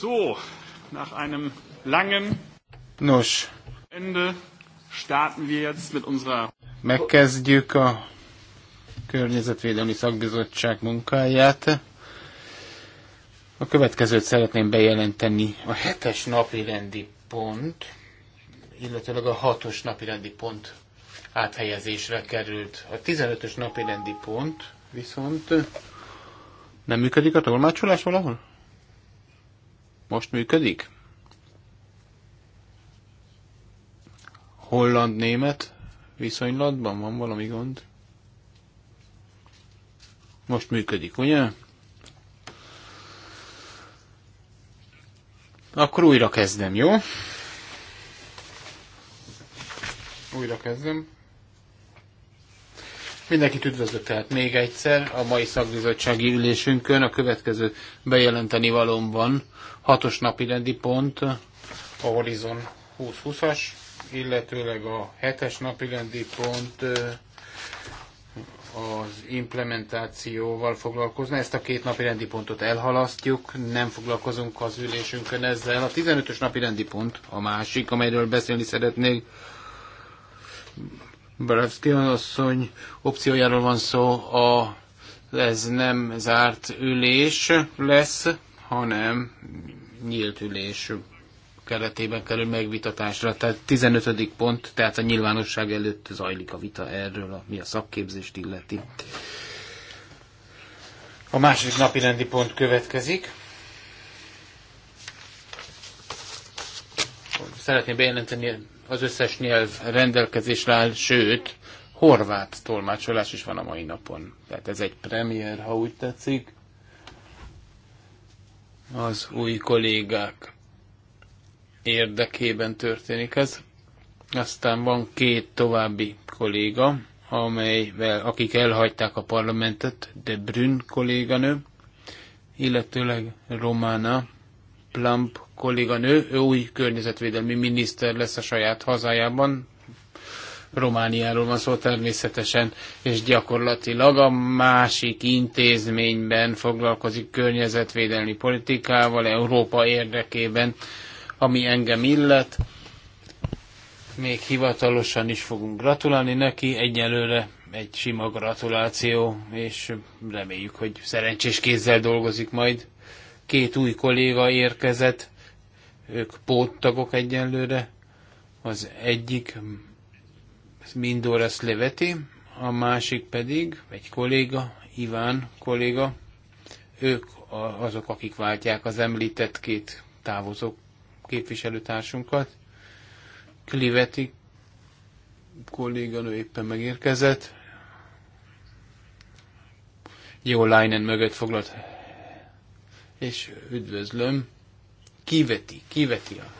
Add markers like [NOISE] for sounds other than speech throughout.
So, nach einem langen Nos. Ende starten wir jetzt mit unserer Megkezdjük a Környezetvédelmi Szakbizottság munkáját. A következőt szeretném bejelenteni. A hetes napi rendi pont, illetve a hatos napi rendi pont áthelyezésre került. A 15-ös napi rendi pont viszont nem működik a tolmácsolás valahol? Most működik? Holland-német viszonylatban van valami gond? Most működik, ugye? Akkor újra kezdem, jó? Újra kezdem. Mindenkit üdvözlök tehát még egyszer a mai szakbizottsági ülésünkön. A következő bejelenteni valóban hatos napi rendi pont, a Horizon 2020-as, illetőleg a hetes napi rendi pont az implementációval foglalkozna. Ezt a két napi rendi pontot elhalasztjuk, nem foglalkozunk az ülésünkön ezzel. A 15-ös napi rendi pont a másik, amelyről beszélni szeretnék Barevszki asszony opciójáról van szó, a, ez nem zárt ülés lesz, hanem nyílt ülés keretében kerül megvitatásra. Tehát 15. pont, tehát a nyilvánosság előtt zajlik a vita erről, ami a szakképzést illeti. A második napi rendi pont következik. Szeretném bejelenteni az összes nyelv rendelkezésre áll, sőt, horvát tolmácsolás is van a mai napon. Tehát ez egy premier, ha úgy tetszik. Az új kollégák érdekében történik ez. Aztán van két további kolléga, amelyvel, akik elhagyták a parlamentet, de Brün kolléganő, illetőleg Romana plump kolléganő, ő új környezetvédelmi miniszter lesz a saját hazájában, Romániáról van szó természetesen, és gyakorlatilag a másik intézményben foglalkozik környezetvédelmi politikával, Európa érdekében, ami engem illet. Még hivatalosan is fogunk gratulálni neki, egyelőre egy sima gratuláció, és reméljük, hogy szerencsés kézzel dolgozik majd. Két új kolléga érkezett, ők póttagok egyenlőre. Az egyik Mindóra Leveti, a másik pedig egy kolléga, Iván kolléga. Ők azok, akik váltják az említett két távozó képviselőtársunkat. Kliveti kolléganő éppen megérkezett. Jó Leinen mögött foglalt és üdvözlöm, kiveti, kiveti a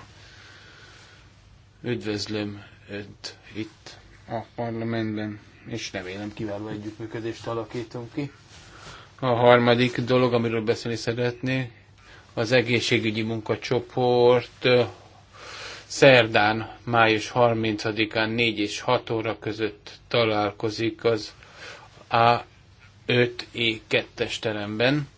üdvözlöm önt itt a parlamentben, és remélem kiváló együttműködést alakítunk ki. A harmadik dolog, amiről beszélni szeretnék, az egészségügyi munkacsoport szerdán, május 30-án 4 és 6 óra között találkozik az A5E2-es teremben.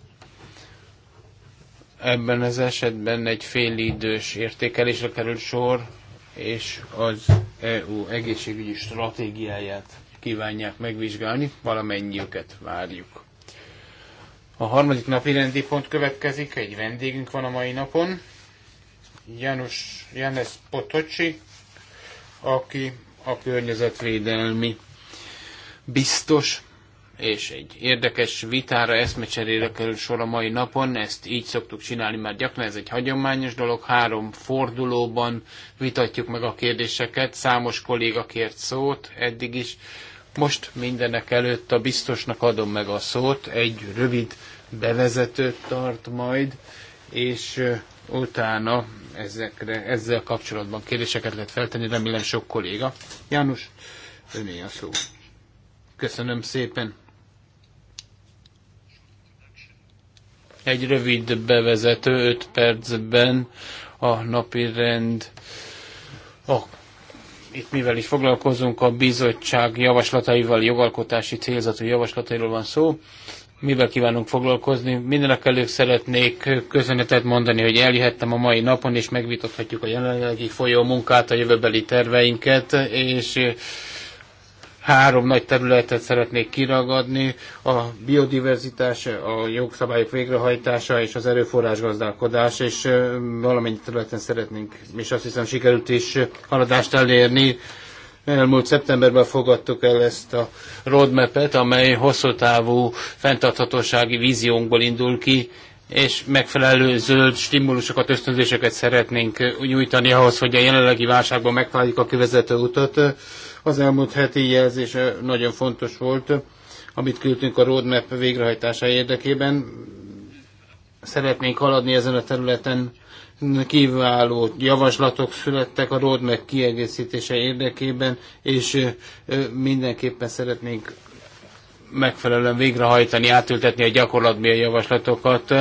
Ebben az esetben egy félidős értékelésre kerül sor, és az EU egészségügyi stratégiáját kívánják megvizsgálni, valamennyiüket várjuk. A harmadik napi rendi pont következik, egy vendégünk van a mai napon, János János Potocsi, aki a környezetvédelmi biztos, és egy érdekes vitára, eszmecserére kerül sor a mai napon, ezt így szoktuk csinálni mert gyakran, ez egy hagyományos dolog, három fordulóban vitatjuk meg a kérdéseket, számos kolléga kért szót eddig is, most mindenek előtt a biztosnak adom meg a szót, egy rövid bevezetőt tart majd, és utána ezekre, ezzel kapcsolatban kérdéseket lehet feltenni, remélem sok kolléga. János, öné a szó. Köszönöm szépen. egy rövid bevezető 5 percben a napi rend. Oh, itt mivel is foglalkozunk, a bizottság javaslataival, jogalkotási célzatú javaslatairól van szó. Mivel kívánunk foglalkozni? Mindenek előbb szeretnék köszönetet mondani, hogy eljöhettem a mai napon, és megvitathatjuk a jelenlegi folyó munkát, a jövőbeli terveinket, és három nagy területet szeretnék kiragadni, a biodiverzitás, a jogszabályok végrehajtása és az erőforrás gazdálkodás, és valamennyi területen szeretnénk, és azt hiszem sikerült is haladást elérni. Elmúlt szeptemberben fogadtuk el ezt a roadmap-et, amely hosszútávú fenntarthatósági víziónkból indul ki, és megfelelő zöld stimulusokat, ösztönzéseket szeretnénk nyújtani ahhoz, hogy a jelenlegi válságban megtaláljuk a kivezető utat az elmúlt heti jelzés nagyon fontos volt, amit küldtünk a roadmap végrehajtása érdekében. Szeretnénk haladni ezen a területen, kiváló javaslatok születtek a roadmap kiegészítése érdekében, és mindenképpen szeretnénk megfelelően végrehajtani, átültetni a gyakorlatmi a javaslatokat.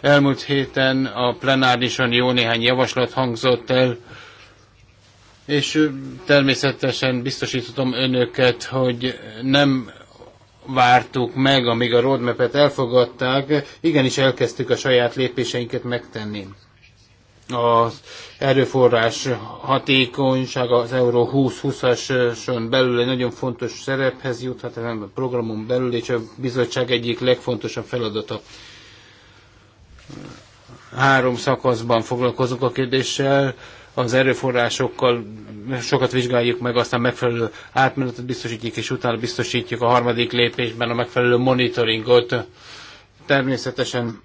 Elmúlt héten a plenárison jó néhány javaslat hangzott el, és természetesen biztosítom önöket, hogy nem vártuk meg, amíg a roadmap-et elfogadták, igenis elkezdtük a saját lépéseinket megtenni. Az erőforrás hatékonyság az Euró 2020-ason belül egy nagyon fontos szerephez juthat a programon belül, és a bizottság egyik legfontosabb feladata. Három szakaszban foglalkozunk a kérdéssel az erőforrásokkal sokat vizsgáljuk meg, aztán megfelelő átmenetet biztosítjuk, és utána biztosítjuk a harmadik lépésben a megfelelő monitoringot. Természetesen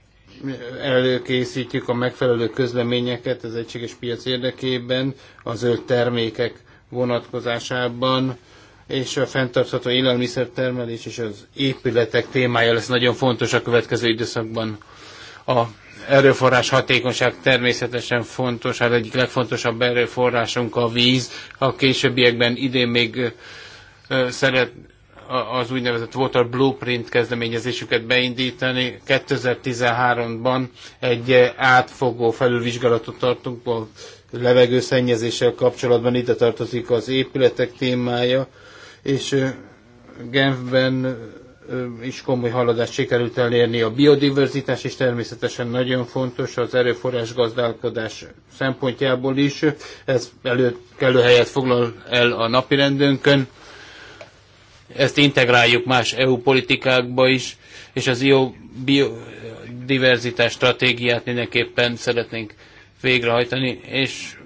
előkészítjük a megfelelő közleményeket az egységes piac érdekében, az zöld termékek vonatkozásában, és a fenntartható élelmiszertermelés és az épületek témája lesz nagyon fontos a következő időszakban. A erőforrás hatékonyság természetesen fontos, hát egyik legfontosabb erőforrásunk a víz. A későbbiekben idén még szeret az úgynevezett Water Blueprint kezdeményezésüket beindítani. 2013-ban egy átfogó felülvizsgálatot tartunk a levegőszennyezéssel kapcsolatban. Ide tartozik az épületek témája, és Genfben is komoly haladást sikerült elérni. A biodiverzitás is természetesen nagyon fontos az erőforrás gazdálkodás szempontjából is. Ez elő, kellő helyet foglal el a napi Ezt integráljuk más EU politikákba is, és az jó biodiverzitás stratégiát mindenképpen szeretnénk végrehajtani, és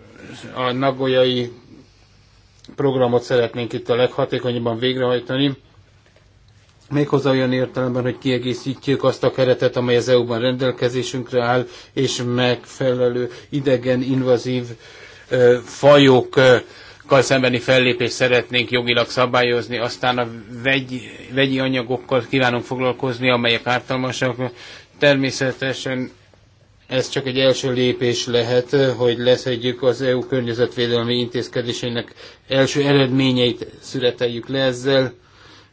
a nagolyai programot szeretnénk itt a leghatékonyabban végrehajtani méghozzá olyan értelemben, hogy kiegészítjük azt a keretet, amely az EU-ban rendelkezésünkre áll, és megfelelő idegen, invazív ö, fajok ö, szembeni fellépést szeretnénk jogilag szabályozni, aztán a vegy, vegyi anyagokkal kívánunk foglalkozni, amelyek ártalmasak. Természetesen ez csak egy első lépés lehet, hogy leszedjük az EU környezetvédelmi intézkedésének első eredményeit, születeljük le ezzel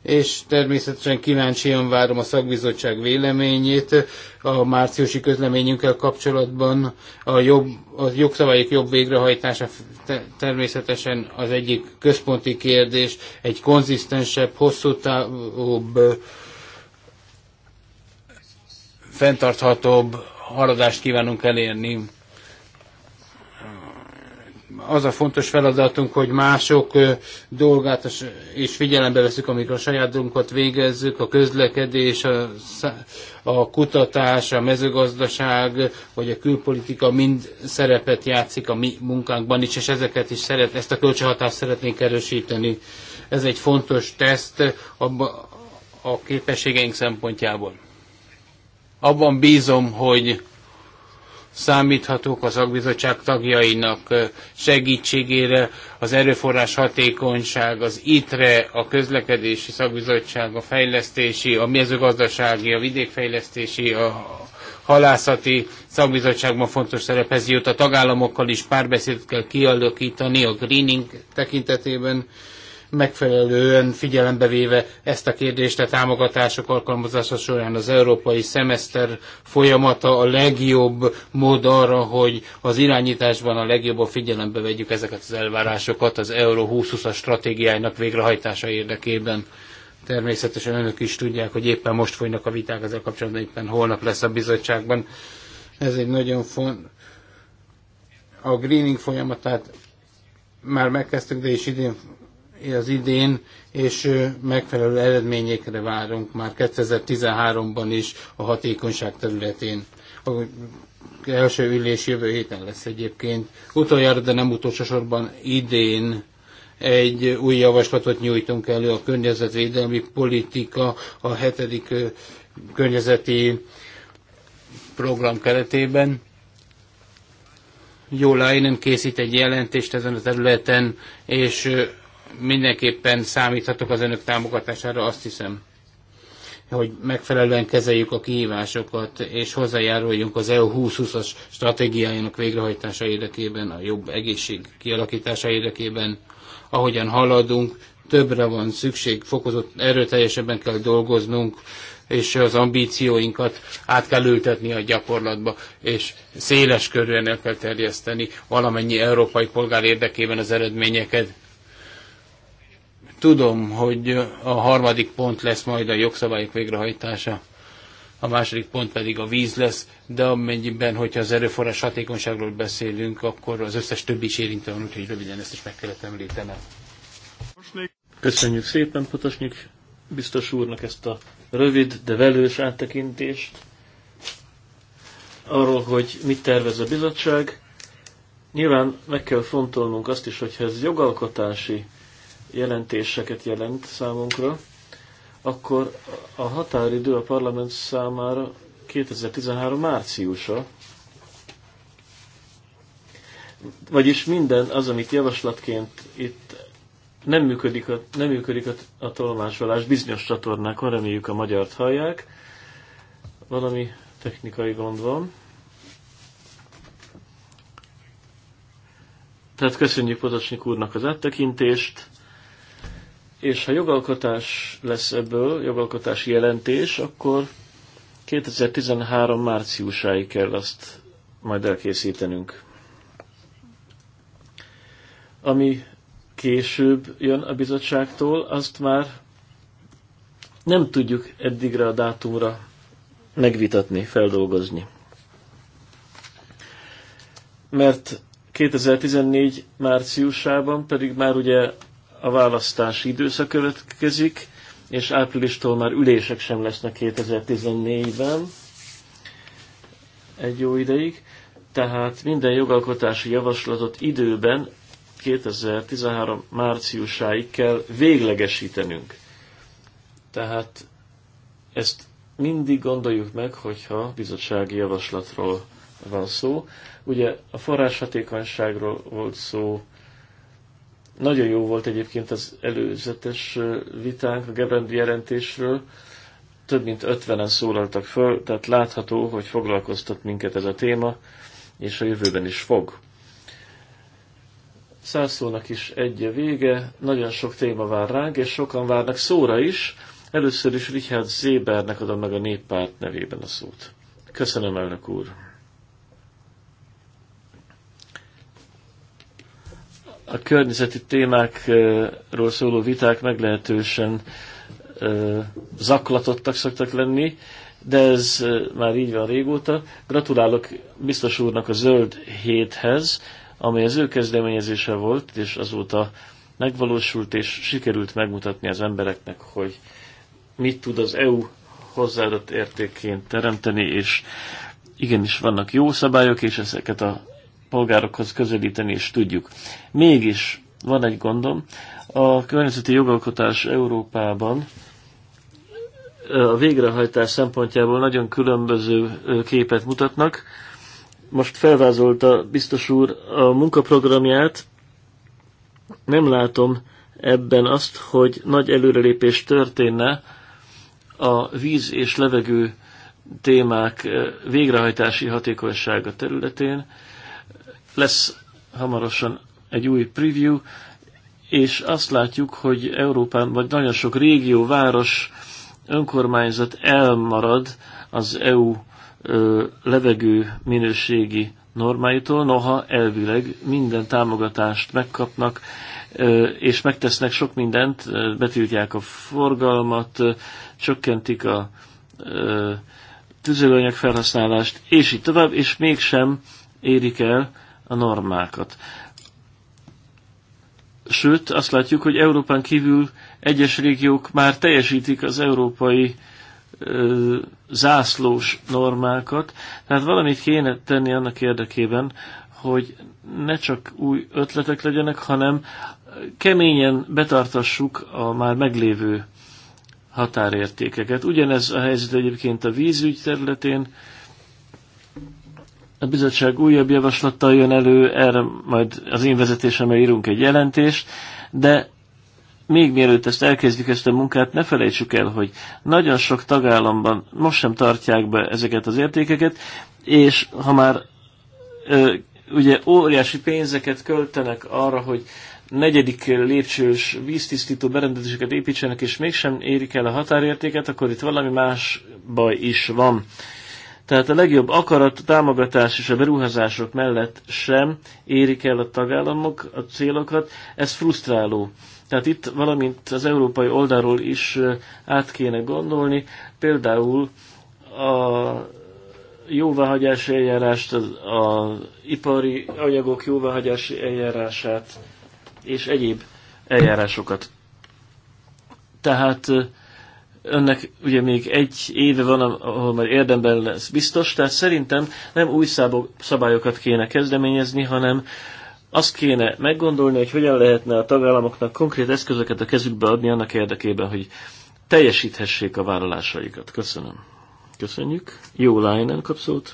és természetesen kíváncsian várom a szakbizottság véleményét a márciusi közleményünkkel kapcsolatban. A, jobb, a jogszabályok jobb végrehajtása természetesen az egyik központi kérdés, egy konzisztensebb, hosszú távúbb, fenntarthatóbb haladást kívánunk elérni az a fontos feladatunk, hogy mások dolgát és figyelembe veszük, amikor a saját dolgunkat végezzük, a közlekedés, a, a kutatás, a mezőgazdaság, vagy a külpolitika mind szerepet játszik a mi munkánkban is, és ezeket is szeret, ezt a kölcsönhatást szeretnénk erősíteni. Ez egy fontos teszt abba, a képességeink szempontjából. Abban bízom, hogy számíthatók az agbizottság tagjainak segítségére, az erőforrás hatékonyság, az ITRE, a közlekedési szakbizottság, a fejlesztési, a mezőgazdasági, a vidékfejlesztési, a halászati szakbizottságban fontos szerephez jut. A tagállamokkal is párbeszédet kell kialakítani a greening tekintetében, megfelelően figyelembe véve ezt a kérdést a támogatások alkalmazása során az európai szemeszter folyamata a legjobb mód arra, hogy az irányításban a legjobban figyelembe vegyük ezeket az elvárásokat az Euró 2020-as stratégiájának végrehajtása érdekében. Természetesen önök is tudják, hogy éppen most folynak a viták ezzel kapcsolatban, éppen holnap lesz a bizottságban. Ez egy nagyon font a greening folyamatát már megkezdtük, de is idén az idén, és megfelelő eredményekre várunk már 2013-ban is a hatékonyság területén. A első ülés jövő héten lesz egyébként. Utoljára, de nem utolsó sorban idén egy új javaslatot nyújtunk elő a környezetvédelmi politika a hetedik környezeti program keretében. Jó Leinen készít egy jelentést ezen a területen, és mindenképpen számíthatok az önök támogatására, azt hiszem, hogy megfelelően kezeljük a kihívásokat, és hozzájáruljunk az EU 2020-as stratégiájának végrehajtása érdekében, a jobb egészség kialakítása érdekében, ahogyan haladunk, többre van szükség, fokozott erőteljesebben kell dolgoznunk, és az ambícióinkat át kell ültetni a gyakorlatba, és széles körűen el kell terjeszteni valamennyi európai polgár érdekében az eredményeket. Tudom, hogy a harmadik pont lesz majd a jogszabályok végrehajtása, a második pont pedig a víz lesz, de amennyiben, hogyha az erőforrás hatékonyságról beszélünk, akkor az összes többi is érintő van, úgyhogy röviden ezt is meg kellett említenem. Köszönjük szépen Potosnyik biztos úrnak ezt a rövid, de velős áttekintést arról, hogy mit tervez a bizottság. Nyilván meg kell fontolnunk azt is, hogyha ez jogalkotási jelentéseket jelent számunkra, akkor a határidő a parlament számára 2013 márciusa, vagyis minden az, amit javaslatként itt nem működik a, nem működik a, a tolmácsolás bizonyos csatornákon, reméljük a magyart hallják. Valami technikai gond van. Tehát köszönjük Potocsnik úrnak az áttekintést és ha jogalkotás lesz ebből, jogalkotási jelentés, akkor 2013 márciusáig kell azt majd elkészítenünk. Ami később jön a bizottságtól, azt már nem tudjuk eddigre a dátumra megvitatni, feldolgozni. Mert 2014 márciusában pedig már ugye a választási időszak következik, és áprilistól már ülések sem lesznek 2014-ben egy jó ideig, tehát minden jogalkotási javaslatot időben 2013 márciusáig kell véglegesítenünk. Tehát ezt mindig gondoljuk meg, hogyha bizottsági javaslatról van szó. Ugye a forráshatékonyságról volt szó, nagyon jó volt egyébként az előzetes vitánk a Gebendi jelentésről. Több mint ötvenen szólaltak föl, tehát látható, hogy foglalkoztat minket ez a téma, és a jövőben is fog. Szászónak is egy vége, nagyon sok téma vár ránk, és sokan várnak szóra is. Először is Richard Zébernek adom meg a néppárt nevében a szót. Köszönöm, elnök úr! a környezeti témákról szóló viták meglehetősen zaklatottak szoktak lenni, de ez már így van régóta. Gratulálok biztos úrnak a Zöld héthez, amely az ő kezdeményezése volt, és azóta megvalósult, és sikerült megmutatni az embereknek, hogy mit tud az EU hozzáadott értékként teremteni, és igenis vannak jó szabályok, és ezeket a polgárokhoz közelíteni is tudjuk. Mégis van egy gondom, a környezeti jogalkotás Európában a végrehajtás szempontjából nagyon különböző képet mutatnak. Most felvázolta biztos úr a munkaprogramját, nem látom ebben azt, hogy nagy előrelépés történne a víz és levegő témák végrehajtási hatékonysága területén. Lesz hamarosan egy új preview, és azt látjuk, hogy Európán, vagy nagyon sok régió, város, önkormányzat elmarad az EU ö, levegő minőségi normáitól, noha elvileg minden támogatást megkapnak, ö, és megtesznek sok mindent, betiltják a forgalmat, ö, csökkentik a ö, tüzelőanyag felhasználást, és így tovább, és mégsem érik el a normákat. Sőt, azt látjuk, hogy Európán kívül egyes régiók már teljesítik az európai ö, zászlós normákat, tehát valamit kéne tenni annak érdekében, hogy ne csak új ötletek legyenek, hanem keményen betartassuk a már meglévő határértékeket. Ugyanez a helyzet egyébként a vízügy területén, a bizottság újabb javaslattal jön elő, erre majd az én vezetésemre írunk egy jelentést, de még mielőtt ezt elkezdjük ezt a munkát, ne felejtsük el, hogy nagyon sok tagállamban most sem tartják be ezeket az értékeket, és ha már ö, ugye óriási pénzeket költenek arra, hogy negyedik lépcsős víztisztító berendezéseket építsenek, és mégsem érik el a határértéket, akkor itt valami más baj is van. Tehát a legjobb akarat, támogatás és a beruházások mellett sem érik el a tagállamok a célokat, ez frusztráló. Tehát itt valamint az európai oldalról is át kéne gondolni, például a jóváhagyási eljárást, az, az ipari anyagok jóváhagyási eljárását és egyéb eljárásokat. Tehát önnek ugye még egy éve van, ahol már érdemben lesz biztos, tehát szerintem nem új szabályokat kéne kezdeményezni, hanem azt kéne meggondolni, hogy hogyan lehetne a tagállamoknak konkrét eszközöket a kezükbe adni annak érdekében, hogy teljesíthessék a vállalásaikat. Köszönöm. Köszönjük. Jó Lájnen kap szót.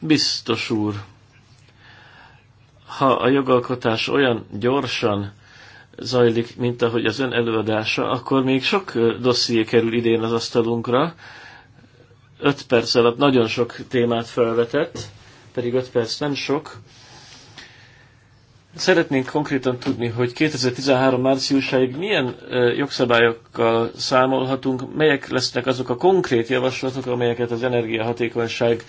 Biztos úr, ha a jogalkotás olyan gyorsan zajlik, mint ahogy az ön előadása, akkor még sok dosszié kerül idén az asztalunkra. Öt perc alatt nagyon sok témát felvetett, pedig öt perc nem sok. Szeretnénk konkrétan tudni, hogy 2013 márciusáig milyen jogszabályokkal számolhatunk, melyek lesznek azok a konkrét javaslatok, amelyeket az energiahatékonyság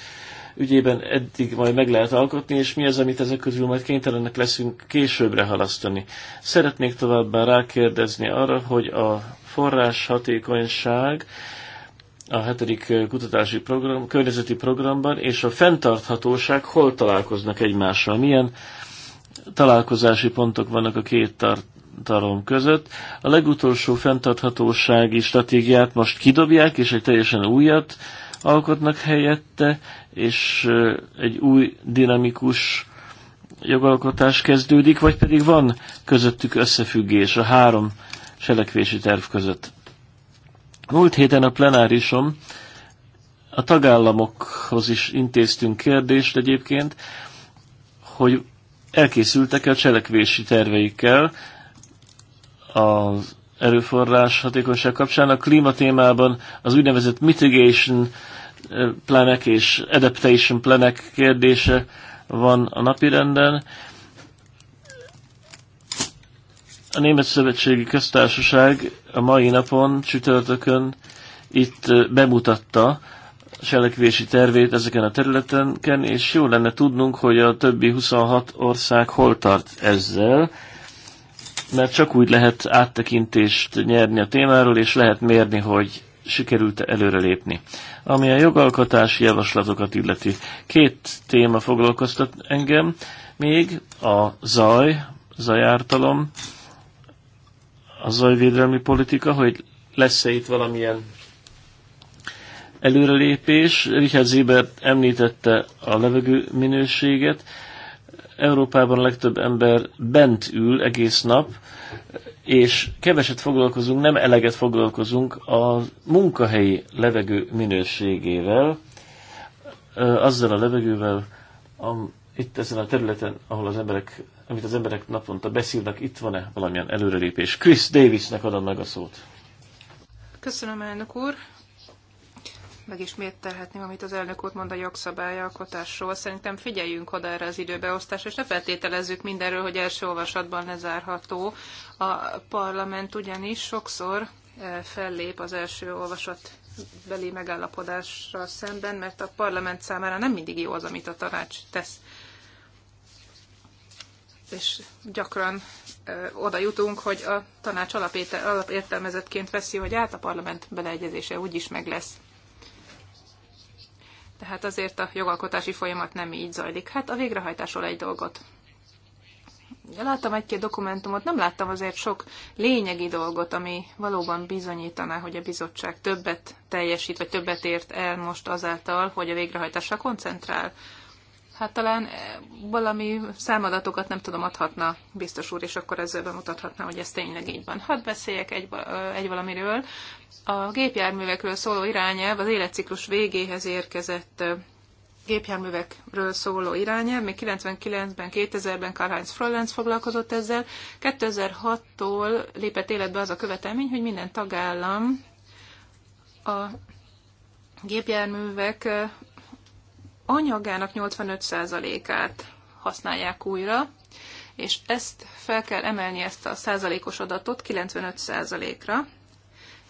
ügyében eddig majd meg lehet alkotni, és mi az, amit ezek közül majd kénytelenek leszünk későbbre halasztani. Szeretnék továbbá rákérdezni arra, hogy a forrás hatékonyság a hetedik eh, kutatási program, környezeti programban és a fenntarthatóság hol találkoznak egymással, milyen találkozási pontok vannak a két tart tartalom között. A legutolsó fenntarthatósági stratégiát most kidobják, és egy teljesen újat alkotnak helyette, és egy új dinamikus jogalkotás kezdődik, vagy pedig van közöttük összefüggés a három selekvési terv között. Múlt héten a plenárisom a tagállamokhoz is intéztünk kérdést egyébként, hogy elkészültek -e a cselekvési terveikkel az erőforrás hatékonyság kapcsán. A klímatémában az úgynevezett mitigation plenek és adaptation plenek kérdése van a napirenden. A Német Szövetségi Köztársaság a mai napon, csütörtökön itt bemutatta selekvési tervét ezeken a területeken, és jó lenne tudnunk, hogy a többi 26 ország hol tart ezzel, mert csak úgy lehet áttekintést nyerni a témáról, és lehet mérni, hogy sikerült előrelépni. Ami a jogalkotási javaslatokat illeti, két téma foglalkoztat engem, még a zaj, zajártalom, a zajvédelmi politika, hogy lesz-e itt valamilyen előrelépés. Richard Zieber említette a levegő minőséget. Európában a legtöbb ember bent ül egész nap, és keveset foglalkozunk, nem eleget foglalkozunk a munkahelyi levegő minőségével, azzal a levegővel, a, itt ezen a területen, ahol az emberek, amit az emberek naponta beszélnek, itt van-e valamilyen előrelépés? Chris Davisnek adom meg a szót. Köszönöm, elnök úr megismételhetném, amit az elnök úr mond a jogszabályalkotásról. Szerintem figyeljünk oda erre az időbeosztásra, és ne feltételezzük mindenről, hogy első olvasatban lezárható. A parlament ugyanis sokszor e, fellép az első olvasat beli megállapodással szemben, mert a parlament számára nem mindig jó az, amit a tanács tesz. És gyakran ö, e, oda jutunk, hogy a tanács alapéte, alapértelmezetként veszi, hogy át a parlament beleegyezése úgyis meg lesz. Tehát azért a jogalkotási folyamat nem így zajlik. Hát a végrehajtásról egy dolgot Láttam egy-két dokumentumot, nem láttam azért sok lényegi dolgot, ami valóban bizonyítaná, hogy a bizottság többet teljesít, vagy többet ért el most azáltal, hogy a végrehajtásra koncentrál. Hát talán eh, valami számadatokat nem tudom, adhatna biztos úr, és akkor ezzel bemutathatná, hogy ez tényleg így van. Hadd beszéljek egy, eh, egy valamiről. A gépjárművekről szóló irányelv az életciklus végéhez érkezett eh, gépjárművekről szóló irányelv, még 99-ben, 2000-ben Karl-Heinz Frollens foglalkozott ezzel. 2006-tól lépett életbe az a követelmény, hogy minden tagállam a gépjárművek anyagának 85%-át használják újra, és ezt fel kell emelni ezt a százalékos adatot 95%-ra,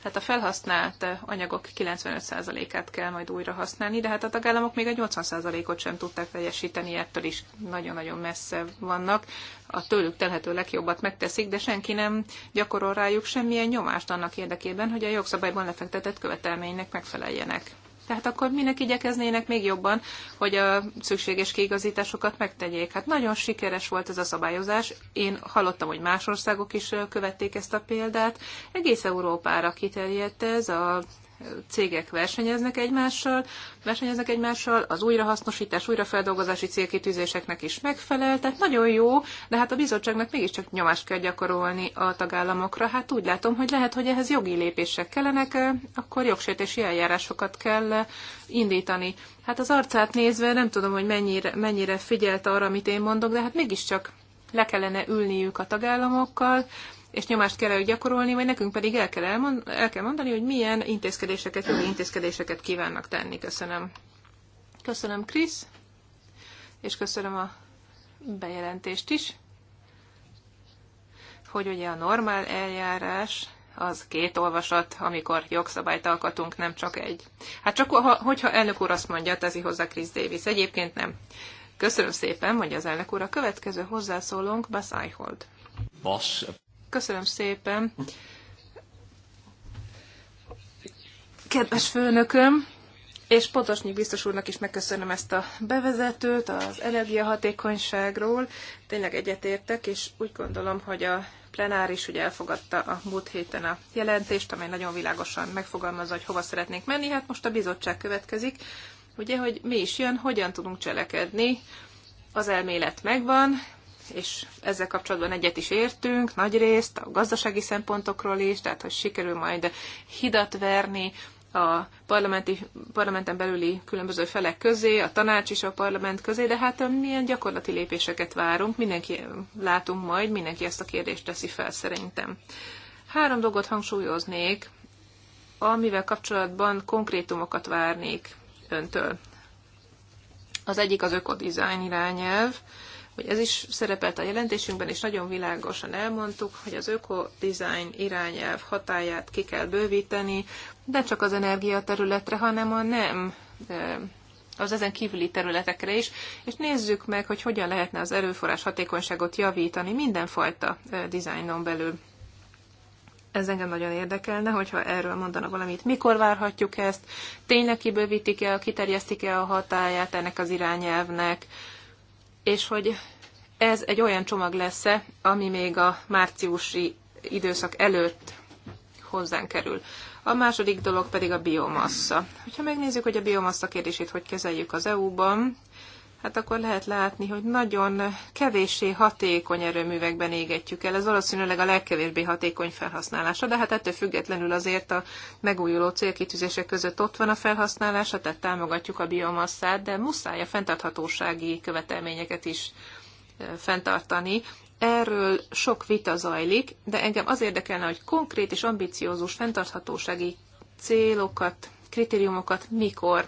hát a felhasznált anyagok 95%-át kell majd újra használni, de hát a tagállamok még a 80%-ot sem tudták teljesíteni, ettől is nagyon-nagyon messze vannak. A tőlük telhető legjobbat megteszik, de senki nem gyakorol rájuk semmilyen nyomást annak érdekében, hogy a jogszabályban lefektetett követelménynek megfeleljenek. Tehát akkor minek igyekeznének még jobban, hogy a szükséges kiigazításokat megtegyék. Hát nagyon sikeres volt ez a szabályozás. Én hallottam, hogy más országok is követték ezt a példát. Egész Európára kiterjedt ez, a cégek versenyeznek egymással, versenyeznek egymással, az újrahasznosítás, újrafeldolgozási célkitűzéseknek is megfelel, tehát nagyon jó, de hát a bizottságnak mégiscsak nyomást kell gyakorolni a tagállamokra. Hát úgy látom, hogy lehet, hogy ehhez jogi lépések kellenek, akkor jogsértési eljárásokat kell indítani. Hát az arcát nézve nem tudom, hogy mennyire, mennyire figyelt arra, amit én mondok, de hát mégiscsak le kellene ülniük a tagállamokkal, és nyomást kell gyakorolni, vagy nekünk pedig el kell, elmond, el kell mondani, hogy milyen intézkedéseket, jogi intézkedéseket kívánnak tenni. Köszönöm. Köszönöm, Krisz, és köszönöm a bejelentést is, hogy ugye a normál eljárás az két olvasat, amikor jogszabályt alkotunk, nem csak egy. Hát csak ha, hogyha elnök úr azt mondja, tezi hozzá Krisz Davis, egyébként nem. Köszönöm szépen, mondja az elnök úr. A következő hozzászólónk Bas Eichold. Boss. Köszönöm szépen. Kedves főnököm, és Potosnyi biztos úrnak is megköszönöm ezt a bevezetőt az energiahatékonyságról. Tényleg egyetértek, és úgy gondolom, hogy a plenáris ugye elfogadta a múlt héten a jelentést, amely nagyon világosan megfogalmazza, hogy hova szeretnénk menni. Hát most a bizottság következik, ugye, hogy mi is jön, hogyan tudunk cselekedni. Az elmélet megvan, és ezzel kapcsolatban egyet is értünk, nagy részt a gazdasági szempontokról is, tehát hogy sikerül majd hidat verni a parlamenti, parlamenten belüli különböző felek közé, a tanács is a parlament közé, de hát um, milyen gyakorlati lépéseket várunk, mindenki um, látunk majd, mindenki ezt a kérdést teszi fel szerintem. Három dolgot hangsúlyoznék, amivel kapcsolatban konkrétumokat várnék öntől. Az egyik az ökodizájn irányelv, hogy ez is szerepelt a jelentésünkben, és nagyon világosan elmondtuk, hogy az ökodizájn irányelv hatáját ki kell bővíteni, de csak az energiaterületre, hanem a nem az ezen kívüli területekre is, és nézzük meg, hogy hogyan lehetne az erőforrás hatékonyságot javítani mindenfajta dizájnon belül. Ez engem nagyon érdekelne, hogyha erről mondana valamit. Mikor várhatjuk ezt? Tényleg kibővítik-e, kiterjesztik-e a hatáját ennek az irányelvnek? és hogy ez egy olyan csomag lesz -e, ami még a márciusi időszak előtt hozzánk kerül. A második dolog pedig a biomassa. Ha megnézzük, hogy a biomassa kérdését hogy kezeljük az EU-ban, hát akkor lehet látni, hogy nagyon kevéssé hatékony erőművekben égetjük el. Ez valószínűleg a legkevésbé hatékony felhasználása, de hát ettől függetlenül azért a megújuló célkitűzések között ott van a felhasználása, tehát támogatjuk a biomasszát, de muszáj a fenntarthatósági követelményeket is fenntartani. Erről sok vita zajlik, de engem az érdekelne, hogy konkrét és ambiciózus fenntarthatósági célokat, kritériumokat mikor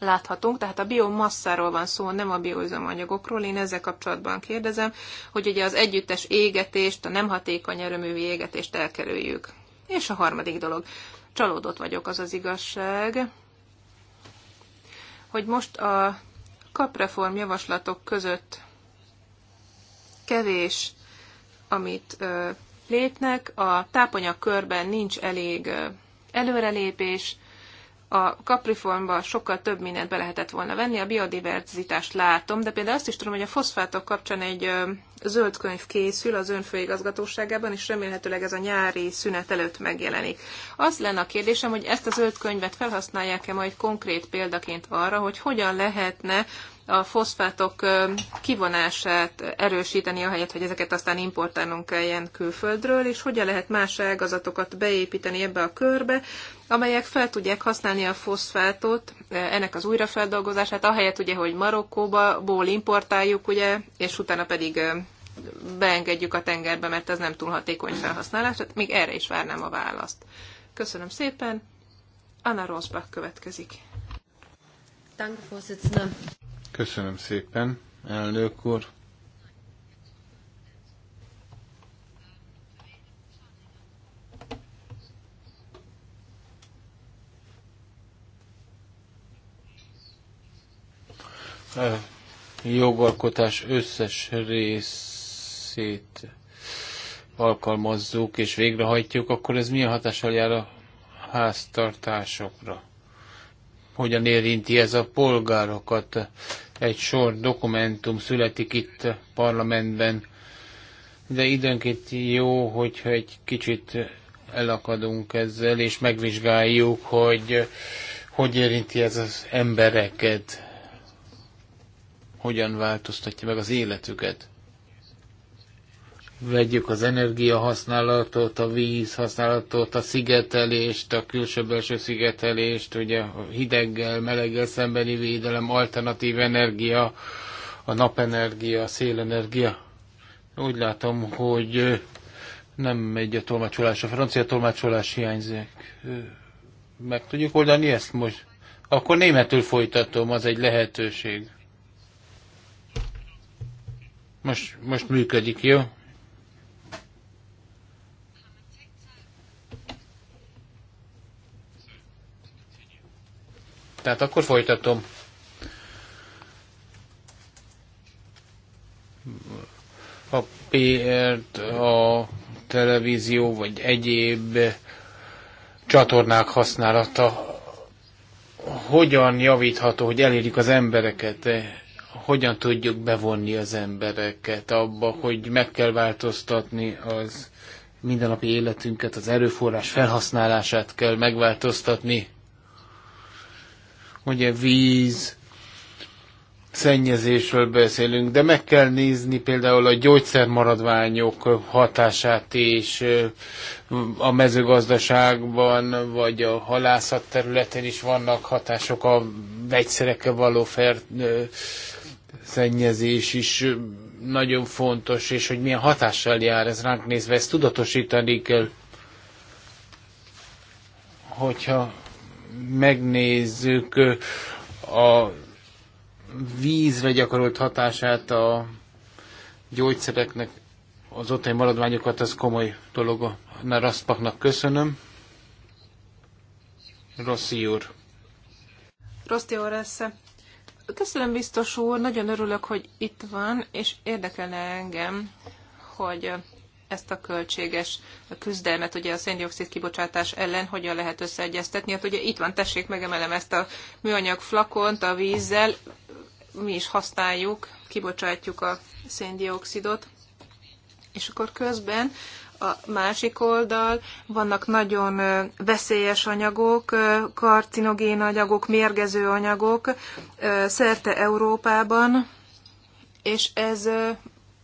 láthatunk, tehát a biomasszáról van szó, nem a bioüzemanyagokról. Én ezzel kapcsolatban kérdezem, hogy ugye az együttes égetést, a nem hatékony erőművi égetést elkerüljük. És a harmadik dolog, csalódott vagyok, az az igazság, hogy most a kapreform javaslatok között kevés, amit lépnek, a tápanyag körben nincs elég előrelépés, a kapriformba sokkal több mindent be lehetett volna venni, a biodiverzitást látom, de például azt is tudom, hogy a foszfátok kapcsán egy zöld könyv készül az önfőigazgatóságában, és remélhetőleg ez a nyári szünet előtt megjelenik. Az lenne a kérdésem, hogy ezt a zöld könyvet felhasználják-e majd konkrét példaként arra, hogy hogyan lehetne a foszfátok kivonását erősíteni, ahelyett, hogy ezeket aztán importálnunk kelljen külföldről, és hogyan lehet más ágazatokat beépíteni ebbe a körbe, amelyek fel tudják használni a foszfátot, ennek az újrafeldolgozását, ahelyett ugye, hogy Marokkóba ból importáljuk, ugye, és utána pedig beengedjük a tengerbe, mert ez nem túl hatékony felhasználás, tehát még erre is várnám a választ. Köszönöm szépen. Anna Rosbach következik. Köszönöm szépen, elnök úr. jogalkotás összes részét alkalmazzuk és végrehajtjuk, akkor ez milyen hatással jár a háztartásokra? hogyan érinti ez a polgárokat. Egy sor dokumentum születik itt a parlamentben, de időnként jó, hogyha egy kicsit elakadunk ezzel, és megvizsgáljuk, hogy hogy érinti ez az embereket, hogyan változtatja meg az életüket vegyük az energiahasználatot, a vízhasználatot, a szigetelést, a külső-belső szigetelést, ugye a hideggel, meleggel szembeni védelem, alternatív energia, a napenergia, a szélenergia. Úgy látom, hogy nem megy a tolmácsolás, a francia tolmácsolás hiányzik. Meg tudjuk oldani ezt most? Akkor németül folytatom, az egy lehetőség. Most, most működik, jó? Tehát akkor folytatom. A pért a televízió vagy egyéb csatornák használata hogyan javítható, hogy elérjük az embereket, hogyan tudjuk bevonni az embereket abba, hogy meg kell változtatni az mindennapi életünket, az erőforrás felhasználását kell megváltoztatni, Ugye víz, szennyezésről beszélünk, de meg kell nézni például a gyógyszermaradványok hatását is a mezőgazdaságban, vagy a halászat területen is vannak hatások, a vegyszerekkel való fer, szennyezés is nagyon fontos, és hogy milyen hatással jár ez ránk nézve, ezt tudatosítani kell hogyha megnézzük a vízre gyakorolt hatását a gyógyszereknek, az otthoni maradványokat, az komoly dolog Na Raszpaknak köszönöm. Rossi úr. Rossi úr, lesz. Köszönöm, biztos úr, nagyon örülök, hogy itt van, és érdekelne engem, hogy ezt a költséges küzdelmet, ugye a széndiokszid kibocsátás ellen hogyan lehet összeegyeztetni. Hát ugye itt van, tessék, megemelem ezt a műanyag flakont a vízzel, mi is használjuk, kibocsátjuk a széndiokszidot, és akkor közben a másik oldal, vannak nagyon veszélyes anyagok, karcinogén anyagok, mérgező anyagok szerte Európában, és ez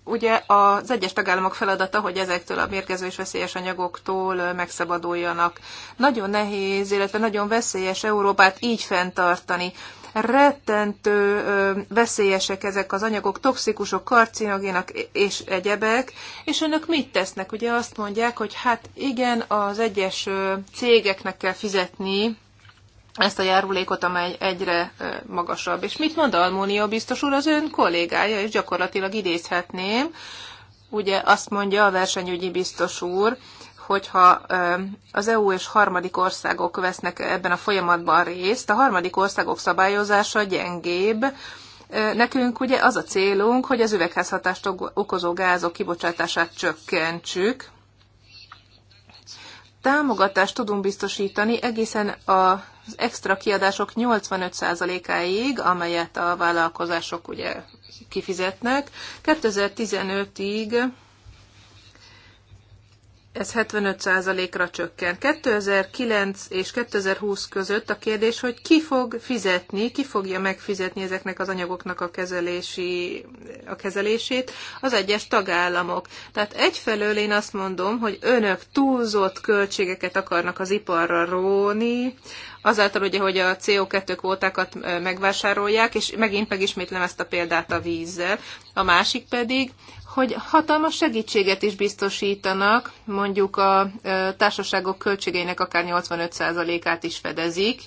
ugye az egyes tagállamok feladata, hogy ezektől a mérgező és veszélyes anyagoktól megszabaduljanak. Nagyon nehéz, illetve nagyon veszélyes Európát így fenntartani. Rettentő veszélyesek ezek az anyagok, toxikusok, karcinogénak és egyebek, és önök mit tesznek? Ugye azt mondják, hogy hát igen, az egyes cégeknek kell fizetni ezt a járulékot, amely egyre magasabb. És mit mond Almónia biztos úr, az ön kollégája, és gyakorlatilag idézhetném, ugye azt mondja a versenyügyi biztos úr, hogyha az EU és harmadik országok vesznek ebben a folyamatban részt, a harmadik országok szabályozása gyengébb, Nekünk ugye az a célunk, hogy az üvegházhatást okozó gázok kibocsátását csökkentsük, támogatást tudunk biztosítani egészen az extra kiadások 85%-áig, amelyet a vállalkozások ugye kifizetnek. 2015-ig ez 75%-ra csökken. 2009 és 2020 között a kérdés, hogy ki fog fizetni, ki fogja megfizetni ezeknek az anyagoknak a, kezelési, a kezelését, az egyes tagállamok. Tehát egyfelől én azt mondom, hogy önök túlzott költségeket akarnak az iparra róni, azáltal ugye, hogy a CO2 kvótákat megvásárolják, és megint megismétlem ezt a példát a vízzel. A másik pedig hogy hatalmas segítséget is biztosítanak, mondjuk a társaságok költségeinek akár 85%-át is fedezik,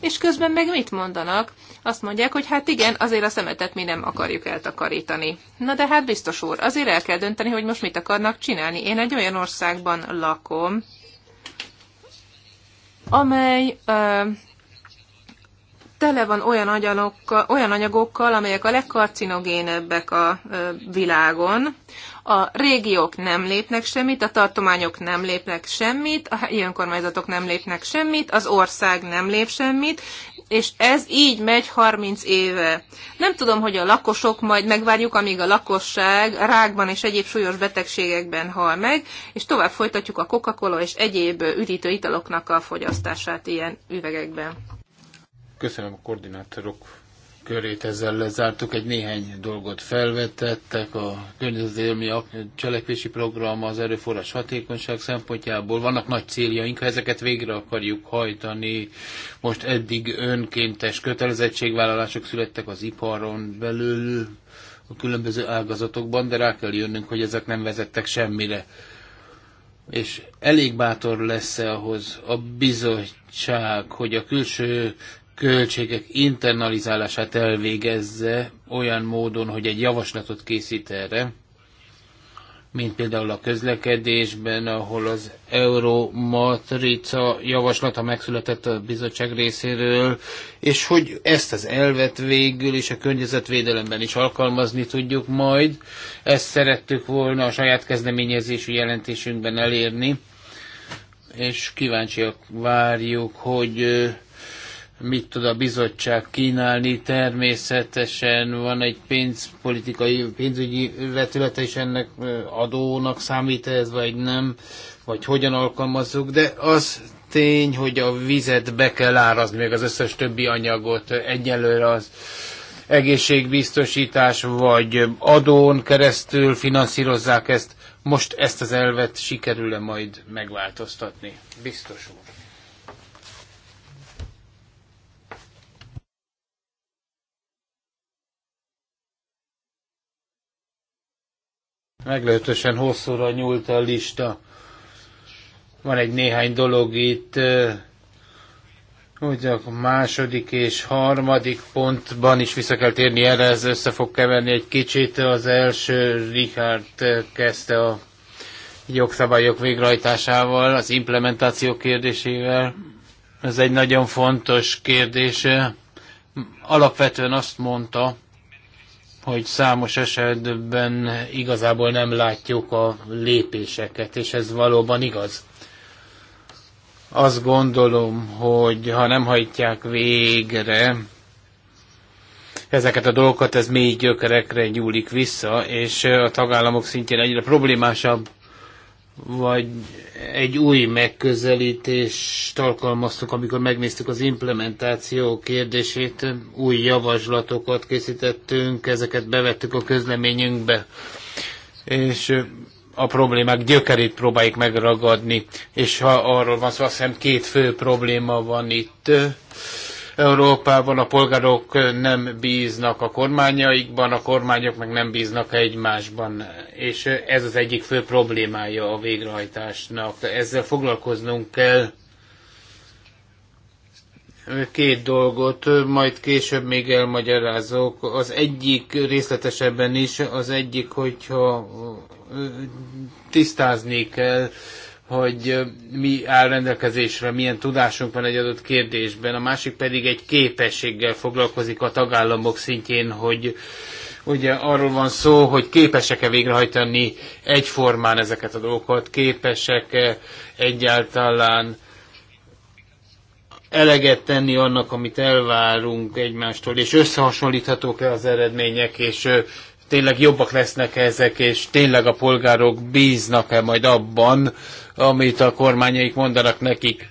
és közben meg mit mondanak? Azt mondják, hogy hát igen, azért a szemetet mi nem akarjuk eltakarítani. Na de hát biztos úr, azért el kell dönteni, hogy most mit akarnak csinálni. Én egy olyan országban lakom, amely tele van olyan, olyan anyagokkal, amelyek a legkarcinogénebbek a világon. A régiók nem lépnek semmit, a tartományok nem lépnek semmit, a helyi önkormányzatok nem lépnek semmit, az ország nem lép semmit, és ez így megy 30 éve. Nem tudom, hogy a lakosok, majd megvárjuk, amíg a lakosság rákban és egyéb súlyos betegségekben hal meg, és tovább folytatjuk a Coca-Cola és egyéb üdítő italoknak a fogyasztását ilyen üvegekben. Köszönöm a koordinátorok körét, ezzel lezártuk. Egy néhány dolgot felvetettek, a környezetélmi cselekvési program az erőforrás hatékonyság szempontjából. Vannak nagy céljaink, ha ezeket végre akarjuk hajtani. Most eddig önkéntes kötelezettségvállalások születtek az iparon belül, a különböző ágazatokban, de rá kell jönnünk, hogy ezek nem vezettek semmire. És elég bátor lesz -e ahhoz a bizottság, hogy a külső költségek internalizálását elvégezze olyan módon, hogy egy javaslatot készít erre, mint például a közlekedésben, ahol az Euromatrica javaslata megszületett a bizottság részéről, és hogy ezt az elvet végül is a környezetvédelemben is alkalmazni tudjuk majd. Ezt szerettük volna a saját kezdeményezésű jelentésünkben elérni, és kíváncsiak várjuk, hogy mit tud a bizottság kínálni. Természetesen van egy pénzpolitikai, pénzügyi vetülete is ennek adónak számít ez, vagy nem, vagy hogyan alkalmazzuk, de az tény, hogy a vizet be kell árazni, még az összes többi anyagot egyelőre az egészségbiztosítás, vagy adón keresztül finanszírozzák ezt. Most ezt az elvet sikerül-e majd megváltoztatni? Biztos úr. Meglehetősen hosszúra nyúlt a lista. Van egy néhány dolog itt, hogy a második és harmadik pontban is vissza kell térni erre, ez össze fog keverni egy kicsit. Az első Richard kezdte a jogszabályok végrehajtásával, az implementáció kérdésével. Ez egy nagyon fontos kérdés. Alapvetően azt mondta, hogy számos esetben igazából nem látjuk a lépéseket, és ez valóban igaz. Azt gondolom, hogy ha nem hajtják végre ezeket a dolgokat, ez mély gyökerekre nyúlik vissza, és a tagállamok szintjén egyre problémásabb, vagy egy új megközelítést alkalmaztuk, amikor megnéztük az implementáció kérdését, új javaslatokat készítettünk, ezeket bevettük a közleményünkbe, és a problémák gyökerét próbáljuk megragadni, és ha arról van szó, azt hiszem két fő probléma van itt Európában a polgárok nem bíznak a kormányaikban, a kormányok meg nem bíznak egymásban, és ez az egyik fő problémája a végrehajtásnak. Ezzel foglalkoznunk kell két dolgot, majd később még elmagyarázok. Az egyik részletesebben is, az egyik, hogyha tisztázni kell hogy mi áll rendelkezésre, milyen tudásunk van egy adott kérdésben, a másik pedig egy képességgel foglalkozik a tagállamok szintjén, hogy ugye arról van szó, hogy képesek-e végrehajtani egyformán ezeket a dolgokat, képesek-e egyáltalán eleget tenni annak, amit elvárunk egymástól, és összehasonlíthatók-e az eredmények, és tényleg jobbak lesznek ezek, és tényleg a polgárok bíznak-e majd abban, amit a kormányaik mondanak nekik.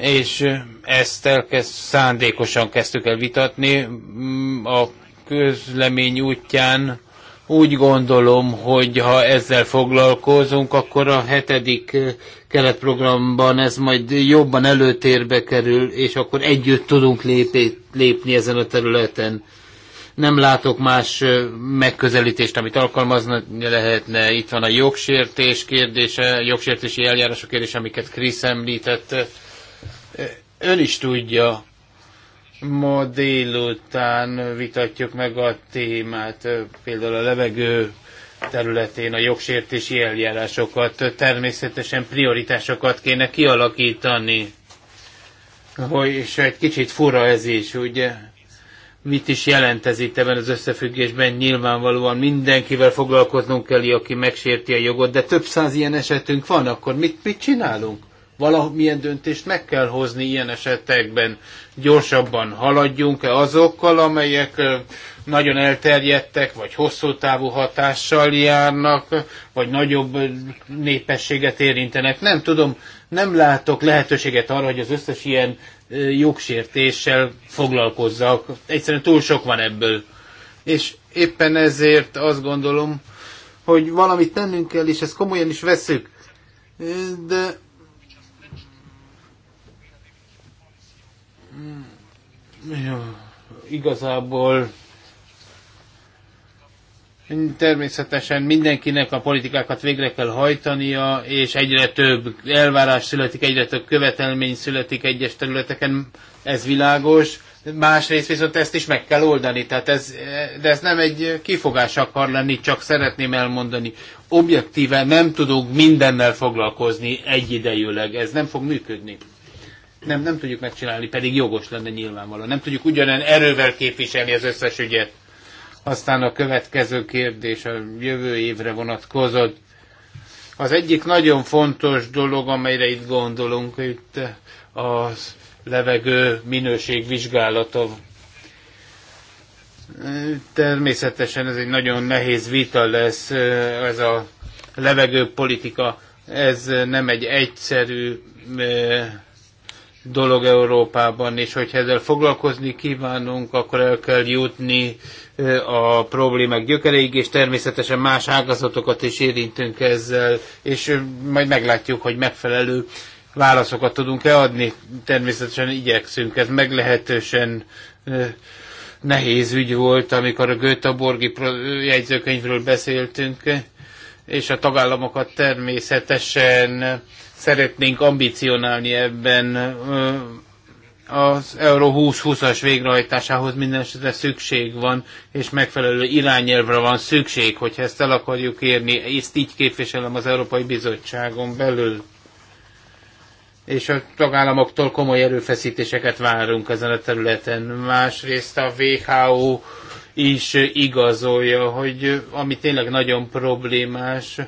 És eh, ezt elkezd, szándékosan kezdtük el vitatni. Mm, a közlemény útján úgy gondolom, hogy ha ezzel foglalkozunk, akkor a hetedik eh, keletprogramban ez majd jobban előtérbe kerül, és akkor együtt tudunk lépni ezen a területen. Nem látok más megközelítést, amit alkalmazni lehetne. Itt van a jogsértés kérdése, jogsértési eljárások kérdése, amiket Krisz említett. Ön is tudja, ma délután vitatjuk meg a témát, például a levegő területén a jogsértési eljárásokat, természetesen prioritásokat kéne kialakítani. Hogy, és egy kicsit fura ez is, ugye? mit is jelent ez itt ebben az összefüggésben. Nyilvánvalóan mindenkivel foglalkoznunk kell, aki megsérti a jogot, de több száz ilyen esetünk van, akkor mit, mit csinálunk? Valamilyen döntést meg kell hozni ilyen esetekben. Gyorsabban haladjunk-e azokkal, amelyek nagyon elterjedtek, vagy hosszú távú hatással járnak, vagy nagyobb népességet érintenek. Nem tudom, nem látok lehetőséget arra, hogy az összes ilyen jogsértéssel foglalkozzak. Egyszerűen túl sok van ebből. És éppen ezért azt gondolom, hogy valamit tennünk kell, és ezt komolyan is veszük. De ja, igazából Természetesen mindenkinek a politikákat végre kell hajtania, és egyre több elvárás születik, egyre több követelmény születik egyes területeken, ez világos. Másrészt viszont ezt is meg kell oldani, tehát ez, de ez nem egy kifogás akar lenni, csak szeretném elmondani. objektíve nem tudunk mindennel foglalkozni egyidejűleg, ez nem fog működni. Nem, nem tudjuk megcsinálni, pedig jogos lenne nyilvánvalóan. Nem tudjuk ugyanen erővel képviselni az összes ügyet. Aztán a következő kérdés a jövő évre vonatkozott. Az egyik nagyon fontos dolog, amelyre itt gondolunk, itt az levegő minőség vizsgálata. Természetesen ez egy nagyon nehéz vita lesz, ez a levegő politika, ez nem egy egyszerű e, dolog Európában, és hogyha ezzel foglalkozni kívánunk, akkor el kell jutni a problémák gyökereig, és természetesen más ágazatokat is érintünk ezzel, és majd meglátjuk, hogy megfelelő válaszokat tudunk-e adni. Természetesen igyekszünk, ez meglehetősen nehéz ügy volt, amikor a Göteborgi jegyzőkönyvről beszéltünk, és a tagállamokat természetesen szeretnénk ambicionálni ebben az Euró 2020-as végrehajtásához esetre szükség van, és megfelelő irányelvre van szükség, hogyha ezt el akarjuk érni. Ezt így képviselem az Európai Bizottságon belül. És a tagállamoktól komoly erőfeszítéseket várunk ezen a területen. Másrészt a WHO is igazolja, hogy ami tényleg nagyon problémás,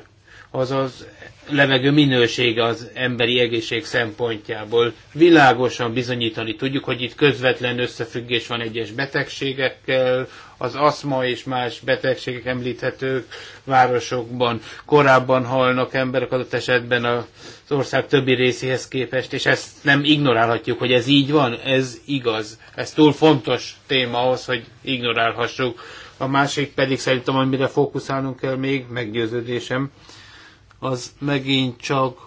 az az levegő minősége az emberi egészség szempontjából. Világosan bizonyítani tudjuk, hogy itt közvetlen összefüggés van egyes betegségekkel, az aszma és más betegségek említhetők városokban korábban halnak emberek adott esetben az ország többi részéhez képest, és ezt nem ignorálhatjuk, hogy ez így van, ez igaz. Ez túl fontos téma ahhoz, hogy ignorálhassuk. A másik pedig szerintem, amire fókuszálnunk kell még, meggyőződésem, az megint csak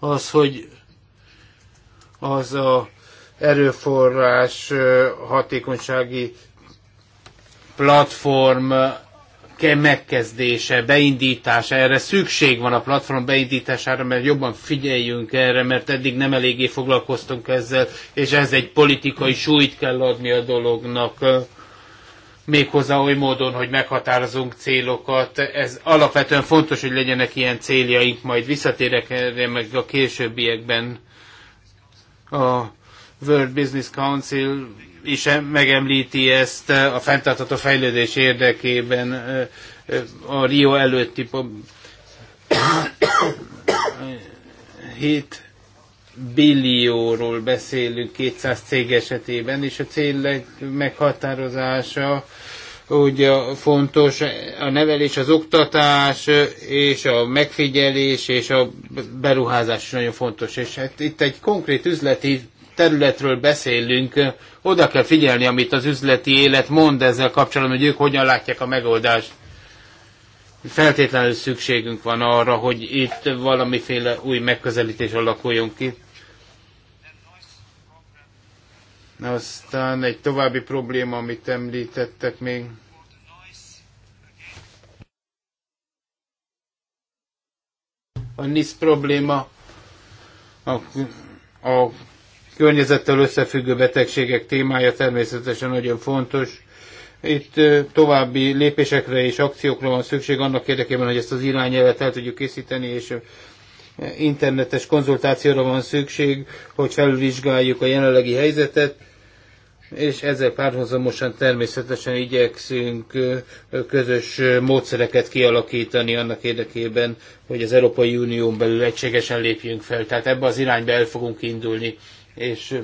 az, hogy az a erőforrás hatékonysági platform megkezdése, beindítása, erre szükség van a platform beindítására, mert jobban figyeljünk erre, mert eddig nem eléggé foglalkoztunk ezzel, és ez egy politikai súlyt kell adni a dolognak méghozzá oly módon, hogy meghatározunk célokat. Ez alapvetően fontos, hogy legyenek ilyen céljaink, majd visszatérek erre meg a későbbiekben. A World Business Council is megemlíti ezt a fenntartható fejlődés érdekében a Rio előtti [COUGHS] hét billióról beszélünk 200 cég esetében, és a cél meghatározása a fontos a nevelés, az oktatás, és a megfigyelés, és a beruházás is nagyon fontos. És hát itt egy konkrét üzleti területről beszélünk, oda kell figyelni, amit az üzleti élet mond ezzel kapcsolatban, hogy ők hogyan látják a megoldást. Feltétlenül szükségünk van arra, hogy itt valamiféle új megközelítés alakuljon ki. Aztán egy további probléma, amit említettek még. A NISZ probléma a, a környezettel összefüggő betegségek témája természetesen nagyon fontos. Itt további lépésekre és akciókra van szükség annak érdekében, hogy ezt az irányelvet el tudjuk készíteni, és internetes konzultációra van szükség, hogy felvizsgáljuk a jelenlegi helyzetet, és ezzel párhuzamosan természetesen igyekszünk közös módszereket kialakítani annak érdekében, hogy az Európai Unión belül egységesen lépjünk fel. Tehát ebbe az irányba el fogunk indulni, és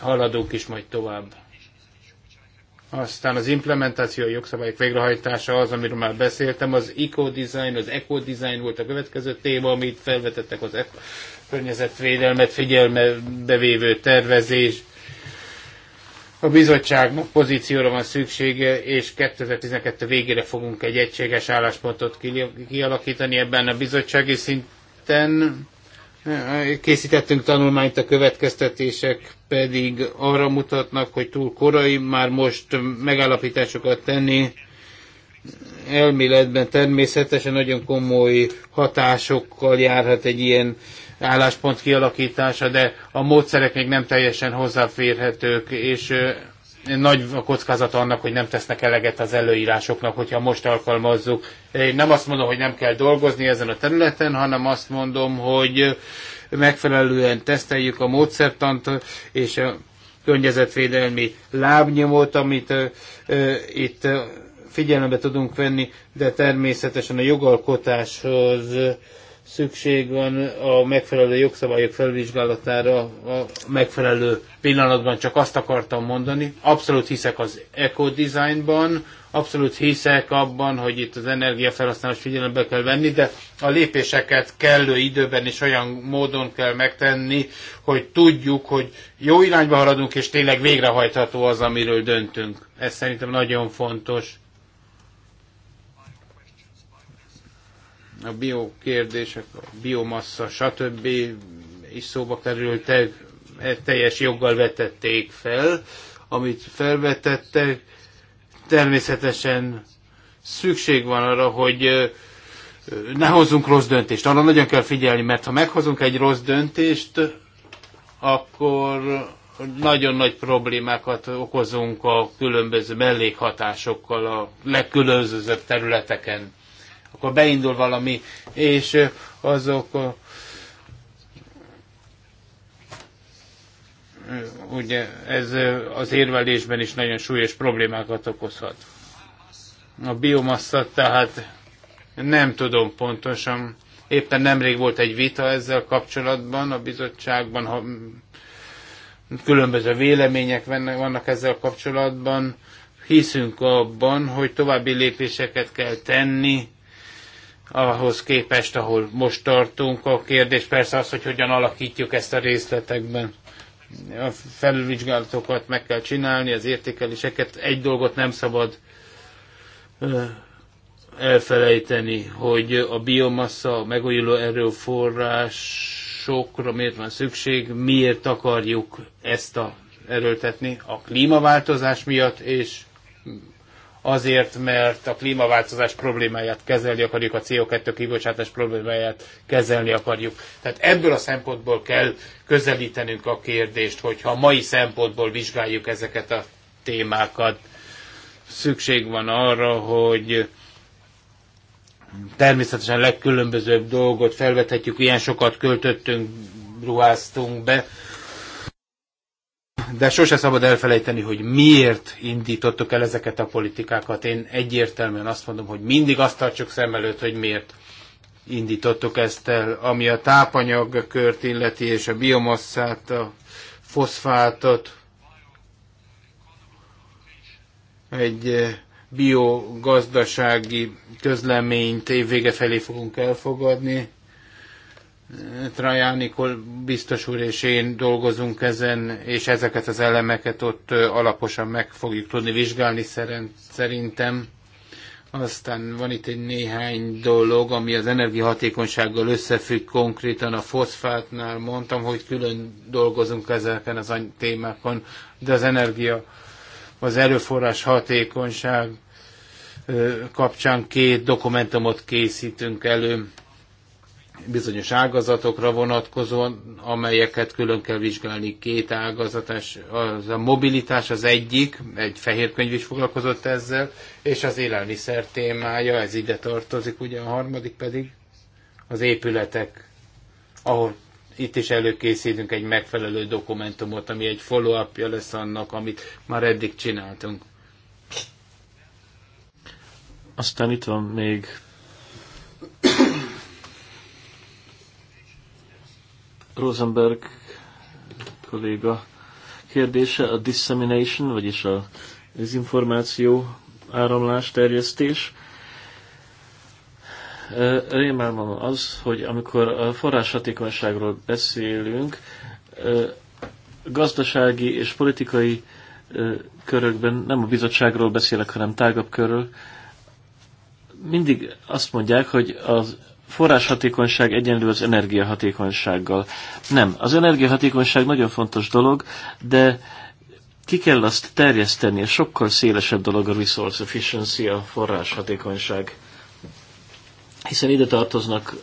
haladunk is majd tovább. Aztán az implementáció, a jogszabályok végrehajtása az, amiről már beszéltem, az eco-design, az eco-design volt a következő téma, amit felvetettek az e- környezetvédelmet figyelme bevévő tervezés, a bizottságnak pozícióra van szüksége, és 2012 végére fogunk egy egységes álláspontot kialakítani ebben a bizottsági szinten. Készítettünk tanulmányt, a következtetések pedig arra mutatnak, hogy túl korai már most megállapításokat tenni. Elméletben természetesen nagyon komoly hatásokkal járhat egy ilyen álláspont kialakítása, de a módszerek még nem teljesen hozzáférhetők, és nagy a kockázata annak, hogy nem tesznek eleget az előírásoknak, hogyha most alkalmazzuk. Én nem azt mondom, hogy nem kell dolgozni ezen a területen, hanem azt mondom, hogy megfelelően teszteljük a módszertant és a környezetvédelmi lábnyomot, amit itt figyelembe tudunk venni, de természetesen a jogalkotáshoz szükség van a megfelelő jogszabályok felvizsgálatára a megfelelő pillanatban, csak azt akartam mondani. Abszolút hiszek az eco-designban, abszolút hiszek abban, hogy itt az energiafelhasználás figyelembe kell venni, de a lépéseket kellő időben és olyan módon kell megtenni, hogy tudjuk, hogy jó irányba haladunk, és tényleg végrehajtható az, amiről döntünk. Ez szerintem nagyon fontos a bio kérdések, a biomassa, stb. is szóba kerültek, e teljes joggal vetették fel, amit felvetettek. Természetesen szükség van arra, hogy ne hozzunk rossz döntést. Arra nagyon kell figyelni, mert ha meghozunk egy rossz döntést, akkor nagyon nagy problémákat okozunk a különböző mellékhatásokkal a legkülönbözőbb területeken akkor beindul valami, és azok ugye ez az érvelésben is nagyon súlyos problémákat okozhat. A biomassa tehát nem tudom pontosan. Éppen nemrég volt egy vita ezzel kapcsolatban a bizottságban, ha különböző vélemények vannak ezzel kapcsolatban. Hiszünk abban, hogy további lépéseket kell tenni, ahhoz képest, ahol most tartunk. A kérdés persze az, hogy hogyan alakítjuk ezt a részletekben. A felülvizsgálatokat meg kell csinálni, az értékeléseket. Egy dolgot nem szabad elfelejteni, hogy a biomassa, a megújuló erőforrásokra miért van szükség, miért akarjuk ezt a erőltetni a klímaváltozás miatt, és azért, mert a klímaváltozás problémáját kezelni akarjuk, a CO2 kibocsátás problémáját kezelni akarjuk. Tehát ebből a szempontból kell közelítenünk a kérdést, hogyha mai szempontból vizsgáljuk ezeket a témákat. Szükség van arra, hogy természetesen legkülönbözőbb dolgot felvethetjük, ilyen sokat költöttünk, ruháztunk be, de sose szabad elfelejteni, hogy miért indítottuk el ezeket a politikákat. Én egyértelműen azt mondom, hogy mindig azt tartsuk szem előtt, hogy miért indítottuk ezt el, ami a tápanyagkört illeti, és a biomasszát, a foszfátot, egy eh, biogazdasági közleményt évvége felé fogunk elfogadni, Trajánikol biztos úr és én dolgozunk ezen, és ezeket az elemeket ott alaposan meg fogjuk tudni vizsgálni szerintem. Aztán van itt egy néhány dolog, ami az energiahatékonysággal összefügg konkrétan a foszfátnál. Mondtam, hogy külön dolgozunk ezeken az témákon, de az energia, az erőforrás hatékonyság kapcsán két dokumentumot készítünk elő bizonyos ágazatokra vonatkozóan, amelyeket külön kell vizsgálni. Két ágazat, az a mobilitás az egyik, egy fehér könyv is foglalkozott ezzel, és az élelmiszer témája, ez ide tartozik, ugye a harmadik pedig az épületek, ahol itt is előkészítünk egy megfelelő dokumentumot, ami egy follow-upja lesz annak, amit már eddig csináltunk. Aztán itt van még Rosenberg kolléga kérdése, a dissemination, vagyis a dezinformáció áramlás, terjesztés. Rémálmom az, hogy amikor a forráshatékonyságról beszélünk, gazdasági és politikai körökben, nem a bizottságról beszélek, hanem tágabb körről, mindig azt mondják, hogy az forráshatékonyság egyenlő az energiahatékonysággal. Nem, az energiahatékonyság nagyon fontos dolog, de ki kell azt terjeszteni, és sokkal szélesebb dolog a resource efficiency, a forráshatékonyság. Hiszen ide tartoznak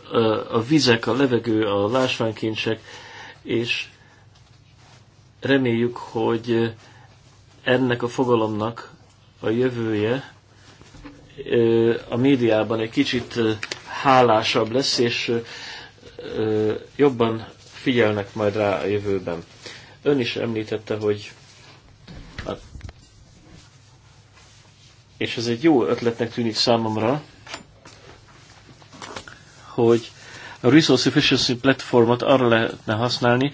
a vizek, a levegő, a lásványkincsek, és reméljük, hogy ennek a fogalomnak a jövője a médiában egy kicsit hálásabb lesz, és jobban figyelnek majd rá a jövőben. Ön is említette, hogy és ez egy jó ötletnek tűnik számomra, hogy a Resource Efficiency platformot arra lehetne használni,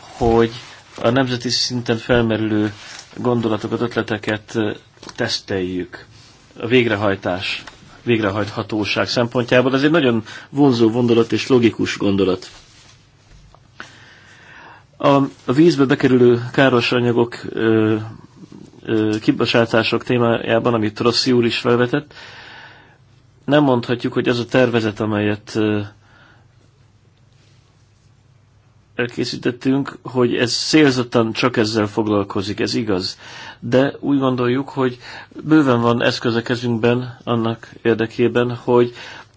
hogy a nemzeti szinten felmerülő gondolatokat, ötleteket teszteljük a végrehajtás, végrehajthatóság szempontjából. Ez egy nagyon vonzó gondolat és logikus gondolat. A, vízbe bekerülő káros anyagok ö, ö, kibocsátások témájában, amit Rossi úr is felvetett, nem mondhatjuk, hogy az a tervezet, amelyet elkészítettünk, hogy ez szélzottan csak ezzel foglalkozik, ez igaz. De úgy gondoljuk, hogy bőven van eszköz a kezünkben annak érdekében, hogy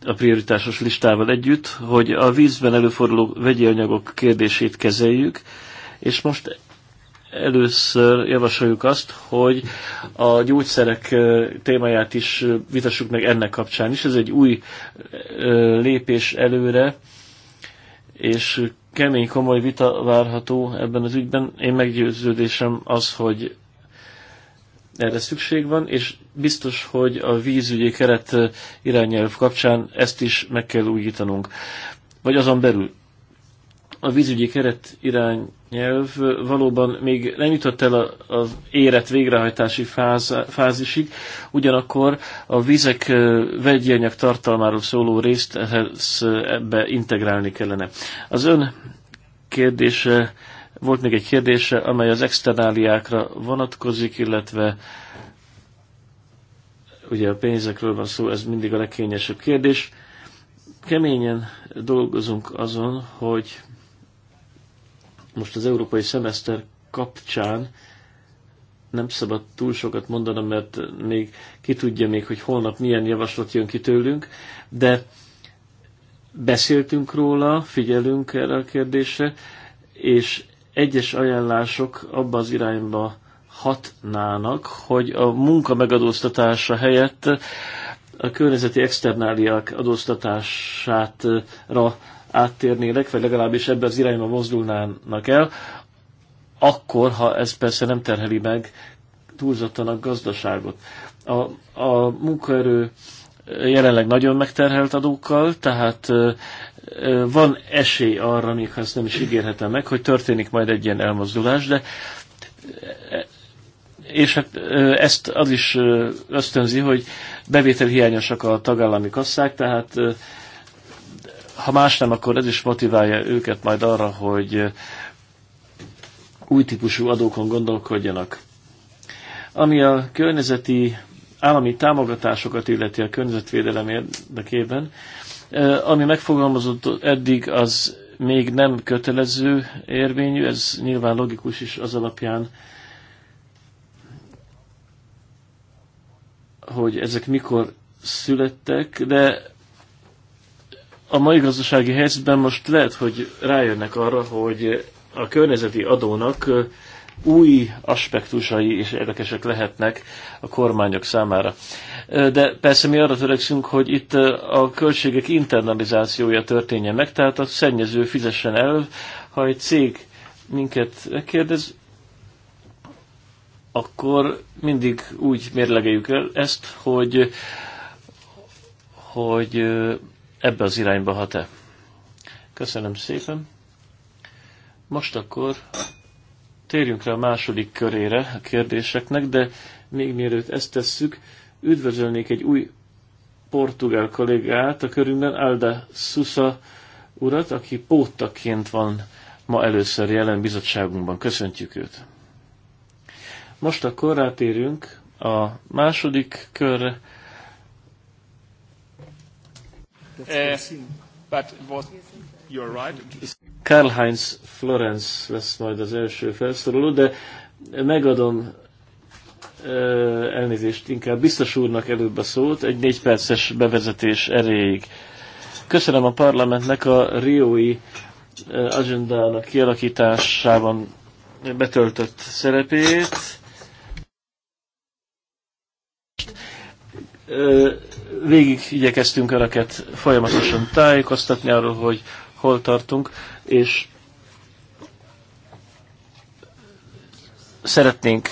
a prioritásos listával együtt, hogy a vízben előforduló vegyi anyagok kérdését kezeljük, és most először javasoljuk azt, hogy a gyógyszerek témáját is vitassuk meg ennek kapcsán is. Ez egy új lépés előre, és kemény, komoly vita várható ebben az ügyben. Én meggyőződésem az, hogy erre szükség van, és biztos, hogy a vízügyi keret irányelv kapcsán ezt is meg kell újítanunk. Vagy azon belül a vízügyi keret irányelv valóban még nem jutott el az érett végrehajtási fáz, fázisig, ugyanakkor a vizek vegyi anyag tartalmáról szóló részt ehhez ebbe integrálni kellene. Az ön kérdése, volt még egy kérdése, amely az externáliákra vonatkozik, illetve ugye a pénzekről van szó, ez mindig a legkényesebb kérdés. Keményen dolgozunk azon, hogy most az európai szemeszter kapcsán nem szabad túl sokat mondanom, mert még ki tudja még, hogy holnap milyen javaslat jön ki tőlünk, de beszéltünk róla, figyelünk erre a kérdésre, és egyes ajánlások abba az irányba hatnának, hogy a munka megadóztatása helyett a környezeti externáliák adóztatásátra eh, áttérnének, vagy legalábbis ebbe az irányba mozdulnának el, akkor, ha ez persze nem terheli meg túlzottan a gazdaságot. A, a munkaerő jelenleg nagyon megterhelt adókkal, tehát van esély arra, még ha ezt nem is ígérhetem meg, hogy történik majd egy ilyen elmozdulás, de és hát ezt az is ösztönzi, hogy bevétel hiányosak a tagállami kasszák, tehát ha más nem, akkor ez is motiválja őket majd arra, hogy új típusú adókon gondolkodjanak. Ami a környezeti állami támogatásokat illeti a környezetvédelem érdekében, eh, ami megfogalmazott eddig, az még nem kötelező érvényű, ez nyilván logikus is az alapján, hogy ezek mikor születtek, de a mai gazdasági helyzetben most lehet, hogy rájönnek arra, hogy a környezeti adónak új aspektusai és érdekesek lehetnek a kormányok számára. De persze mi arra törekszünk, hogy itt a költségek internalizációja történjen meg, tehát a szennyező fizessen el, ha egy cég minket kérdez, akkor mindig úgy mérlegeljük el ezt, hogy, hogy ebbe az irányba hat-e. Köszönöm szépen. Most akkor térjünk rá a második körére a kérdéseknek, de még mielőtt ezt tesszük, üdvözölnék egy új portugál kollégát a körünkben, Alda Susa urat, aki póttaként van ma először jelen bizottságunkban. Köszöntjük őt! Most akkor rátérünk a második körre, Eh, Karl Heinz Florenz lesz majd az első felszoruló, de megadom eh, elnézést, inkább biztos úrnak előbb a szót, egy négy perces bevezetés erejéig. Köszönöm a parlamentnek a Riói eh, agendának kialakításában betöltött szerepét Végig igyekeztünk Önöket folyamatosan tájékoztatni arról, hogy hol tartunk, és szeretnénk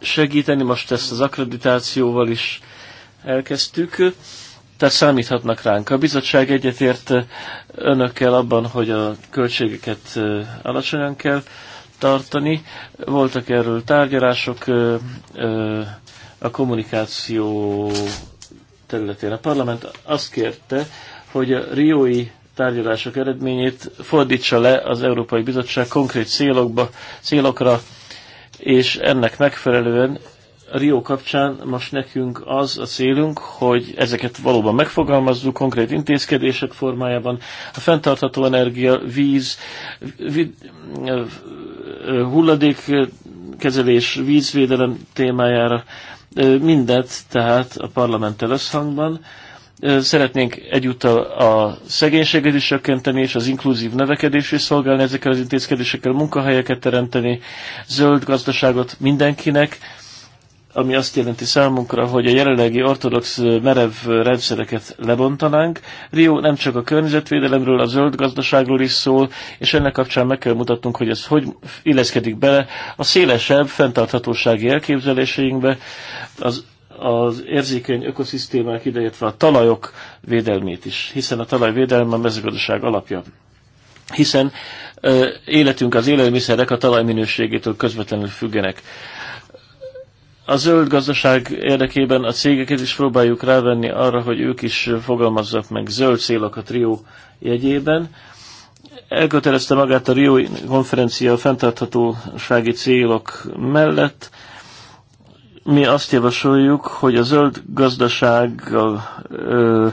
segíteni, most ezt az akkreditációval is elkezdtük, tehát számíthatnak ránk. A bizottság egyetért önökkel abban, hogy a költségeket alacsonyan kell tartani. Voltak erről tárgyalások, a kommunikáció területén. A parlament azt kérte, hogy a riói tárgyalások eredményét fordítsa le az Európai Bizottság konkrét célokba, célokra, és ennek megfelelően a Rio kapcsán most nekünk az a célunk, hogy ezeket valóban megfogalmazzuk konkrét intézkedések formájában. A fenntartható energia, víz, eh, eh, hulladékkezelés, vízvédelem témájára Mindet tehát a parlamenttel összhangban. Szeretnénk egyúttal a szegénységet is csökkenteni, és az inkluzív növekedést is szolgálni ezekkel az intézkedésekkel, munkahelyeket teremteni, zöld gazdaságot mindenkinek, ami azt jelenti számunkra, hogy a jelenlegi ortodox merev rendszereket lebontanánk. Rio nem csak a környezetvédelemről, a zöld gazdaságról is szól, és ennek kapcsán meg kell mutatnunk, hogy ez hogy illeszkedik bele a szélesebb fenntarthatósági elképzeléseinkbe, az, az érzékeny ökoszisztémák ideértve a talajok védelmét is, hiszen a talajvédelme a mezőgazdaság alapja hiszen ö, életünk az élelmiszerek a talajminőségétől közvetlenül függenek a zöld gazdaság érdekében a cégeket is próbáljuk rávenni arra, hogy ők is fogalmazzak meg zöld célokat Rio jegyében. Elkötelezte magát a Rio konferencia a fenntarthatósági célok mellett. Mi azt javasoljuk, hogy a zöld gazdasággal ö,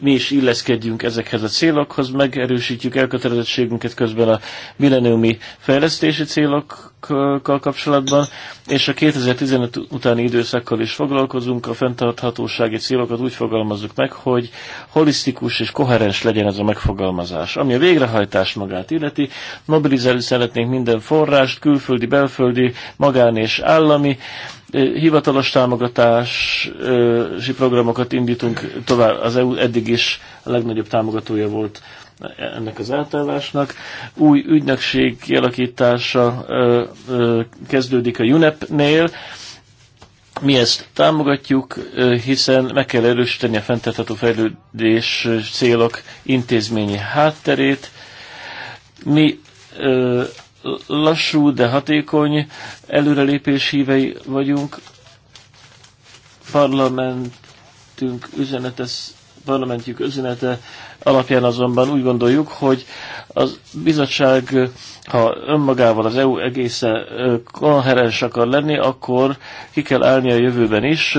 mi is illeszkedjünk ezekhez a célokhoz, megerősítjük elkötelezettségünket közben a milleniumi fejlesztési célokkal kapcsolatban, és a 2015 utáni időszakkal is foglalkozunk, a fenntarthatósági célokat úgy fogalmazzuk meg, hogy holisztikus és koherens legyen ez a megfogalmazás. Ami a végrehajtás magát illeti, mobilizálni szeretnénk minden forrást, külföldi, belföldi, magán és állami, Hivatalos támogatási programokat indítunk tovább. Az EU eddig is a legnagyobb támogatója volt ennek az átállásnak. Új ügynökség kialakítása kezdődik a UNEP-nél. Mi ezt támogatjuk, hiszen meg kell erősíteni a fenntartható fejlődés célok intézményi hátterét. Mi lassú, de hatékony előrelépés hívei vagyunk. Parlamentünk üzenete, parlamentjük üzenete alapján azonban úgy gondoljuk, hogy az bizottság, ha önmagával az EU egészen koherens akar lenni, akkor ki kell állni a jövőben is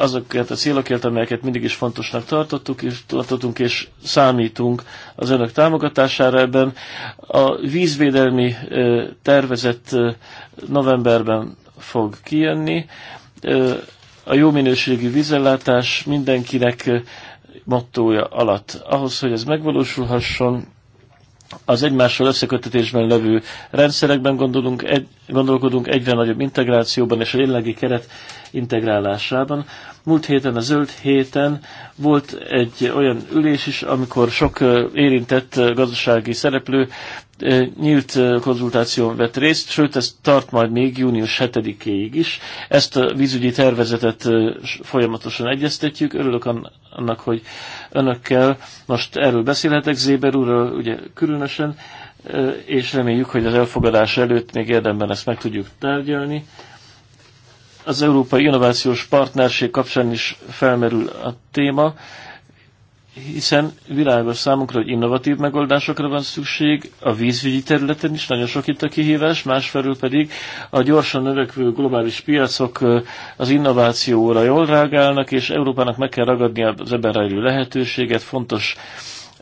azokat a célokért, amelyeket mindig is fontosnak tartottuk, és tartottunk, és számítunk az önök támogatására ebben. A vízvédelmi tervezet novemberben fog kijönni. A jó minőségű vízellátás mindenkinek mottója alatt. Ahhoz, hogy ez megvalósulhasson, az egymással összekötetésben levő rendszerekben gondolunk, egy, gondolkodunk, egyre nagyobb integrációban és a jelenlegi keret integrálásában. Múlt héten, a zöld héten volt egy olyan ülés is, amikor sok érintett gazdasági szereplő nyílt konzultáción vett részt, sőt ez tart majd még június 7-éig is. Ezt a vízügyi tervezetet folyamatosan egyeztetjük. Örülök annak, hogy önökkel most erről beszélhetek, Zéber úrral ugye különösen, és reméljük, hogy az elfogadás előtt még érdemben ezt meg tudjuk tárgyalni az Európai Innovációs Partnerség kapcsán is felmerül a téma, hiszen világos számunkra, hogy innovatív megoldásokra van szükség, a vízügyi területen is nagyon sok itt a kihívás, másfelől pedig a gyorsan növekvő globális piacok az innovációra jól rágálnak, és Európának meg kell ragadni az ebben rejlő lehetőséget, fontos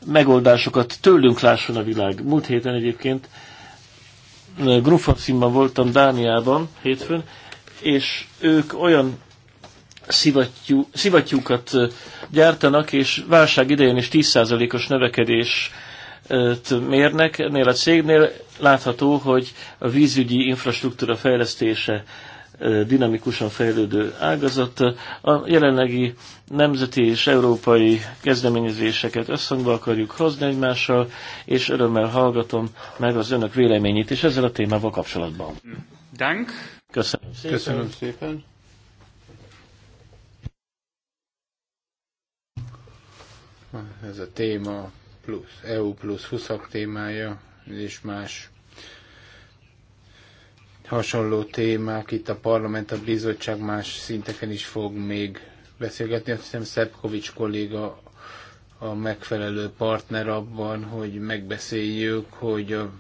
megoldásokat tőlünk lásson a világ. Múlt héten egyébként Grunfabszínban voltam Dániában, hétfőn, és ők olyan szivattyú, szivattyúkat gyártanak, és válság idején is 10%-os növekedés mérnek ennél a cégnél, látható, hogy a vízügyi infrastruktúra fejlesztése dinamikusan fejlődő ágazat. A jelenlegi nemzeti és európai kezdeményezéseket összhangba akarjuk hozni egymással, és örömmel hallgatom meg az önök véleményét is ezzel a témával kapcsolatban. Dank. Köszönöm szépen. Köszönöm szépen. Ez a téma plusz EU plusz 20 témája, és más hasonló témák itt a parlament, a bizottság más szinteken is fog még beszélgetni. Azt hiszem Szepkovics kolléga a megfelelő partner abban, hogy megbeszéljük, hogy a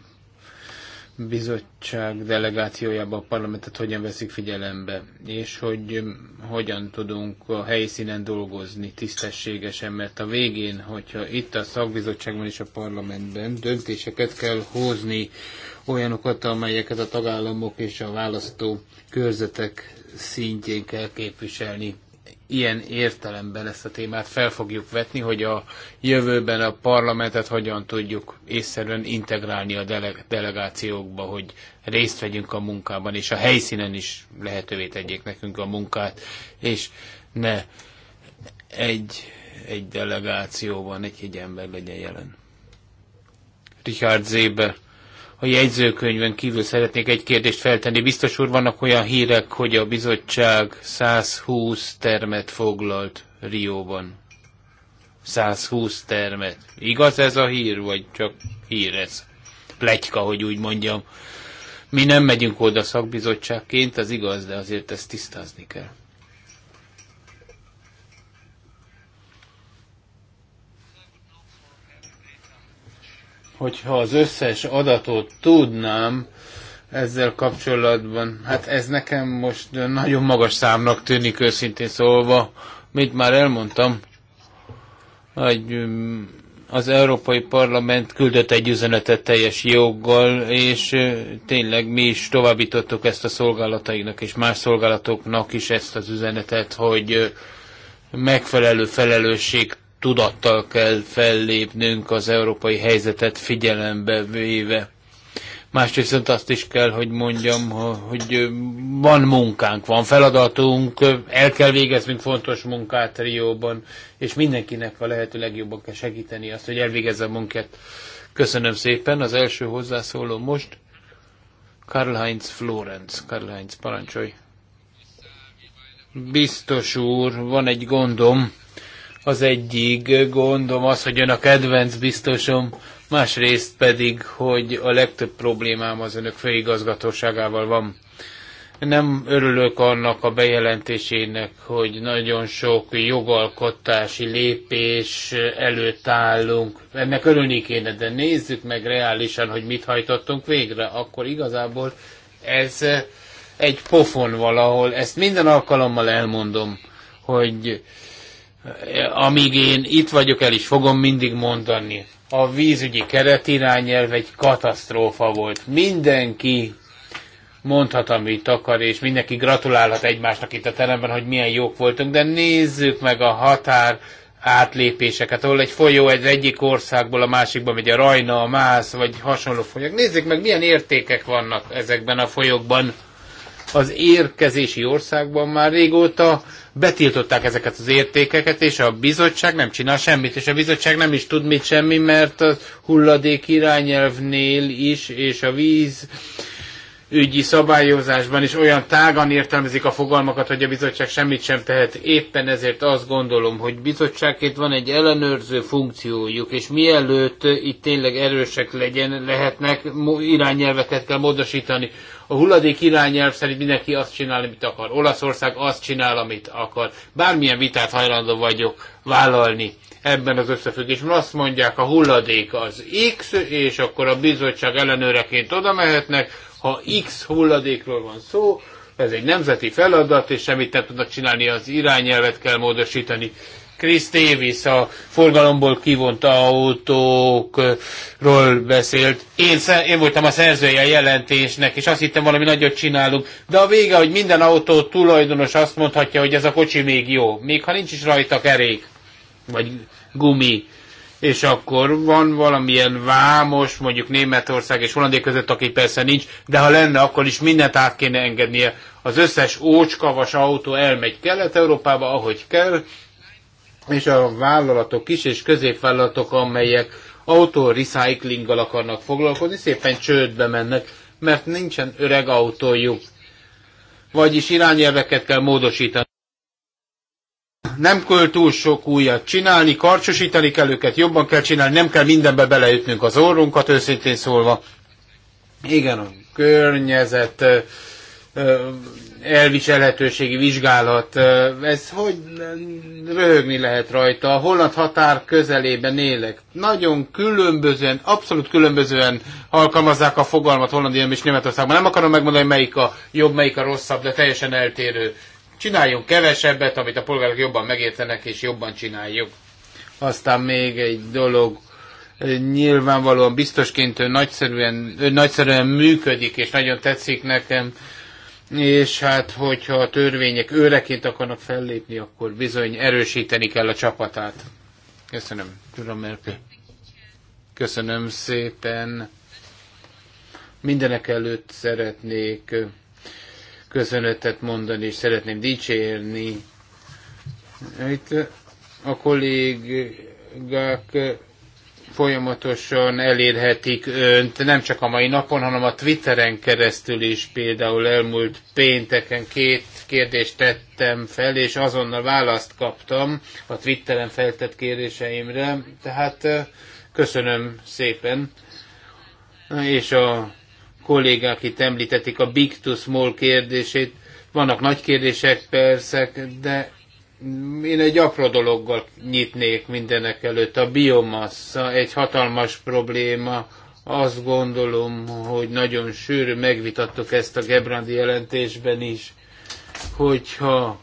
bizottság delegációjába a parlamentet hogyan veszik figyelembe, és hogy hogyan tudunk a helyszínen dolgozni tisztességesen, mert a végén, hogyha itt a szakbizottságban és a parlamentben döntéseket kell hozni, olyanokat, amelyeket a tagállamok és a választó körzetek szintjén kell képviselni ilyen értelemben ezt a témát fel fogjuk vetni, hogy a jövőben a parlamentet hogyan tudjuk észszerűen integrálni a dele- delegációkba, hogy részt vegyünk a munkában, és a helyszínen is lehetővé tegyék nekünk a munkát, és ne egy, egy delegációban egy, egy ember legyen jelen. Richard Zéber a jegyzőkönyvön kívül szeretnék egy kérdést feltenni. Biztos úr, vannak olyan hírek, hogy a bizottság 120 termet foglalt Rióban. 120 termet. Igaz ez a hír, vagy csak hír ez? Pletyka, hogy úgy mondjam. Mi nem megyünk oda szakbizottságként, az igaz, de azért ezt tisztázni kell. hogyha az összes adatot tudnám ezzel kapcsolatban, hát ez nekem most nagyon magas számnak tűnik őszintén szólva, mint már elmondtam, hogy mm, az Európai Parlament küldött egy üzenetet teljes joggal, és tényleg mi is továbbítottuk ezt a szolgálatainak és más szolgálatoknak is ezt az üzenetet, hogy megfelelő felelősség tudattal kell fellépnünk az európai helyzetet figyelembe véve. Másrészt viszont azt is kell, hogy mondjam, hogy van munkánk, van feladatunk, el kell végeznünk fontos munkát Rióban, és mindenkinek a lehető legjobban kell segíteni azt, hogy elvégezze a munkát. Köszönöm szépen. Az első hozzászóló most Karl-Heinz Florenz. Karl-Heinz, parancsolj! Biztos úr, van egy gondom az egyik gondom az, hogy ön a kedvenc biztosom, másrészt pedig, hogy a legtöbb problémám az önök főigazgatóságával van. Nem örülök annak a bejelentésének, hogy nagyon sok jogalkotási lépés előtt állunk. Ennek örülni kéne, de nézzük meg reálisan, hogy mit hajtottunk végre. Akkor igazából ez egy pofon valahol. Ezt minden alkalommal elmondom, hogy amíg én itt vagyok, el is fogom mindig mondani. A vízügyi keretirányelv egy katasztrófa volt. Mindenki mondhat, amit akar, és mindenki gratulálhat egymásnak itt a teremben, hogy milyen jók voltunk, de nézzük meg a határ átlépéseket, ahol egy folyó egy egyik országból a másikba megy a Rajna, a Mász, vagy hasonló folyók. Nézzük meg, milyen értékek vannak ezekben a folyókban az érkezési országban már régóta betiltották ezeket az értékeket, és a bizottság nem csinál semmit, és a bizottság nem is tud mit semmi, mert a hulladék irányelvnél is, és a víz ügyi szabályozásban is olyan tágan értelmezik a fogalmakat, hogy a bizottság semmit sem tehet. Éppen ezért azt gondolom, hogy bizottságként van egy ellenőrző funkciójuk, és mielőtt itt tényleg erősek legyen, lehetnek, irányelveket kell módosítani. A hulladék irányelv szerint mindenki azt csinál, amit akar. Olaszország azt csinál, amit akar. Bármilyen vitát hajlandó vagyok vállalni ebben az összefüggésben. Azt mondják, a hulladék az X, és akkor a bizottság ellenőreként oda mehetnek, ha X hulladékról van szó, ez egy nemzeti feladat, és semmit nem tudnak csinálni, az irányelvet kell módosítani. Chris Davis a forgalomból kivont autókról beszélt. Én, én voltam a szerzője a jelentésnek, és azt hittem valami nagyot csinálunk, de a vége, hogy minden autó tulajdonos azt mondhatja, hogy ez a kocsi még jó, még ha nincs is rajta kerék, vagy gumi és akkor van valamilyen vámos, mondjuk Németország és Hollandia között, aki persze nincs, de ha lenne, akkor is mindent át kéne engednie. Az összes ócskavas autó elmegy Kelet-Európába, ahogy kell, és a vállalatok, kis és középvállalatok, amelyek recyclinggal akarnak foglalkozni, szépen csődbe mennek, mert nincsen öreg autójuk. Vagyis irányelveket kell módosítani nem kell túl sok újat csinálni, karcsosítani kell őket, jobban kell csinálni, nem kell mindenbe beleütnünk az orrunkat, őszintén szólva. Igen, a környezet elviselhetőségi vizsgálat, ez hogy röhögni lehet rajta. A holland határ közelében élek. Nagyon különbözően, abszolút különbözően alkalmazzák a fogalmat Hollandia és Németországban. Nem akarom megmondani, melyik a jobb, melyik a rosszabb, de teljesen eltérő Csináljunk kevesebbet, amit a polgárok jobban megértenek, és jobban csináljuk. Aztán még egy dolog, nyilvánvalóan biztosként ő nagyszerűen, ő nagyszerűen működik, és nagyon tetszik nekem, és hát hogyha a törvények őreként akarnak fellépni, akkor bizony erősíteni kell a csapatát. Köszönöm, Tudom, Merkel. Köszönöm szépen. Mindenek előtt szeretnék köszönetet mondani, és szeretném dicsérni. Itt a kollégák folyamatosan elérhetik önt, nem csak a mai napon, hanem a Twitteren keresztül is. Például elmúlt pénteken két kérdést tettem fel, és azonnal választ kaptam a Twitteren feltett kéréseimre. Tehát eh, köszönöm szépen. És a kollégák itt említetik a big to small kérdését. Vannak nagy kérdések persze, de én egy apró dologgal nyitnék mindenek előtt. A biomassa egy hatalmas probléma. Azt gondolom, hogy nagyon sűrű, megvitattuk ezt a Gebrandi jelentésben is, hogyha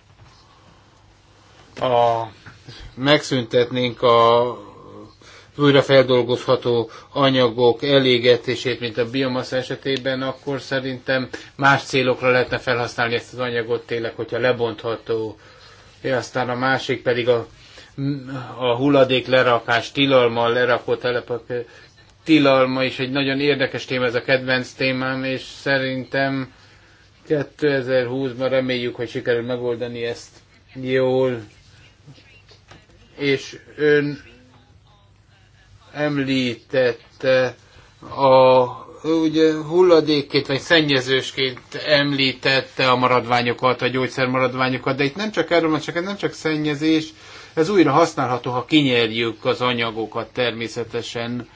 a, megszüntetnénk a újrafeldolgozható anyagok elégetését, mint a biomassa esetében, akkor szerintem más célokra lehetne felhasználni ezt az anyagot tényleg, hogyha lebontható. És aztán a másik pedig a, a hulladék lerakás, tilalma, lerakó telepek tilalma is egy nagyon érdekes téma, ez a kedvenc témám, és szerintem 2020-ban reméljük, hogy sikerül megoldani ezt jól. És ön említette a ugye hulladékként vagy szennyezősként említette a maradványokat, a gyógyszermaradványokat, de itt nem csak erről van, csak nem csak szennyezés, ez újra használható, ha kinyerjük az anyagokat természetesen,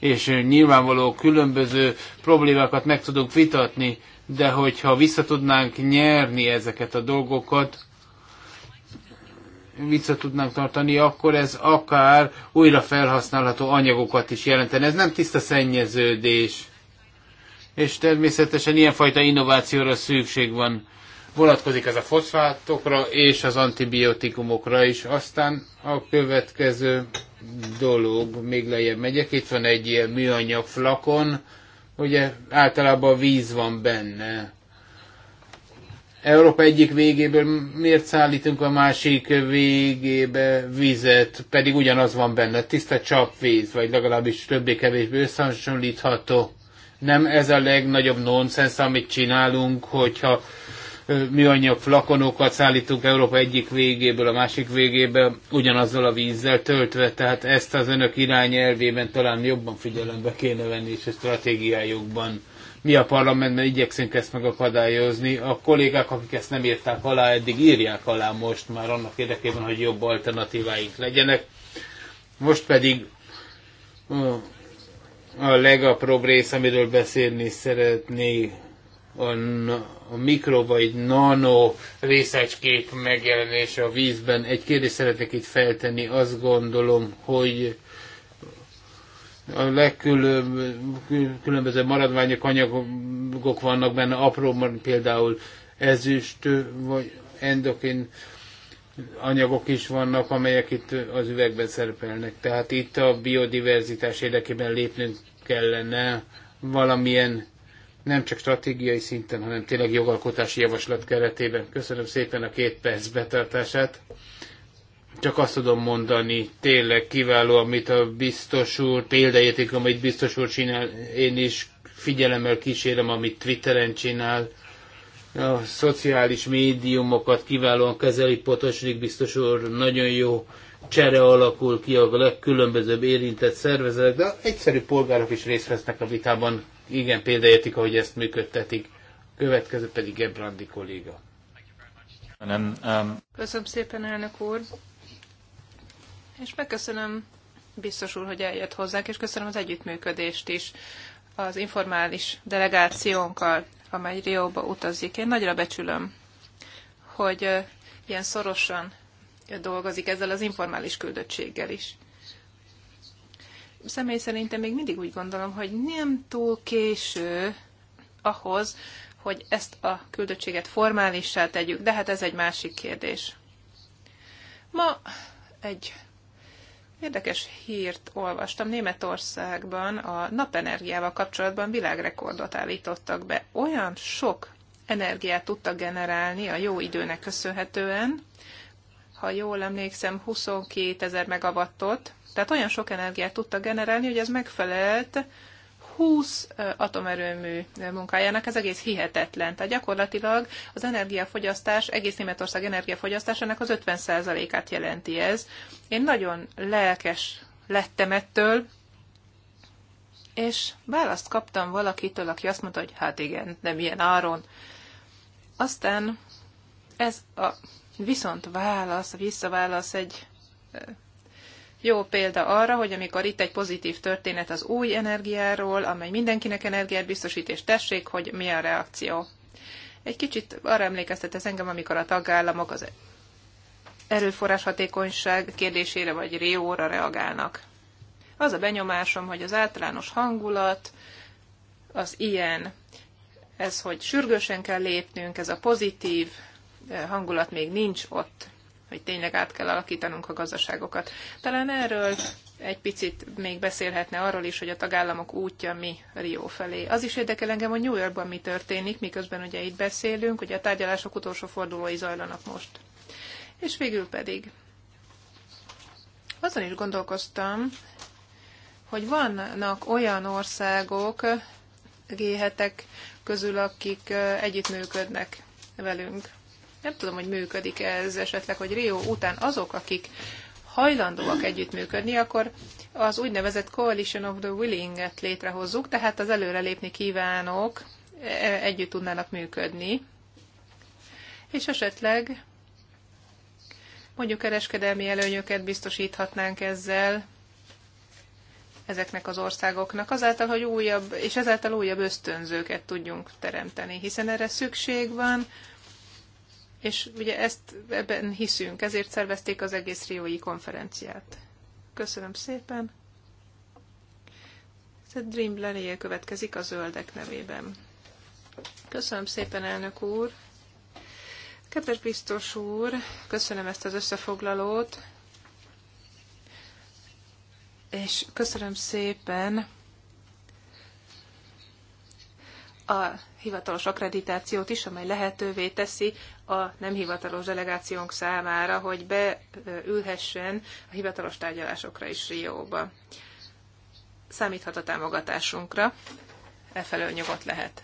és nyilvánvaló különböző problémákat meg tudunk vitatni, de hogyha vissza tudnánk nyerni ezeket a dolgokat, vissza tudnánk tartani, akkor ez akár újra felhasználható anyagokat is jelentene. Ez nem tiszta szennyeződés. És természetesen ilyenfajta innovációra szükség van. Vonatkozik ez a foszfátokra és az antibiotikumokra is. Aztán a következő dolog, még lejjebb megyek, itt van egy ilyen műanyag flakon, ugye általában víz van benne Európa egyik végéből miért szállítunk a másik végébe vizet, pedig ugyanaz van benne, tiszta csapvíz, vagy legalábbis többé-kevésbé összehasonlítható. Nem ez a legnagyobb nonsens, amit csinálunk, hogyha műanyag flakonokat szállítunk Európa egyik végéből a másik végébe, ugyanazzal a vízzel töltve, tehát ezt az önök irányelvében talán jobban figyelembe kéne venni, és a stratégiájukban mi a parlamentben igyekszünk ezt megakadályozni. A kollégák, akik ezt nem írták alá, eddig írják alá most már annak érdekében, hogy jobb alternatíváink legyenek. Most pedig a legapróbb rész, amiről beszélni szeretnék, a, a mikro vagy nano részecskék megjelenése a vízben. Egy kérdést szeretnék itt feltenni. Azt gondolom, hogy a legkülönbözőbb maradványok, anyagok vannak benne, apró például ezüst, vagy endokin anyagok is vannak, amelyek itt az üvegben szerepelnek. Tehát itt a biodiverzitás érdekében lépnünk kellene valamilyen nem csak stratégiai szinten, hanem tényleg jogalkotási javaslat keretében. Köszönöm szépen a két perc betartását csak azt tudom mondani, tényleg kiváló, amit a biztos úr, példaérték, amit biztos úr csinál, én is figyelemmel kísérem, amit Twitteren csinál, a szociális médiumokat kiválóan kezeli Potosnik biztos úr, nagyon jó csere alakul ki a legkülönbözőbb érintett szervezetek, de egyszerű polgárok is részt vesznek a vitában. Igen, példaértik, ahogy ezt működtetik. Következő pedig Gebrandi kolléga. Köszönöm szépen, elnök úr! és megköszönöm biztos úr, hogy eljött hozzánk, és köszönöm az együttműködést is az informális delegációnkkal, amely Rióba utazik. Én nagyra becsülöm, hogy ilyen szorosan dolgozik ezzel az informális küldöttséggel is. Személy szerintem még mindig úgy gondolom, hogy nem túl késő ahhoz, hogy ezt a küldöttséget formálissá tegyük, de hát ez egy másik kérdés. Ma egy Érdekes hírt olvastam. Németországban a napenergiával kapcsolatban világrekordot állítottak be. Olyan sok energiát tudtak generálni a jó időnek köszönhetően, ha jól emlékszem, 22 ezer megawattot, tehát olyan sok energiát tudtak generálni, hogy ez megfelelt 20 atomerőmű munkájának, ez egész hihetetlen. Tehát gyakorlatilag az energiafogyasztás, egész Németország energiafogyasztásának az 50%-át jelenti ez. Én nagyon lelkes lettem ettől, és választ kaptam valakitől, aki azt mondta, hogy hát igen, nem ilyen áron. Aztán ez a viszont válasz, a visszaválasz egy jó példa arra, hogy amikor itt egy pozitív történet az új energiáról, amely mindenkinek energiát biztosít, és tessék, hogy mi a reakció. Egy kicsit arra emlékeztet ez engem, amikor a tagállamok az erőforrás hatékonyság kérdésére vagy rióra reagálnak. Az a benyomásom, hogy az általános hangulat az ilyen. Ez, hogy sürgősen kell lépnünk, ez a pozitív eh, hangulat még nincs ott hogy tényleg át kell alakítanunk a gazdaságokat. Talán erről egy picit még beszélhetne arról is, hogy a tagállamok útja mi Rio felé. Az is érdekel engem, hogy New Yorkban mi történik, miközben ugye itt beszélünk, hogy a tárgyalások utolsó fordulói zajlanak most. És végül pedig azon is gondolkoztam, hogy vannak olyan országok, g közül, akik együttműködnek velünk. Nem tudom, hogy működik -e ez esetleg, hogy Rio után azok, akik hajlandóak együttműködni, akkor az úgynevezett Coalition of the Willing-et létrehozzuk, tehát az előrelépni kívánok e, együtt tudnának működni, és esetleg mondjuk kereskedelmi előnyöket biztosíthatnánk ezzel ezeknek az országoknak, azáltal, hogy újabb, és ezáltal újabb ösztönzőket tudjunk teremteni, hiszen erre szükség van, és ugye ezt ebben hiszünk, ezért szervezték az egész Riói konferenciát. Köszönöm szépen. Ez Dream Lenéje következik a zöldek nevében. Köszönöm szépen, elnök úr. Kedves biztos úr, köszönöm ezt az összefoglalót, és köszönöm szépen a hivatalos akkreditációt is, amely lehetővé teszi a nem hivatalos delegációnk számára, hogy beülhessen a hivatalos tárgyalásokra is Rióba. Számíthat a támogatásunkra, e felől nyugodt lehet.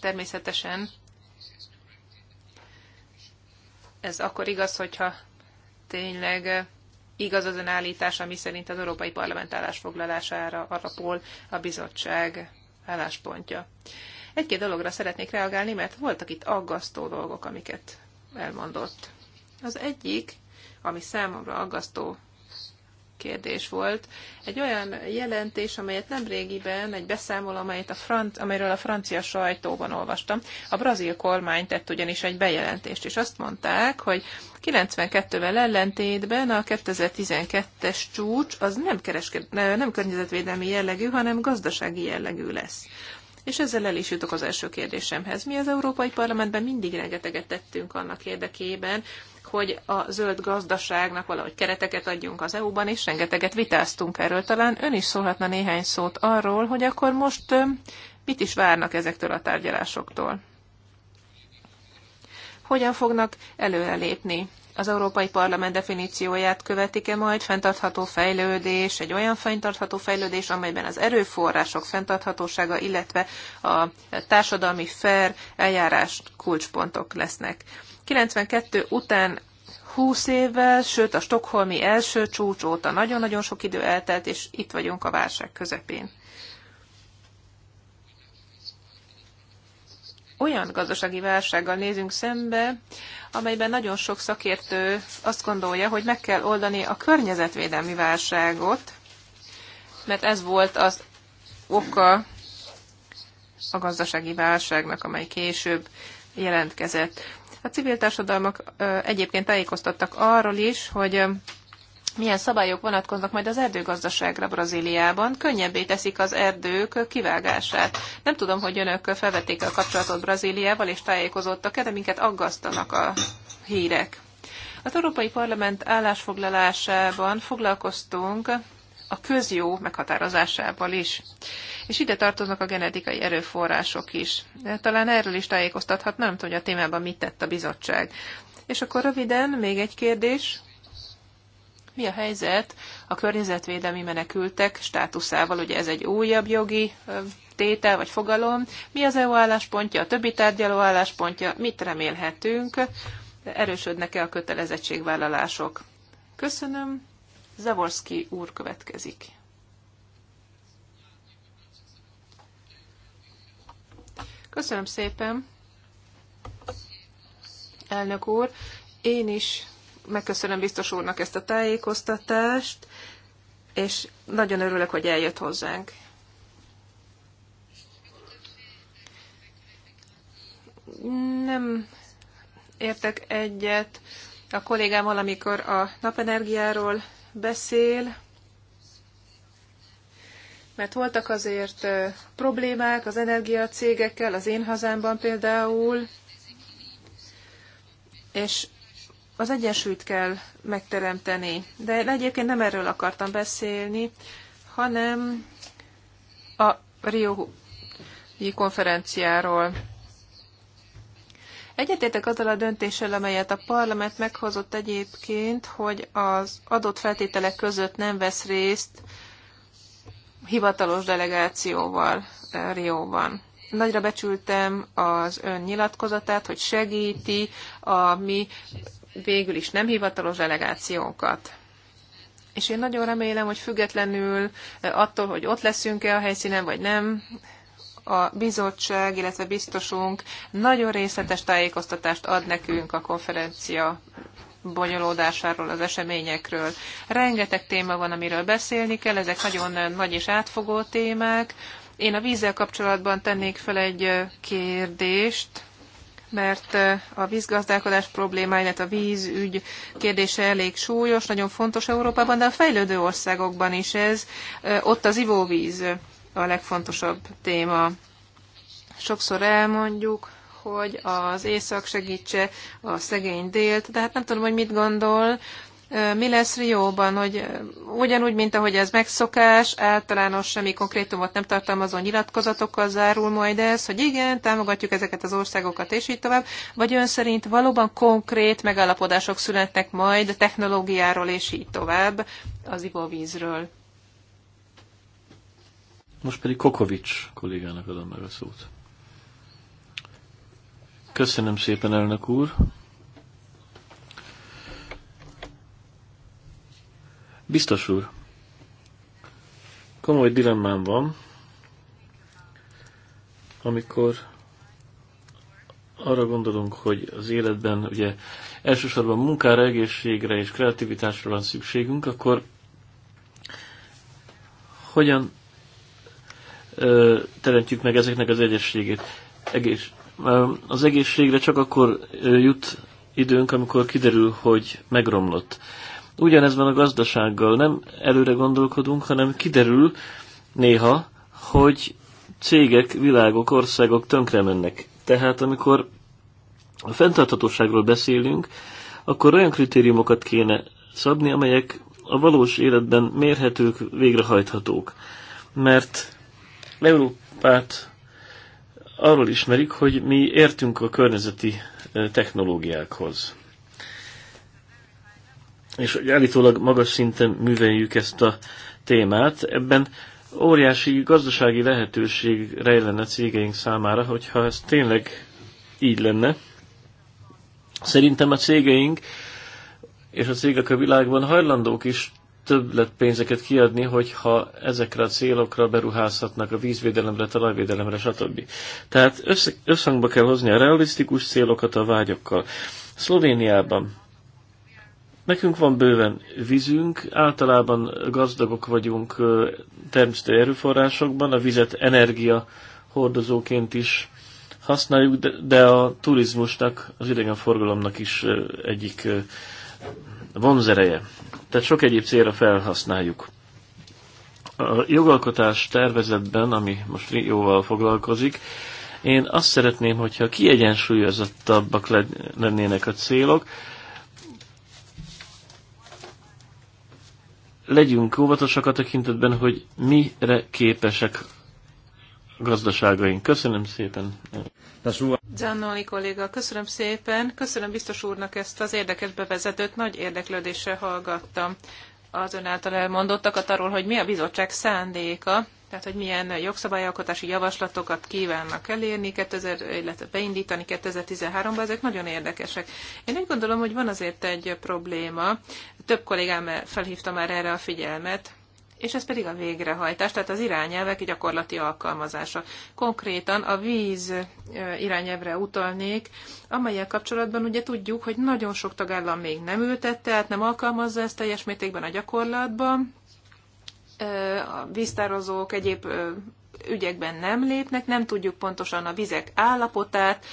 Természetesen ez akkor igaz, hogyha tényleg igaz az ön állítása, mi szerint az Európai Parlament állásfoglalására alapul a bizottság álláspontja. Egy-két dologra szeretnék reagálni, mert voltak itt aggasztó dolgok, amiket elmondott. Az egyik, ami számomra aggasztó kérdés volt. Egy olyan jelentés, amelyet nem régiben, egy beszámoló, amelyet a franc, amelyről a francia sajtóban olvastam, a brazil kormány tett ugyanis egy bejelentést, és azt mondták, hogy 92-vel ellentétben a 2012-es csúcs az nem, keresked, nem környezetvédelmi jellegű, hanem gazdasági jellegű lesz. És ezzel el is jutok az első kérdésemhez. Mi az Európai Parlamentben mindig rengeteget tettünk annak érdekében, hogy a zöld gazdaságnak valahogy kereteket adjunk az EU-ban, és rengeteget vitáztunk erről. Talán ön is szólhatna néhány szót arról, hogy akkor most mit is várnak ezektől a tárgyalásoktól. Hogyan fognak előrelépni az Európai Parlament definícióját követik-e majd fenntartható fejlődés, egy olyan fenntartható fejlődés, amelyben az erőforrások fenntarthatósága, illetve a társadalmi fair eljárás kulcspontok lesznek. 92 után 20 évvel, sőt a stokholmi első csúcs óta nagyon-nagyon sok idő eltelt, és itt vagyunk a válság közepén. olyan gazdasági válsággal nézünk szembe, amelyben nagyon sok szakértő azt gondolja, hogy meg kell oldani a környezetvédelmi válságot, mert ez volt az oka a gazdasági válságnak, amely később jelentkezett. A civil társadalmak egyébként tájékoztattak arról is, hogy milyen szabályok vonatkoznak majd az erdőgazdaságra Brazíliában, könnyebbé teszik az erdők kivágását. Nem tudom, hogy önök felvették a kapcsolatot Brazíliával, és tájékozottak-e, de minket aggasztanak a hírek. Az Európai Parlament állásfoglalásában foglalkoztunk a közjó meghatározásával is. És ide tartoznak a genetikai erőforrások is. De talán erről is tájékoztathat, nem tudom, hogy a témában mit tett a bizottság. És akkor röviden még egy kérdés. Mi a helyzet a környezetvédelmi menekültek státuszával? Ugye ez egy újabb jogi tétel vagy fogalom. Mi az EU álláspontja, a többi tárgyaló álláspontja, mit remélhetünk, erősödnek-e a kötelezettségvállalások? Köszönöm. Zavorski úr következik. Köszönöm szépen, elnök úr. Én is megköszönöm biztos úrnak ezt a tájékoztatást, és nagyon örülök, hogy eljött hozzánk. Nem értek egyet a kollégám valamikor a napenergiáról beszél, mert voltak azért problémák az energiacégekkel, az én hazámban például, és az egyensúlyt kell megteremteni. De egyébként nem erről akartam beszélni, hanem a Rio konferenciáról. Egyetértek azzal a döntéssel, amelyet a parlament meghozott egyébként, hogy az adott feltételek között nem vesz részt hivatalos delegációval Rióban. Nagyra becsültem az ön nyilatkozatát, hogy segíti a mi végül is nem hivatalos delegációkat. És én nagyon remélem, hogy függetlenül eh, attól, hogy ott leszünk-e a helyszínen, vagy nem, a bizottság, illetve biztosunk nagyon részletes tájékoztatást ad nekünk a konferencia bonyolódásáról, az eseményekről. Rengeteg téma van, amiről beszélni kell, ezek nagyon nagy és átfogó témák. Én a vízzel kapcsolatban tennék fel egy eh, kérdést mert a vízgazdálkodás problémája, illetve a vízügy kérdése elég súlyos, nagyon fontos Európában, de a fejlődő országokban is ez. Ott az ivóvíz a legfontosabb téma. Sokszor elmondjuk, hogy az észak segítse a szegény délt, de hát nem tudom, hogy mit gondol mi lesz Rióban, hogy ugyanúgy, mint ahogy ez megszokás, általános semmi konkrétumot nem tartalmazó nyilatkozatokkal zárul majd ez, hogy igen, támogatjuk ezeket az országokat, és így tovább, vagy ön szerint valóban konkrét megállapodások születnek majd a technológiáról, és így tovább az ivóvízről. Most pedig Kokovics kollégának adom meg a szót. Köszönöm szépen, elnök úr! Biztos úr, komoly dilemmám van, amikor arra gondolunk, hogy az életben ugye elsősorban munkára, egészségre és kreativitásra van szükségünk, akkor hogyan ö, teremtjük meg ezeknek az egészségét? Egész, az egészségre csak akkor jut időnk, amikor kiderül, hogy megromlott. Ugyanez van a gazdasággal. Nem előre gondolkodunk, hanem kiderül néha, hogy cégek, világok, országok tönkre mennek. Tehát amikor a fenntarthatóságról beszélünk, akkor olyan kritériumokat kéne szabni, amelyek a valós életben mérhetők, végrehajthatók. Mert Európát arról ismerik, hogy mi értünk a környezeti eh, technológiákhoz és hogy állítólag magas szinten műveljük ezt a témát. Ebben óriási gazdasági lehetőség rejlenne cégeink számára, hogyha ez tényleg így lenne. Szerintem a cégeink és a cégek a világban hajlandók is pénzeket kiadni, hogyha ezekre a célokra beruházhatnak a vízvédelemre, talajvédelemre, stb. Tehát össze, összhangba kell hozni a realisztikus célokat a vágyokkal. Szlovéniában Nekünk van bőven vízünk, általában gazdagok vagyunk természeti erőforrásokban, a vizet energia hordozóként is használjuk, de, de a turizmusnak, az idegenforgalomnak is egyik vonzereje. Tehát sok egyéb célra felhasználjuk. A jogalkotás tervezetben, ami most jóval foglalkozik, én azt szeretném, hogyha kiegyensúlyozottabbak lennének a célok, legyünk óvatosak a tekintetben, hogy mire képesek gazdaságaink. Köszönöm szépen. Zannoli kolléga, köszönöm szépen. Köszönöm biztos úrnak ezt az érdekes bevezetőt. Nagy érdeklődéssel hallgattam az ön által elmondottakat arról, hogy mi a bizottság szándéka tehát hogy milyen jogszabályalkotási javaslatokat kívánnak elérni, 2000, illetve beindítani 2013-ban, ezek nagyon érdekesek. Én úgy gondolom, hogy van azért egy probléma, több kollégám felhívta már erre a figyelmet, és ez pedig a végrehajtás, tehát az irányelvek gyakorlati alkalmazása. Konkrétan a víz irányelvre utalnék, amelyel kapcsolatban ugye tudjuk, hogy nagyon sok tagállam még nem ültette, tehát nem alkalmazza ezt teljes mértékben a gyakorlatban, a víztározók egyéb ügyekben nem lépnek, nem tudjuk pontosan a vizek állapotát,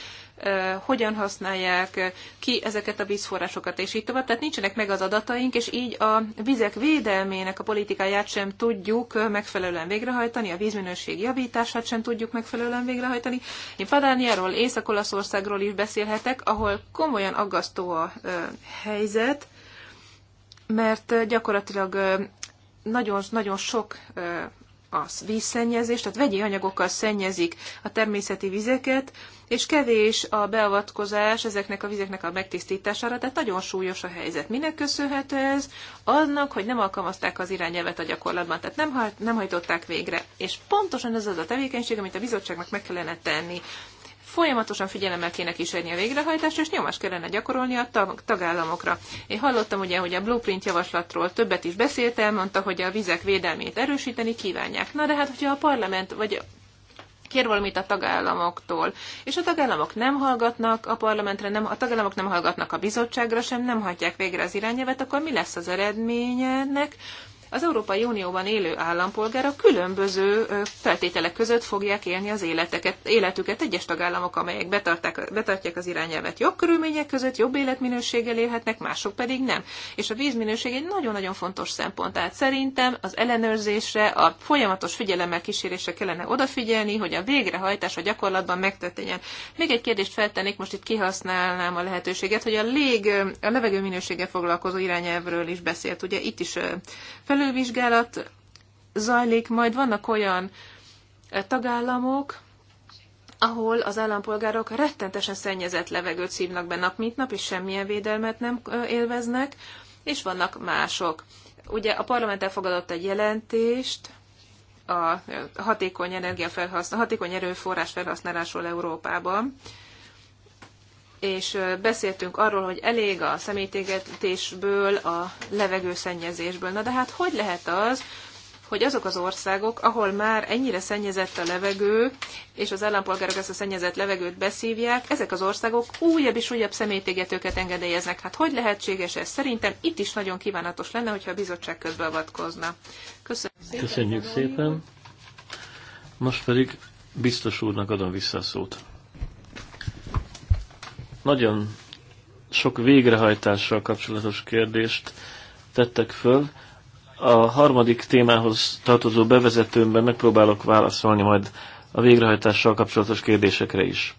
hogyan használják ki ezeket a vízforrásokat, és így tovább. Tehát nincsenek meg az adataink, és így a vizek védelmének a politikáját sem tudjuk megfelelően végrehajtani, a vízminőség javítását sem tudjuk megfelelően végrehajtani. Én Padániáról, Észak-Olaszországról is beszélhetek, ahol komolyan aggasztó a helyzet, mert gyakorlatilag nagyon, nagyon sok a vízszennyezés, tehát vegyi anyagokkal szennyezik a természeti vizeket, és kevés a beavatkozás ezeknek a vizeknek a megtisztítására, tehát nagyon súlyos a helyzet. Minek köszönhető ez? Annak, hogy nem alkalmazták az irányelvet a gyakorlatban, tehát nem, nem hajtották végre. És pontosan ez az a tevékenység, amit a bizottságnak meg kellene tenni. Folyamatosan figyelemmel kéne kísérni a végrehajtást, és nyomás kellene gyakorolni a tagállamokra. Én hallottam ugye, hogy a blueprint javaslatról többet is beszélt, elmondta, hogy a vizek védelmét erősíteni kívánják. Na de hát, hogyha a parlament vagy kér valamit a tagállamoktól, és a tagállamok nem hallgatnak a parlamentre, nem, a tagállamok nem hallgatnak a bizottságra sem, nem hagyják végre az irányelvet, akkor mi lesz az eredménye az Európai Unióban élő állampolgárok különböző feltételek között fogják élni az életeket, életüket. Egyes tagállamok, amelyek betartják, betartják az irányelvet jobb körülmények között, jobb életminőséggel élhetnek, mások pedig nem. És a vízminőség egy nagyon-nagyon fontos szempont. Tehát szerintem az ellenőrzésre, a folyamatos figyelemmel kísérésre kellene odafigyelni, hogy a végrehajtás a gyakorlatban megtörténjen. Még egy kérdést feltennék, most itt kihasználnám a lehetőséget, hogy a lég, a levegő minősége foglalkozó irányelvről is beszélt. Ugye itt is fel felülvizsgálat zajlik, majd vannak olyan e, tagállamok, ahol az állampolgárok rettentesen szennyezett levegőt szívnak be nap mint nap, és semmilyen védelmet nem e, élveznek, és vannak mások. Ugye a parlament elfogadott egy jelentést a e, hatékony, energiafelhasznál, hatékony erőforrás felhasználásról Európában, és beszéltünk arról, hogy elég a szemétégetésből, a levegőszennyezésből. Na de hát hogy lehet az, hogy azok az országok, ahol már ennyire szennyezett a levegő, és az állampolgárok ezt a szennyezett levegőt beszívják, ezek az országok újabb és újabb szemétégetőket engedélyeznek. Hát hogy lehetséges ez? Szerintem itt is nagyon kívánatos lenne, hogyha a bizottság közbeavatkozna. Köszönöm szépen. Köszönjük szépen. Most pedig biztos úrnak adom vissza a szót nagyon sok végrehajtással kapcsolatos kérdést tettek föl. A harmadik témához tartozó bevezetőmben megpróbálok válaszolni majd a végrehajtással kapcsolatos kérdésekre is.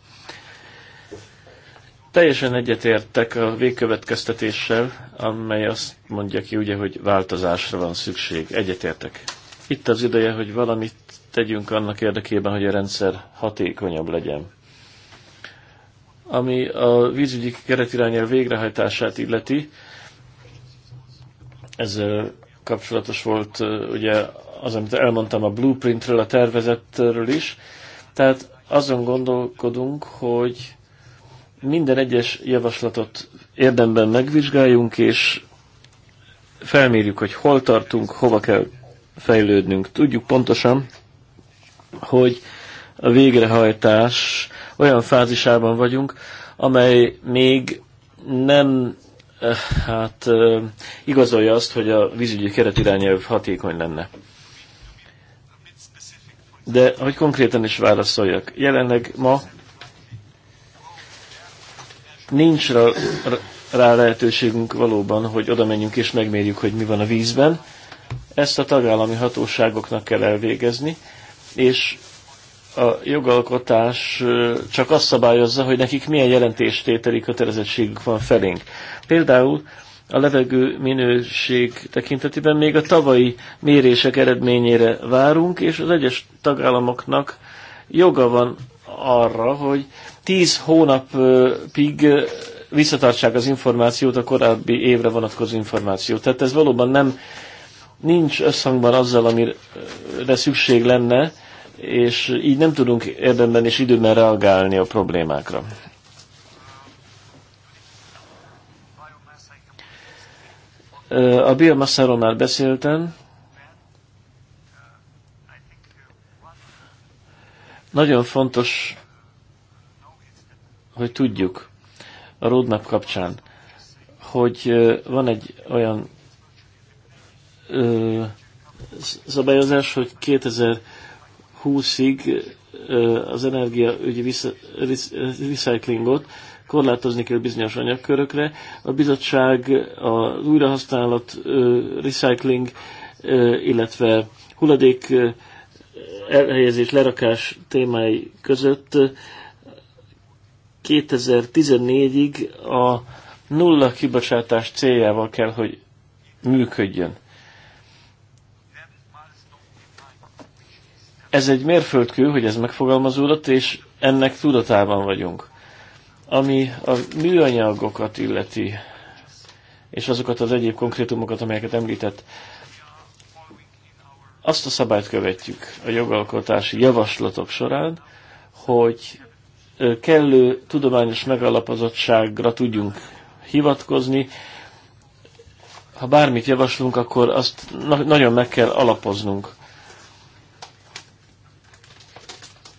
Teljesen egyetértek a végkövetkeztetéssel, amely azt mondja ki ugye, hogy változásra van szükség. Egyetértek. Itt az ideje, hogy valamit tegyünk annak érdekében, hogy a rendszer hatékonyabb legyen ami a vízügyi keretirányel végrehajtását illeti. ez kapcsolatos volt ugye az, amit elmondtam a blueprintről, a tervezetről is. Tehát azon gondolkodunk, hogy minden egyes javaslatot érdemben megvizsgáljunk, és felmérjük, hogy hol tartunk, hova kell fejlődnünk. Tudjuk pontosan, hogy a végrehajtás olyan fázisában vagyunk, amely még nem eh, hát eh, igazolja azt, hogy a vízügyi keretirányelv hatékony lenne. De hogy konkrétan is válaszoljak. Jelenleg ma nincs rá, rá lehetőségünk valóban, hogy oda menjünk és megmérjük, hogy mi van a vízben. Ezt a tagállami hatóságoknak kell elvégezni, és a jogalkotás csak azt szabályozza, hogy nekik milyen jelentéstételi kötelezettségük van felénk. Például a levegő minőség tekintetében még a tavalyi mérések eredményére várunk, és az egyes tagállamoknak joga van arra, hogy tíz hónapig visszatartsák az információt, a korábbi évre vonatkozó információt. Tehát ez valóban nem nincs összhangban azzal, amire szükség lenne, és így nem tudunk érdemben és időben reagálni a problémákra. A biomasszáról már beszéltem. Nagyon fontos, hogy tudjuk a roadmap kapcsán, hogy van egy olyan ö, szabályozás, hogy 2000 2020 ig az energiaügyi vissza, recyclingot korlátozni kell bizonyos anyagkörökre. A bizottság az újrahasználat, recycling, illetve hulladék elhelyezés, lerakás témái között 2014-ig a nulla kibocsátás céljával kell, hogy működjön. Ez egy mérföldkő, hogy ez megfogalmazódott, és ennek tudatában vagyunk. Ami a műanyagokat illeti, és azokat az egyéb konkrétumokat, amelyeket említett, azt a szabályt követjük a jogalkotási javaslatok során, hogy kellő tudományos megalapozottságra tudjunk hivatkozni. Ha bármit javaslunk, akkor azt na- nagyon meg kell alapoznunk.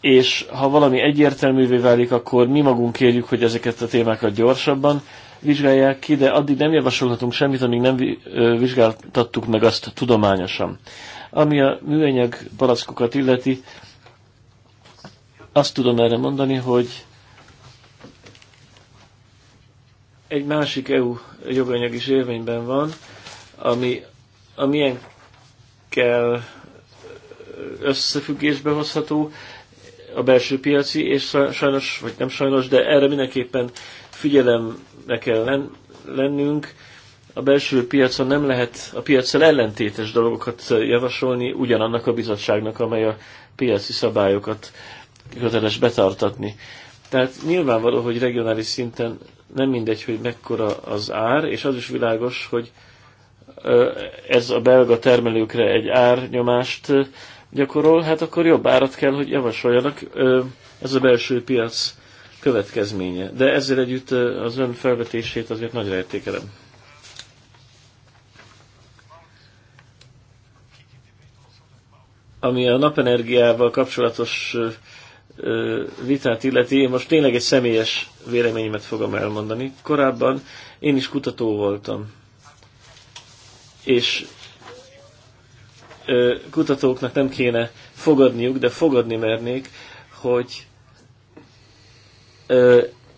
és ha valami egyértelművé válik, akkor mi magunk kérjük, hogy ezeket a témákat gyorsabban vizsgálják ki, de addig nem javasolhatunk semmit, amíg nem vizsgáltattuk meg azt tudományosan. Ami a műanyag palackokat illeti, azt tudom erre mondani, hogy egy másik EU joganyag is érvényben van, ami kell összefüggésbe hozható, a belső piaci, és sajnos, vagy nem sajnos, de erre mindenképpen figyelemre kell lennünk. A belső piacon nem lehet a piacsal ellentétes dolgokat javasolni ugyanannak a bizottságnak, amely a piaci szabályokat köteles betartatni. Tehát nyilvánvaló, hogy regionális szinten nem mindegy, hogy mekkora az ár, és az is világos, hogy ez a belga termelőkre egy árnyomást gyakorol, hát akkor jobb árat kell, hogy javasoljanak. Ez a belső piac következménye. De ezzel együtt az ön felvetését azért nagyra értékelem. Ami a napenergiával kapcsolatos vitát illeti, én most tényleg egy személyes véleményemet fogom elmondani. Korábban én is kutató voltam, és kutatóknak nem kéne fogadniuk, de fogadni mernék, hogy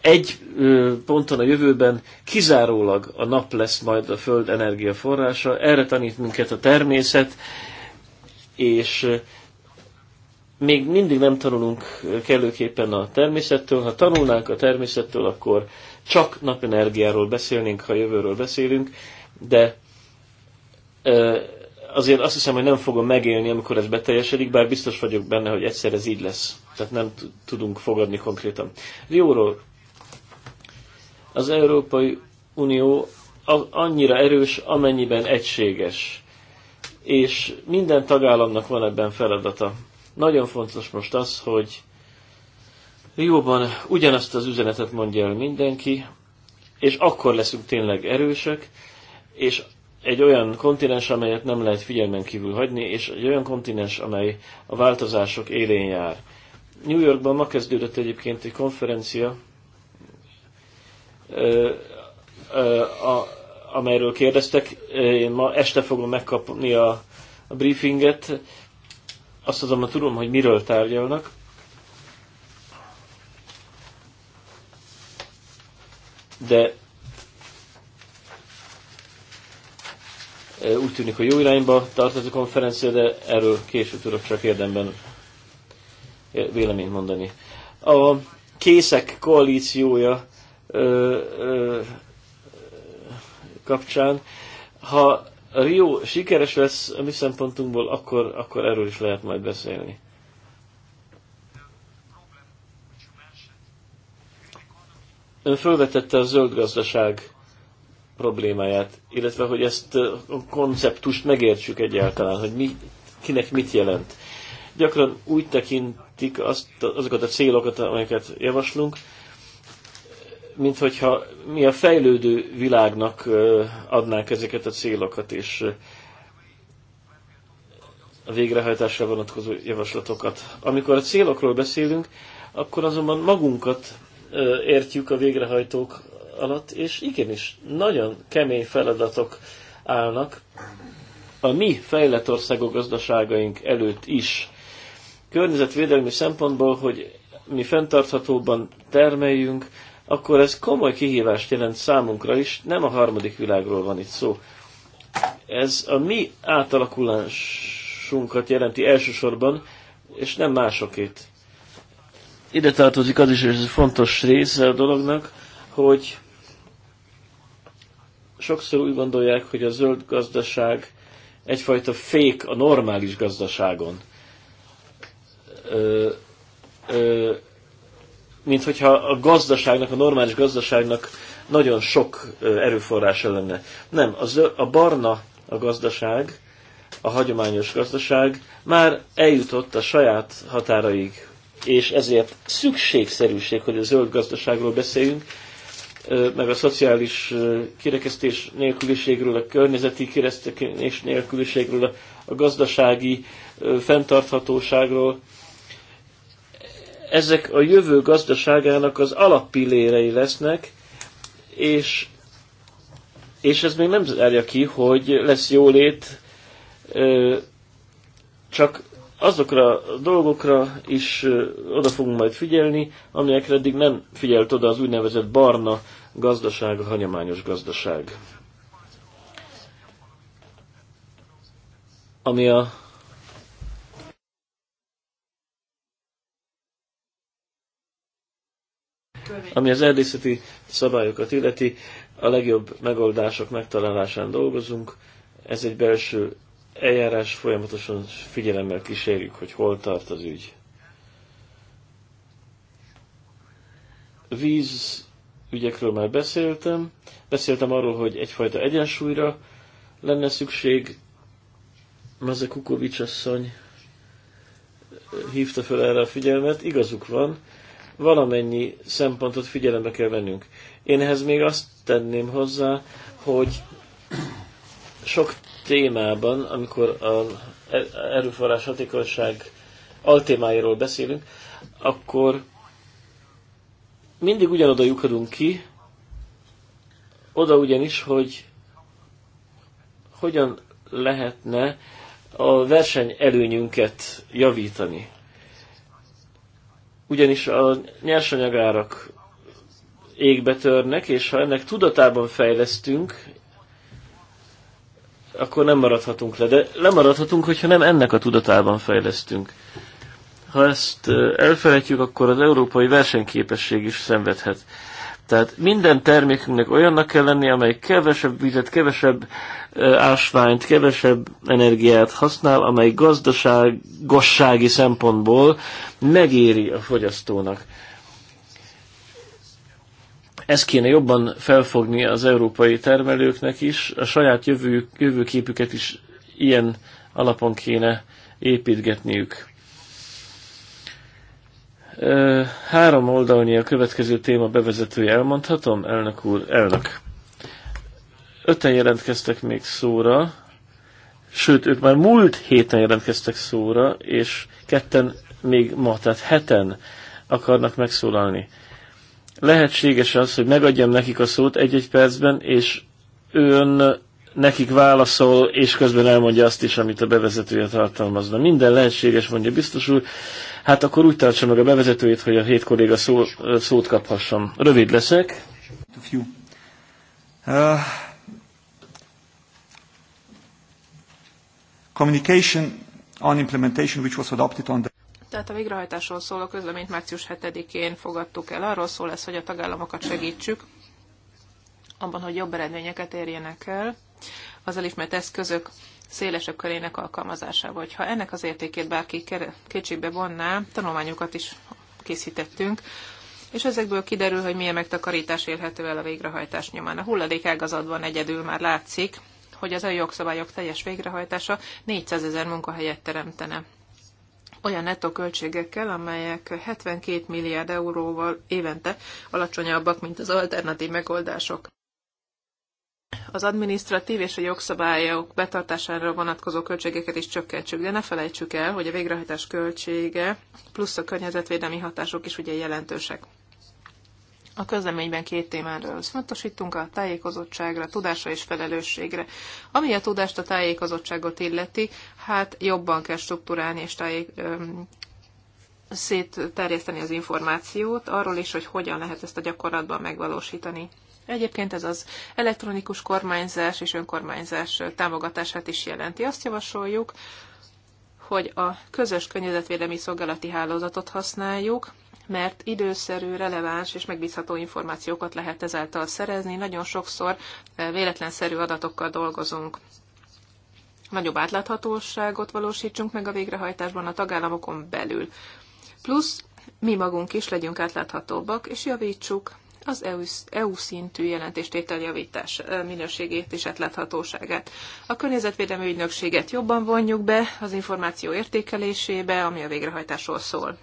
egy ponton a jövőben kizárólag a nap lesz majd a Föld energiaforrása, erre tanít minket a természet, és még mindig nem tanulunk kellőképpen a természettől. Ha tanulnánk a természettől, akkor csak napenergiáról beszélnénk, ha jövőről beszélünk, de azért azt hiszem, hogy nem fogom megélni, amikor ez beteljesedik, bár biztos vagyok benne, hogy egyszer ez így lesz. Tehát nem tudunk fogadni konkrétan. Jóról. Az Európai Unió annyira erős, amennyiben egységes. És minden tagállamnak van ebben feladata. Nagyon fontos most az, hogy jóban ugyanazt az üzenetet mondja el mindenki, és akkor leszünk tényleg erősek, és egy olyan kontinens, amelyet nem lehet figyelmen kívül hagyni, és egy olyan kontinens, amely a változások élén jár. New Yorkban ma kezdődött egyébként egy konferencia, a, amelyről kérdeztek. Én ma este fogom megkapni a, a briefinget. Azt azonban tudom, hogy miről tárgyalnak. De Úgy tűnik, hogy jó irányba ez a konferencia, de erről később tudok csak érdemben véleményt mondani. A készek koalíciója ö, ö, kapcsán, ha Rio sikeres lesz a mi szempontunkból, akkor, akkor erről is lehet majd beszélni. Ön felvetette a zöld gazdaság problémáját, illetve hogy ezt a konceptust megértsük egyáltalán, hogy mi, kinek mit jelent. Gyakran úgy tekintik azt, azokat a célokat, amelyeket javaslunk, mint hogyha mi a fejlődő világnak adnánk ezeket a célokat, és a végrehajtásra vonatkozó javaslatokat. Amikor a célokról beszélünk, akkor azonban magunkat értjük a végrehajtók alatt, és igenis nagyon kemény feladatok állnak a mi fejlett országok gazdaságaink előtt is. Környezetvédelmi szempontból, hogy mi fenntarthatóban termeljünk, akkor ez komoly kihívást jelent számunkra is, nem a harmadik világról van itt szó. Ez a mi átalakulásunkat jelenti elsősorban, és nem másokét. Ide tartozik az is, és ez fontos része a dolognak, hogy sokszor úgy gondolják, hogy a zöld gazdaság egyfajta fék a normális gazdaságon. Ö, ö, mint hogyha a gazdaságnak, a normális gazdaságnak nagyon sok erőforrása lenne. Nem, a, zöld, a barna a gazdaság, a hagyományos gazdaság már eljutott a saját határaig, és ezért szükségszerűség, hogy a zöld gazdaságról beszéljünk, meg a szociális kirekesztés nélküliségről, a környezeti kirekesztés nélküliségről, a gazdasági fenntarthatóságról. Ezek a jövő gazdaságának az alappillérei lesznek, és, és ez még nem zárja ki, hogy lesz jólét, csak azokra a dolgokra is oda fogunk majd figyelni, amelyekre eddig nem figyelt oda az úgynevezett barna gazdaság, a hagyományos gazdaság. Ami a ami az erdészeti szabályokat illeti, a legjobb megoldások megtalálásán dolgozunk. Ez egy belső eljárás folyamatosan figyelemmel kísérjük, hogy hol tart az ügy. Víz ügyekről már beszéltem. Beszéltem arról, hogy egyfajta egyensúlyra lenne szükség. Maze Kukovics asszony hívta fel erre a figyelmet. Igazuk van, valamennyi szempontot figyelembe kell vennünk. Én ehhez még azt tenném hozzá, hogy sok témában, amikor az erőforrás hatékonyság altémáiról beszélünk, akkor mindig ugyanoda lyukadunk ki, oda ugyanis, hogy hogyan lehetne a verseny előnyünket javítani. Ugyanis a nyersanyagárak égbe törnek, és ha ennek tudatában fejlesztünk akkor nem maradhatunk le. De lemaradhatunk, hogyha nem ennek a tudatában fejlesztünk. Ha ezt elfelejtjük, akkor az európai versenyképesség is szenvedhet. Tehát minden termékünknek olyannak kell lennie, amely kevesebb vizet, kevesebb ásványt, kevesebb energiát használ, amely gazdaságossági szempontból megéri a fogyasztónak. Ezt kéne jobban felfogni az európai termelőknek is, a saját jövő, jövőképüket is ilyen alapon kéne építgetniük. Három oldalnyi a következő téma bevezetője, elmondhatom, elnök úr, elnök. Öten jelentkeztek még szóra, sőt, ők már múlt héten jelentkeztek szóra, és ketten még ma, tehát heten akarnak megszólalni lehetséges az, hogy megadjam nekik a szót egy-egy percben, és ön nekik válaszol, és közben elmondja azt is, amit a bevezetője tartalmazna. Minden lehetséges, mondja biztos úr. Hát akkor úgy tartsa meg a bevezetőjét, hogy a hét kolléga szó, szót kaphassam. Rövid leszek. Uh, communication on implementation which was adopted on the tehát a végrehajtásról szóló közleményt március 7-én fogadtuk el. Arról szól ez, hogy a tagállamokat segítsük abban, hogy jobb eredményeket érjenek el az elismert eszközök szélesebb körének alkalmazásával. ha ennek az értékét bárki kétségbe vonná, tanulmányokat is készítettünk, és ezekből kiderül, hogy milyen megtakarítás érhető el a végrehajtás nyomán. A hulladék ágazatban egyedül már látszik, hogy az EU jogszabályok teljes végrehajtása 400 ezer munkahelyet teremtene olyan nettó költségekkel, amelyek 72 milliárd euróval évente alacsonyabbak, mint az alternatív megoldások. Az adminisztratív és a jogszabályok betartására vonatkozó költségeket is csökkentsük, de ne felejtsük el, hogy a végrehajtás költsége plusz a környezetvédelmi hatások is ugye jelentősek. A közleményben két témáról összpontosítunk, a tájékozottságra, tudásra és felelősségre. Ami a tudást, a tájékozottságot illeti, hát jobban kell struktúrálni és tájék, szétterjeszteni az információt arról is, hogy hogyan lehet ezt a gyakorlatban megvalósítani. Egyébként ez az elektronikus kormányzás és önkormányzás támogatását is jelenti. Azt javasoljuk, hogy a közös környezetvédelmi szolgálati hálózatot használjuk, mert időszerű, releváns és megbízható információkat lehet ezáltal szerezni. Nagyon sokszor e, véletlenszerű adatokkal dolgozunk. Nagyobb átláthatóságot valósítsunk meg a végrehajtásban a tagállamokon belül. Plusz mi magunk is legyünk átláthatóbbak, és javítsuk az EU, EU szintű jelentéstétel javítás e, minőségét és átláthatóságát. A környezetvédelmi ügynökséget jobban vonjuk be az információ értékelésébe, ami a végrehajtásról szól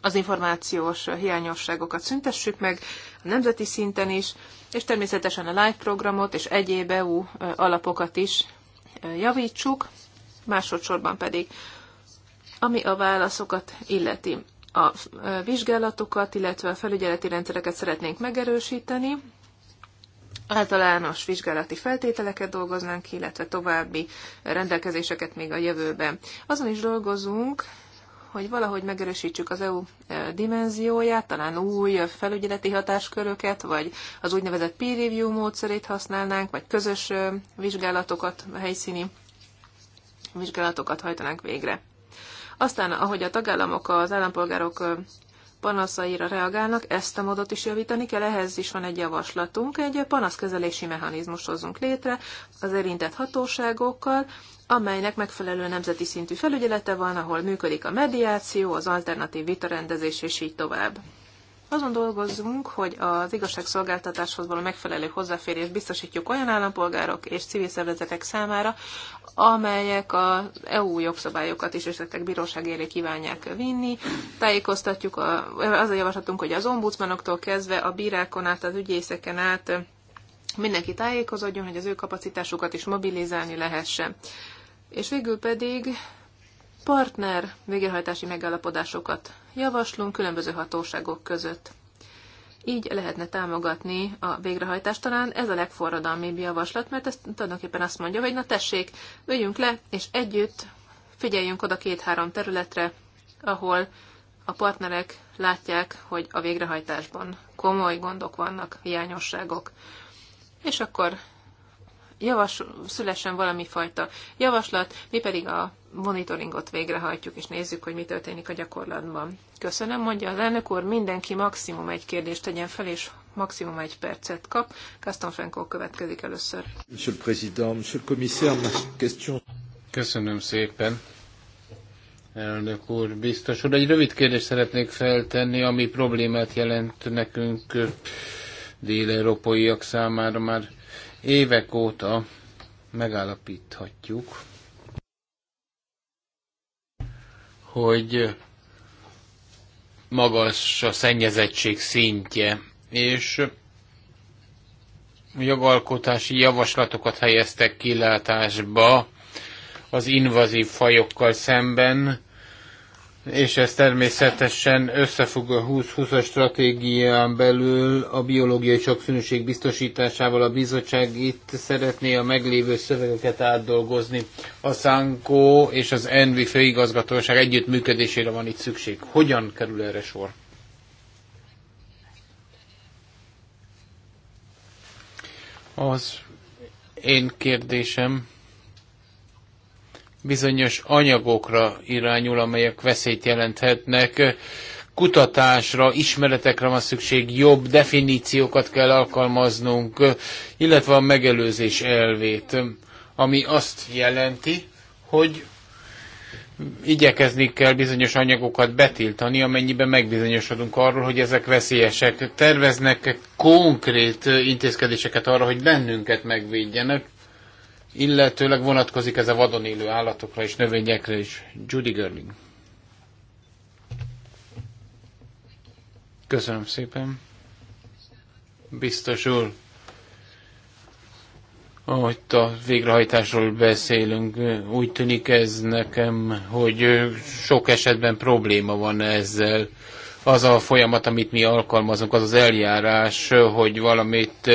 az információs hiányosságokat szüntessük meg a nemzeti szinten is, és természetesen a live programot és egyéb EU alapokat is javítsuk, másodszorban pedig, ami a válaszokat illeti. A vizsgálatokat, illetve a felügyeleti rendszereket szeretnénk megerősíteni, általános vizsgálati feltételeket dolgoznánk ki, illetve további rendelkezéseket még a jövőben. Azon is dolgozunk, hogy valahogy megerősítsük az EU e, dimenzióját, talán új felügyeleti hatásköröket, vagy az úgynevezett peer review módszerét használnánk, vagy közös e, vizsgálatokat, helyszíni vizsgálatokat hajtanánk végre. Aztán, ahogy a tagállamok az állampolgárok e, panaszaira reagálnak, ezt a módot is javítani kell, ehhez is van egy javaslatunk, egy panaszkezelési mechanizmus hozzunk létre az érintett hatóságokkal, amelynek megfelelő nemzeti szintű felügyelete van, ahol működik a mediáció, az alternatív vitarendezés és így tovább. Azon dolgozzunk, hogy az igazságszolgáltatáshoz való megfelelő hozzáférést biztosítjuk olyan állampolgárok és civil szervezetek számára, amelyek az EU jogszabályokat is esetleg bíróság élé kívánják vinni. Tájékoztatjuk, a, az a javaslatunk, hogy az ombudsmanoktól kezdve a bírákon át, az ügyészeken át mindenki tájékozódjon, hogy az ő kapacitásukat is mobilizálni lehessen. És végül pedig partner végrehajtási megállapodásokat javaslunk különböző hatóságok között. Így lehetne támogatni a végrehajtást. Talán ez a legforradalmibb javaslat, mert ezt tulajdonképpen azt mondja, hogy na tessék, üljünk le, és együtt figyeljünk oda két-három területre, ahol a partnerek látják, hogy a végrehajtásban komoly gondok vannak, hiányosságok. És akkor javas, szülessen valami fajta javaslat, mi pedig a monitoringot végrehajtjuk, és nézzük, hogy mi történik a gyakorlatban. Köszönöm, mondja az elnök úr, mindenki maximum egy kérdést tegyen fel, és maximum egy percet kap. Kastan Fenkó következik először. Monsieur le Président, Monsieur le Commissaire, ma question... Köszönöm szépen. Elnök úr, biztos úr, egy rövid kérdést szeretnék feltenni, ami problémát jelent nekünk dél-európaiak számára már Évek óta megállapíthatjuk, hogy magas a szennyezettség szintje, és jogalkotási javaslatokat helyeztek kilátásba az invazív fajokkal szemben, és ez természetesen összefügg a 2020-as stratégián belül a biológiai sokszínűség biztosításával. A bizottság itt szeretné a meglévő szövegeket átdolgozni. A Szánkó és az ENVI főigazgatóság együttműködésére van itt szükség. Hogyan kerül erre sor? Az én kérdésem bizonyos anyagokra irányul, amelyek veszélyt jelenthetnek. Kutatásra, ismeretekre van szükség, jobb definíciókat kell alkalmaznunk, illetve a megelőzés elvét, ami azt jelenti, hogy igyekezni kell bizonyos anyagokat betiltani, amennyiben megbizonyosodunk arról, hogy ezek veszélyesek. Terveznek konkrét intézkedéseket arra, hogy bennünket megvédjenek, illetőleg vonatkozik ez a vadon élő állatokra és növényekre is. Judy Görling. Köszönöm szépen. Biztos úr, ahogy a végrehajtásról beszélünk, úgy tűnik ez nekem, hogy sok esetben probléma van ezzel. Az a folyamat, amit mi alkalmazunk, az az eljárás, hogy valamit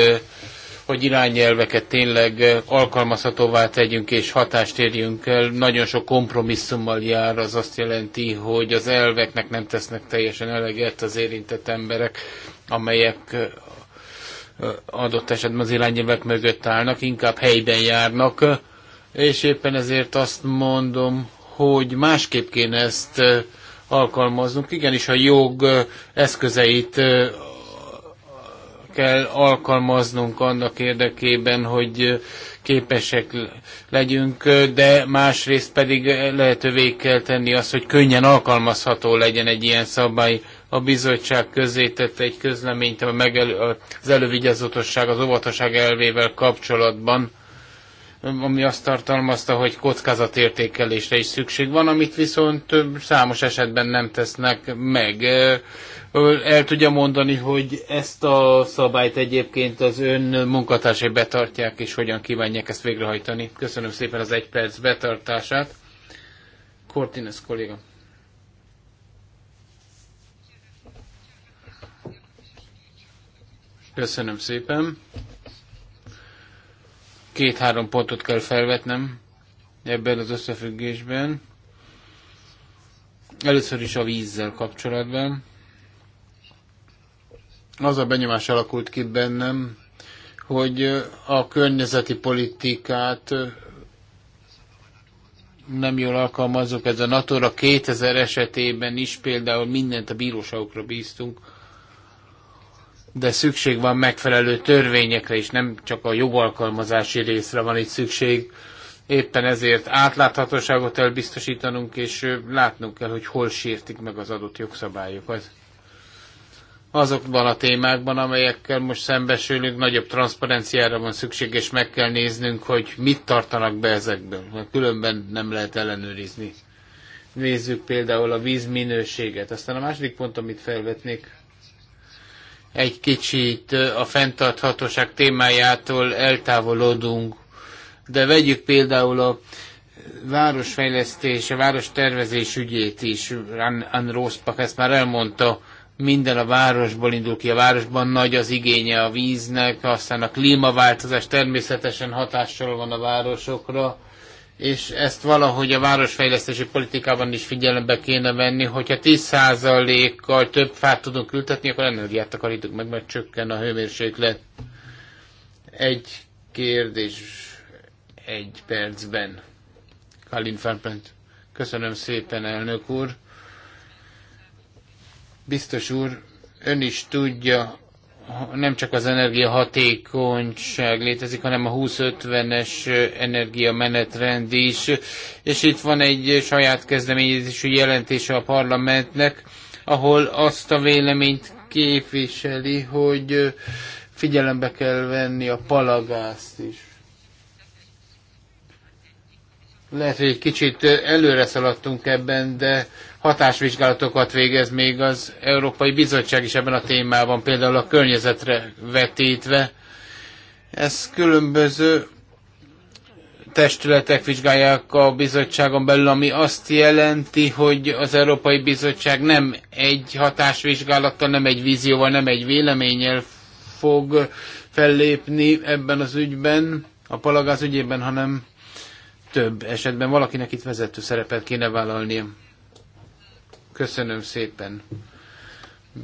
hogy irányelveket tényleg eh, alkalmazhatóvá tegyünk és hatást érjünk el. Nagyon sok kompromisszummal jár, az azt jelenti, hogy az elveknek nem tesznek teljesen eleget az érintett emberek, amelyek eh, adott esetben az irányelvek mögött állnak, inkább helyben járnak, és éppen ezért azt mondom, hogy másképp kéne ezt eh, alkalmaznunk. Igenis a jog eszközeit kell alkalmaznunk annak érdekében, hogy képesek legyünk, de másrészt pedig lehetővé kell tenni azt, hogy könnyen alkalmazható legyen egy ilyen szabály. A bizottság közé tette egy közleményt az elővigyázatosság, az óvatosság elvével kapcsolatban ami azt tartalmazta, hogy kockázatértékelésre is szükség van, amit viszont számos esetben nem tesznek meg. El tudja mondani, hogy ezt a szabályt egyébként az ön munkatársai betartják, és hogyan kívánják ezt végrehajtani. Köszönöm szépen az egy perc betartását. Cortines kolléga. Köszönöm szépen két-három pontot kell felvetnem ebben az összefüggésben. Először is a vízzel kapcsolatban. Az a benyomás alakult ki bennem, hogy a környezeti politikát nem jól alkalmazok. Ez a Natura 2000 esetében is például mindent a bíróságokra bíztunk de szükség van megfelelő törvényekre is, nem csak a jogalkalmazási részre van itt szükség. Éppen ezért átláthatóságot kell biztosítanunk, és látnunk kell, hogy hol sértik meg az adott jogszabályokat. Azokban a témákban, amelyekkel most szembesülünk, nagyobb transzparenciára van szükség, és meg kell néznünk, hogy mit tartanak be ezekből, mert különben nem lehet ellenőrizni. Nézzük például a vízminőséget. Aztán a második pont, amit felvetnék, egy kicsit a fenntarthatóság témájától eltávolodunk. De vegyük például a városfejlesztés, a várostervezés ügyét is. Ann Rosbach ezt már elmondta, minden a városból indul ki, a városban nagy az igénye a víznek, aztán a klímaváltozás természetesen hatással van a városokra, és ezt valahogy a városfejlesztési politikában is figyelembe kéne venni, hogyha 10%-kal több fát tudunk ültetni, akkor energiát takarítunk meg, mert csökken a hőmérséklet. Egy kérdés egy percben. Kalin Ferpent. Köszönöm szépen, elnök úr. Biztos úr, ön is tudja, nem csak az energiahatékonyság létezik, hanem a 20-50-es energiamenetrend is. És itt van egy saját kezdeményezésű jelentése a parlamentnek, ahol azt a véleményt képviseli, hogy figyelembe kell venni a palagázt is. Lehet, hogy egy kicsit előre szaladtunk ebben, de hatásvizsgálatokat végez még az Európai Bizottság is ebben a témában, például a környezetre vetítve. Ez különböző testületek vizsgálják a bizottságon belül, ami azt jelenti, hogy az Európai Bizottság nem egy hatásvizsgálattal, nem egy vízióval, nem egy véleménnyel fog fellépni ebben az ügyben, a palagáz ügyében, hanem több esetben valakinek itt vezető szerepet kéne vállalnia. Köszönöm szépen.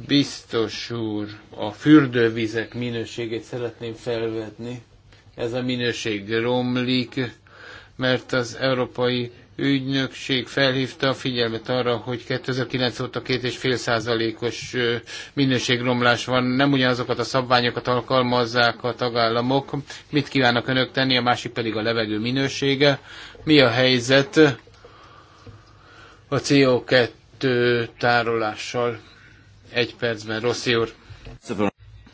Biztos úr, a fürdővizek minőségét szeretném felvetni. Ez a minőség romlik, mert az európai ügynökség felhívta a figyelmet arra, hogy 2009 óta két és fél százalékos minőségromlás van, nem ugyanazokat a szabványokat alkalmazzák a tagállamok. Mit kívánnak önök tenni, a másik pedig a levegő minősége. Mi a helyzet a CO2 tárolással? Egy percben, Rossi úr.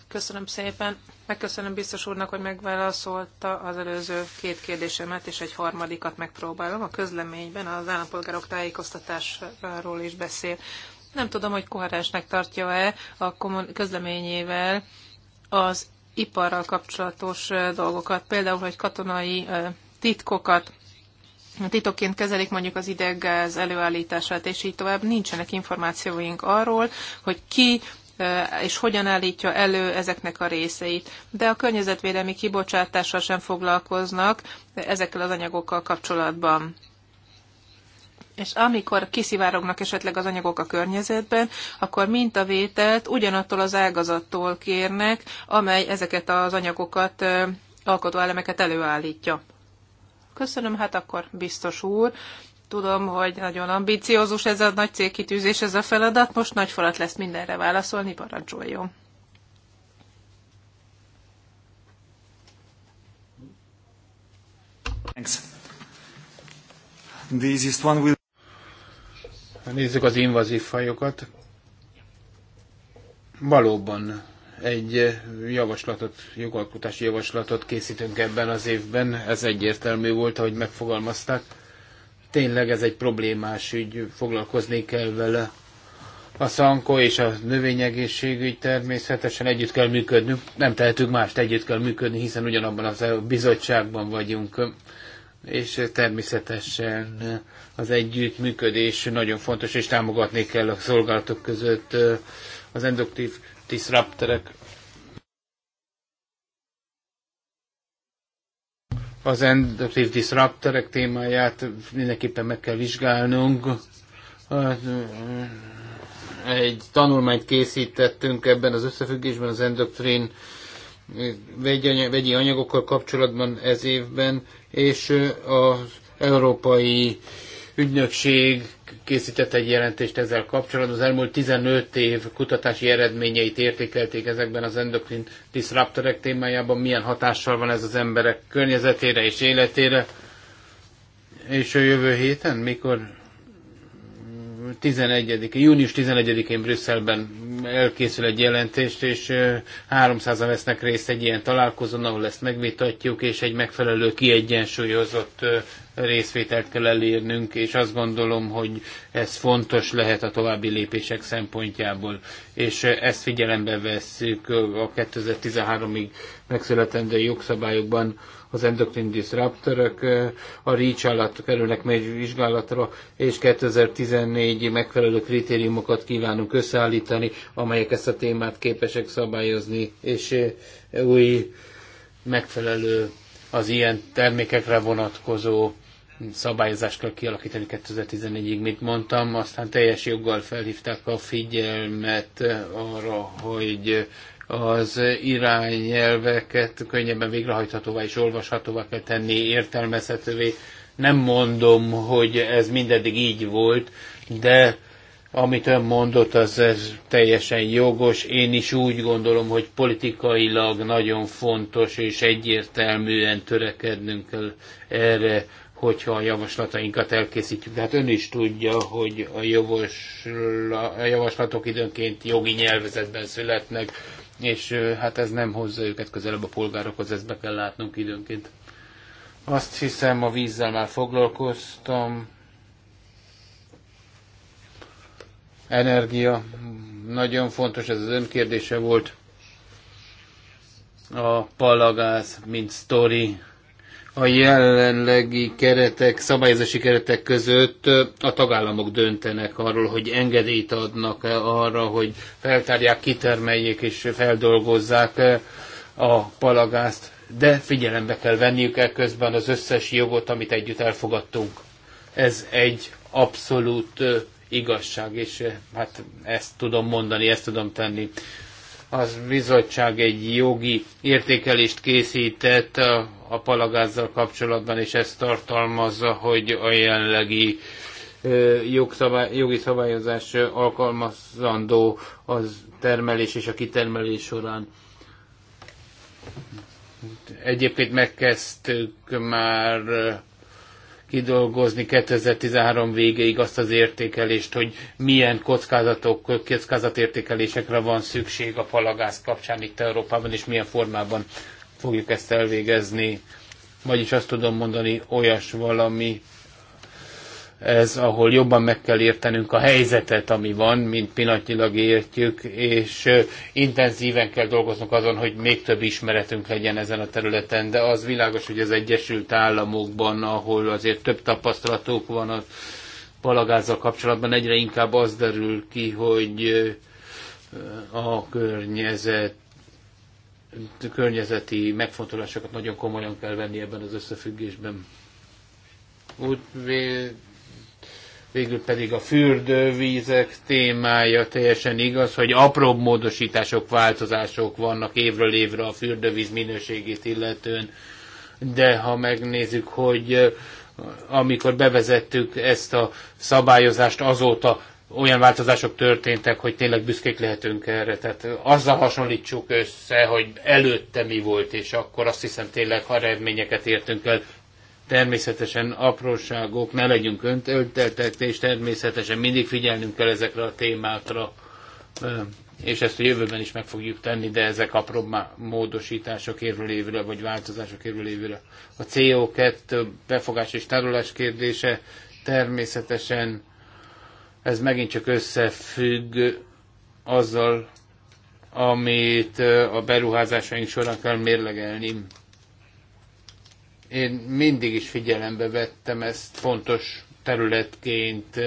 Köszönöm szépen. Megköszönöm biztos úrnak, hogy megválaszolta az előző két kérdésemet, és egy harmadikat megpróbálom. A közleményben az állampolgárok tájékoztatásról is beszél. Nem tudom, hogy koherensnek tartja-e a közleményével az iparral kapcsolatos dolgokat, például, hogy katonai titkokat titokként kezelik mondjuk az ideggáz előállítását, és így tovább. Nincsenek információink arról, hogy ki és hogyan állítja elő ezeknek a részeit. De a környezetvédelmi kibocsátással sem foglalkoznak ezekkel az anyagokkal kapcsolatban. És amikor kiszivárognak esetleg az anyagok a környezetben, akkor mintavételt ugyanattól az ágazattól kérnek, amely ezeket az anyagokat, alkotóelemeket előállítja. Köszönöm, hát akkor biztos úr, Tudom, hogy nagyon ambiciózus ez a nagy célkitűzés, ez a feladat. Most nagy falat lesz mindenre válaszolni, parancsoljon. Thanks. The easiest one will... Nézzük az invazív fajokat. Valóban egy javaslatot, jogalkotási javaslatot készítünk ebben az évben. Ez egyértelmű volt, ahogy megfogalmazták Tényleg ez egy problémás ügy, foglalkozni kell vele. A szankó és a növényegészségügy természetesen együtt kell működnünk, nem tehetünk mást, együtt kell működni, hiszen ugyanabban a bizottságban vagyunk és természetesen az együttműködés nagyon fontos, és támogatni kell a szolgálatok között az endoktív disruptorek az endokrin disruptorek témáját mindenképpen meg kell vizsgálnunk. Egy tanulmányt készítettünk ebben az összefüggésben az endokrin vegyi anyagokkal kapcsolatban ez évben, és az Európai Ügynökség készített egy jelentést ezzel kapcsolatban. Az elmúlt 15 év kutatási eredményeit értékelték ezekben az endokrin disruptorek témájában, milyen hatással van ez az emberek környezetére és életére. És a jövő héten, mikor 11 június 11-én Brüsszelben elkészül egy jelentést, és 300-an vesznek részt egy ilyen találkozón, ahol ezt megvitatjuk, és egy megfelelő kiegyensúlyozott részvételt kell elérnünk, és azt gondolom, hogy ez fontos lehet a további lépések szempontjából, és ezt figyelembe vesszük a 2013-ig megszületendő jogszabályokban az endokrin disruptorok a REACH alatt kerülnek még vizsgálatra, és 2014 megfelelő kritériumokat kívánunk összeállítani, amelyek ezt a témát képesek szabályozni, és új megfelelő az ilyen termékekre vonatkozó szabályozást kell kialakítani 2014-ig, mint mondtam, aztán teljes joggal felhívták a figyelmet arra, hogy az irányelveket könnyebben végrehajthatóvá és olvashatóvá kell tenni, értelmezhetővé. Nem mondom, hogy ez mindeddig így volt, de amit ön mondott, az ez teljesen jogos. Én is úgy gondolom, hogy politikailag nagyon fontos és egyértelműen törekednünk kell erre hogyha a javaslatainkat elkészítjük. De hát ön is tudja, hogy a, javosla, a javaslatok időnként jogi nyelvezetben születnek, és hát ez nem hozza őket közelebb a polgárokhoz, ezt be kell látnunk időnként. Azt hiszem, a vízzel már foglalkoztam. Energia. Nagyon fontos, ez az önkérdése volt. A palagáz, mint sztori a jelenlegi keretek, szabályozási keretek között a tagállamok döntenek arról, hogy engedélyt adnak -e arra, hogy feltárják, kitermeljék és feldolgozzák a palagázt, de figyelembe kell venniük el közben az összes jogot, amit együtt elfogadtunk. Ez egy abszolút igazság, és hát ezt tudom mondani, ezt tudom tenni. Az bizottság egy jogi értékelést készített a a palagázzal kapcsolatban, és ezt tartalmazza, hogy a jelenlegi jogi szabályozás alkalmazandó az termelés és a kitermelés során. Egyébként megkezdtük már kidolgozni 2013 végéig azt az értékelést, hogy milyen kockázatok, kockázatértékelésekre van szükség a palagáz kapcsán itt Európában, és milyen formában fogjuk ezt elvégezni. Vagyis azt tudom mondani, olyas valami ez, ahol jobban meg kell értenünk a helyzetet, ami van, mint pillanatnyilag értjük, és intenzíven kell dolgoznunk azon, hogy még több ismeretünk legyen ezen a területen, de az világos, hogy az Egyesült Államokban, ahol azért több tapasztalatok van a palagázzal kapcsolatban, egyre inkább az derül ki, hogy a környezet környezeti megfontolásokat nagyon komolyan kell venni ebben az összefüggésben. Úgy végül pedig a fürdővízek témája teljesen igaz, hogy apróbb módosítások, változások vannak évről évre a fürdővíz minőségét illetően, de ha megnézzük, hogy eh, amikor bevezettük ezt a szabályozást, azóta olyan változások történtek, hogy tényleg büszkék lehetünk erre. Tehát azzal hasonlítsuk össze, hogy előtte mi volt, és akkor azt hiszem tényleg ha eredményeket értünk el. Természetesen apróságok, ne legyünk önteltek, és természetesen mindig figyelnünk kell ezekre a témákra, és ezt a jövőben is meg fogjuk tenni, de ezek apró módosítások évről évre, vagy változások évről évre. A CO2 befogás és tárolás kérdése természetesen ez megint csak összefügg azzal, amit a beruházásaink során kell mérlegelni. Én mindig is figyelembe vettem ezt fontos területként,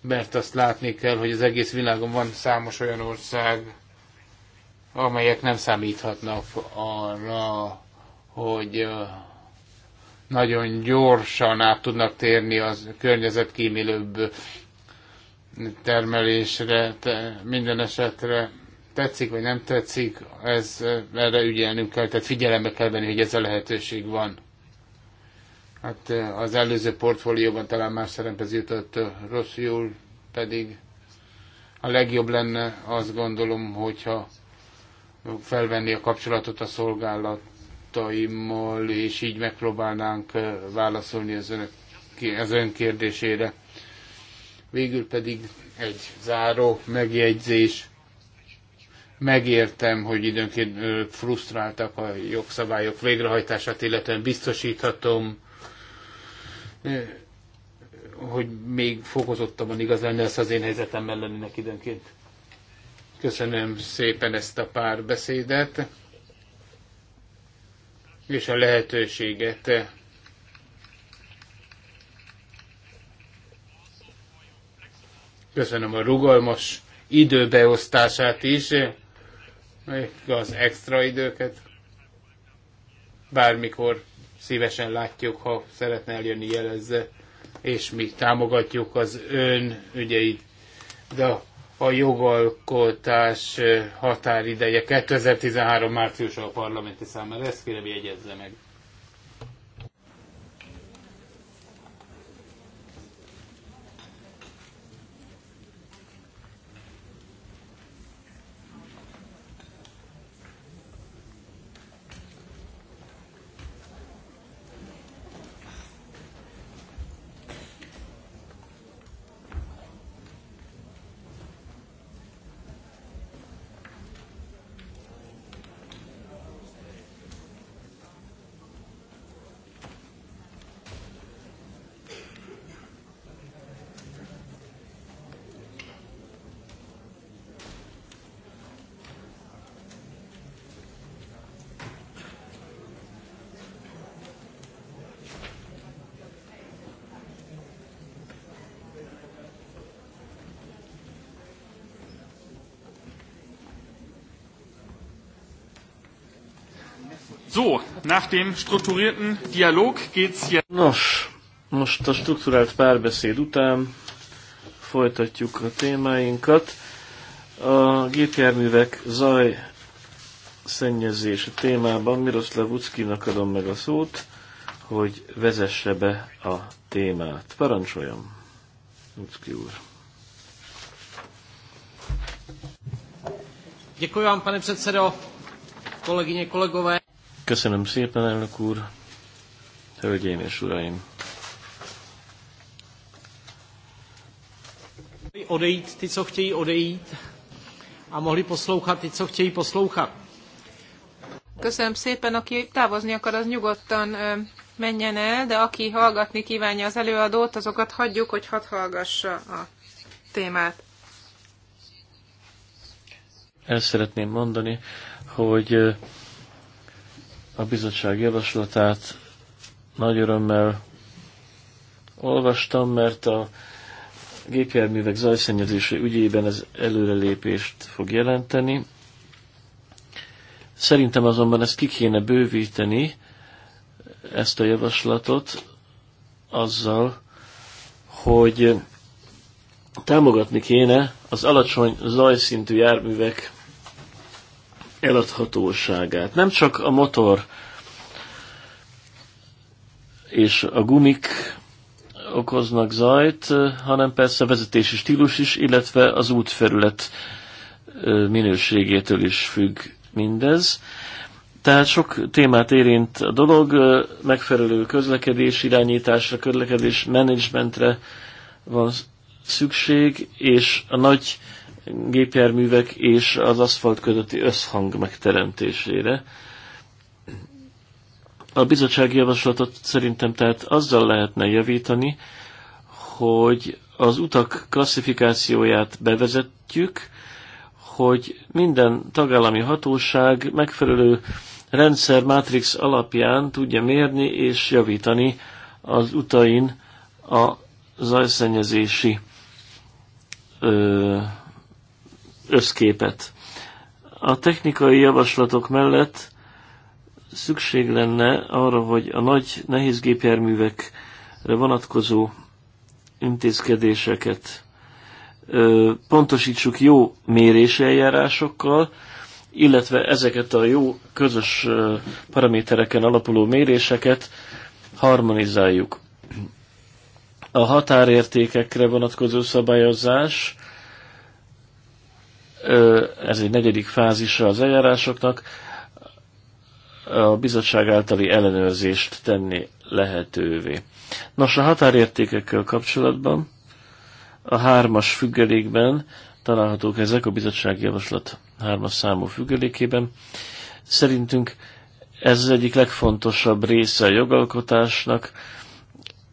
mert azt látni kell, hogy az egész világon van számos olyan ország, amelyek nem számíthatnak arra, hogy nagyon gyorsan át tudnak térni az környezetkímélőbb termelésre, te, minden esetre tetszik vagy nem tetszik, ez, erre ügyelnünk kell, tehát figyelembe kell venni, hogy ez a lehetőség van. Hát eh, az előző portfólióban talán más szerepez jutott eh, rosszul, pedig a legjobb lenne azt gondolom, hogyha felvenni a kapcsolatot a szolgálataimmal, és így megpróbálnánk eh, válaszolni az, önök, az ön kérdésére. Végül pedig egy záró megjegyzés. Megértem, hogy időnként frusztráltak a jogszabályok végrehajtását, illetve biztosíthatom, hogy még fokozottabban igaz lenne, ez az én helyzetem lennének időnként. Köszönöm szépen ezt a párbeszédet és a lehetőséget Köszönöm a rugalmas időbeosztását is, az extra időket. Bármikor szívesen látjuk, ha szeretne eljönni, jelezze, és mi támogatjuk az ön ügyeit. De a jogalkotás eh, határideje 2013. márciusa a parlamenti számára, ezt kérem jegyezze meg. So, nach dem strukturierten Dialog geht's hier. Nos, most a strukturált párbeszéd után folytatjuk a témáinkat. A gépjárművek zaj szennyezése témában Miroslav Uckinak adom meg a szót, hogy vezesse be a témát. Parancsoljam, Ucki úr. Děkuji vám, pane předsedo, kolegyně, kolegové. Köszönöm szépen, elnök úr, hölgyeim és uraim! odejít ti, co chtějí odejít a mohli poslouchat ti, co chtějí poslouchat. Köszönöm szépen, aki távozni akar, az nyugodtan menjen el, de aki hallgatni kívánja az előadót, azokat hagyjuk, hogy hadd hallgassa a témát. El szeretném mondani, hogy a bizottság javaslatát nagy örömmel olvastam, mert a gépjárművek zajszennyezése ügyében ez előrelépést fog jelenteni. Szerintem azonban ezt ki kéne bővíteni, ezt a javaslatot, azzal, hogy támogatni kéne az alacsony zajszintű járművek eladhatóságát. Nem csak a motor és a gumik okoznak zajt, hanem persze a vezetési stílus is, illetve az útfelület minőségétől is függ mindez. Tehát sok témát érint a dolog, megfelelő közlekedés irányításra, közlekedés menedzsmentre van szükség, és a nagy gépjárművek és az aszfalt közötti összhang megteremtésére. A bizottsági javaslatot szerintem tehát azzal lehetne javítani, hogy az utak klasszifikációját bevezetjük, hogy minden tagállami hatóság megfelelő rendszer, matrix alapján tudja mérni és javítani az utain a zajszennyezési ö, összképet. A technikai javaslatok mellett szükség lenne arra, hogy a nagy nehéz gépjárművekre vonatkozó intézkedéseket pontosítsuk jó mérési eljárásokkal, illetve ezeket a jó közös paramétereken alapuló méréseket harmonizáljuk. A határértékekre vonatkozó szabályozás ez egy negyedik fázisa az eljárásoknak, a bizottság általi ellenőrzést tenni lehetővé. Nos, a határértékekkel kapcsolatban a hármas függelékben találhatók ezek a bizottsági javaslat hármas számú függelékében. Szerintünk ez az egyik legfontosabb része a jogalkotásnak,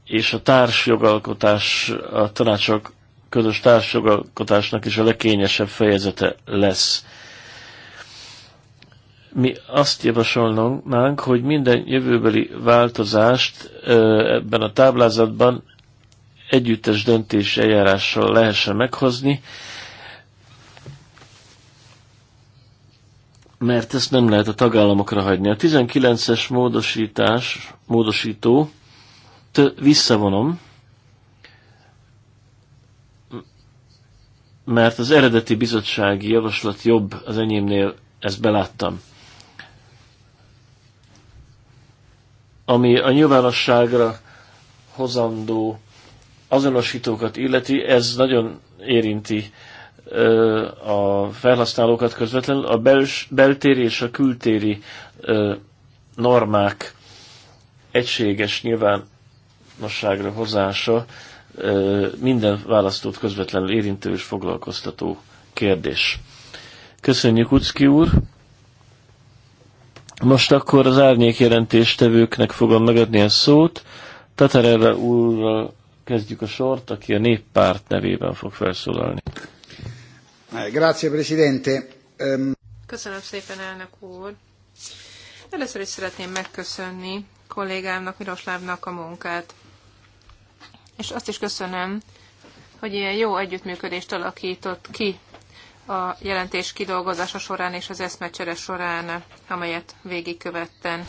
és a társ jogalkotás a tanácsok közös társjogalkotásnak is a legkényesebb fejezete lesz. Mi azt javasolnánk, hogy minden jövőbeli változást ebben a táblázatban együttes döntés eljárással lehessen meghozni, mert ezt nem lehet a tagállamokra hagyni. A 19-es módosítás, módosító, visszavonom, mert az eredeti bizottsági javaslat jobb az enyémnél, ezt beláttam. Ami a nyilvánosságra hozandó azonosítókat illeti, ez nagyon érinti ö, a felhasználókat közvetlenül. A bels, beltéri és a kültéri ö, normák egységes nyilvánosságra hozása minden választót közvetlenül érintő és foglalkoztató kérdés. Köszönjük, Ucki úr! Most akkor az árnyék jelentéstevőknek fogom megadni a szót. Tatarella úrral kezdjük a sort, aki a néppárt nevében fog felszólalni. Grazie, Presidente. Ehm, Köszönöm szépen, elnök úr. Először is szeretném megköszönni kollégámnak, Miroslávnak a munkát és azt is köszönöm, hogy ilyen jó együttműködést alakított ki a jelentés kidolgozása során és az eszmecsere során, amelyet végigkövettem.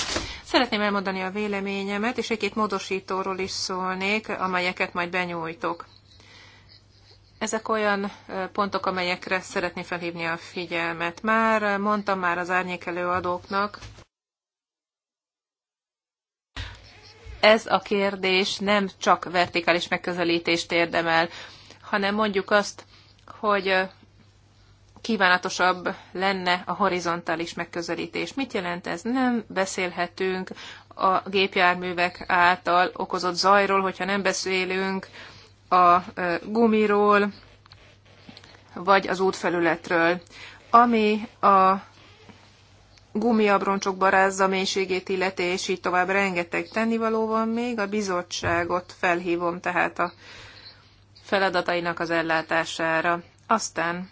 Szeretném elmondani a véleményemet, és egy-két módosítóról is szólnék, amelyeket majd benyújtok. Ezek olyan pontok, amelyekre szeretném felhívni a figyelmet. Már mondtam már az árnyékelő adóknak, ez a kérdés nem csak vertikális megközelítést érdemel, hanem mondjuk azt, hogy kívánatosabb lenne a horizontális megközelítés. Mit jelent ez? Nem beszélhetünk a gépjárművek által okozott zajról, hogyha nem beszélünk a gumiról, vagy az útfelületről. Ami a gumiabroncsok barázza mélységét illeti, és így tovább rengeteg tennivaló van még. A bizottságot felhívom tehát a feladatainak az ellátására. Aztán,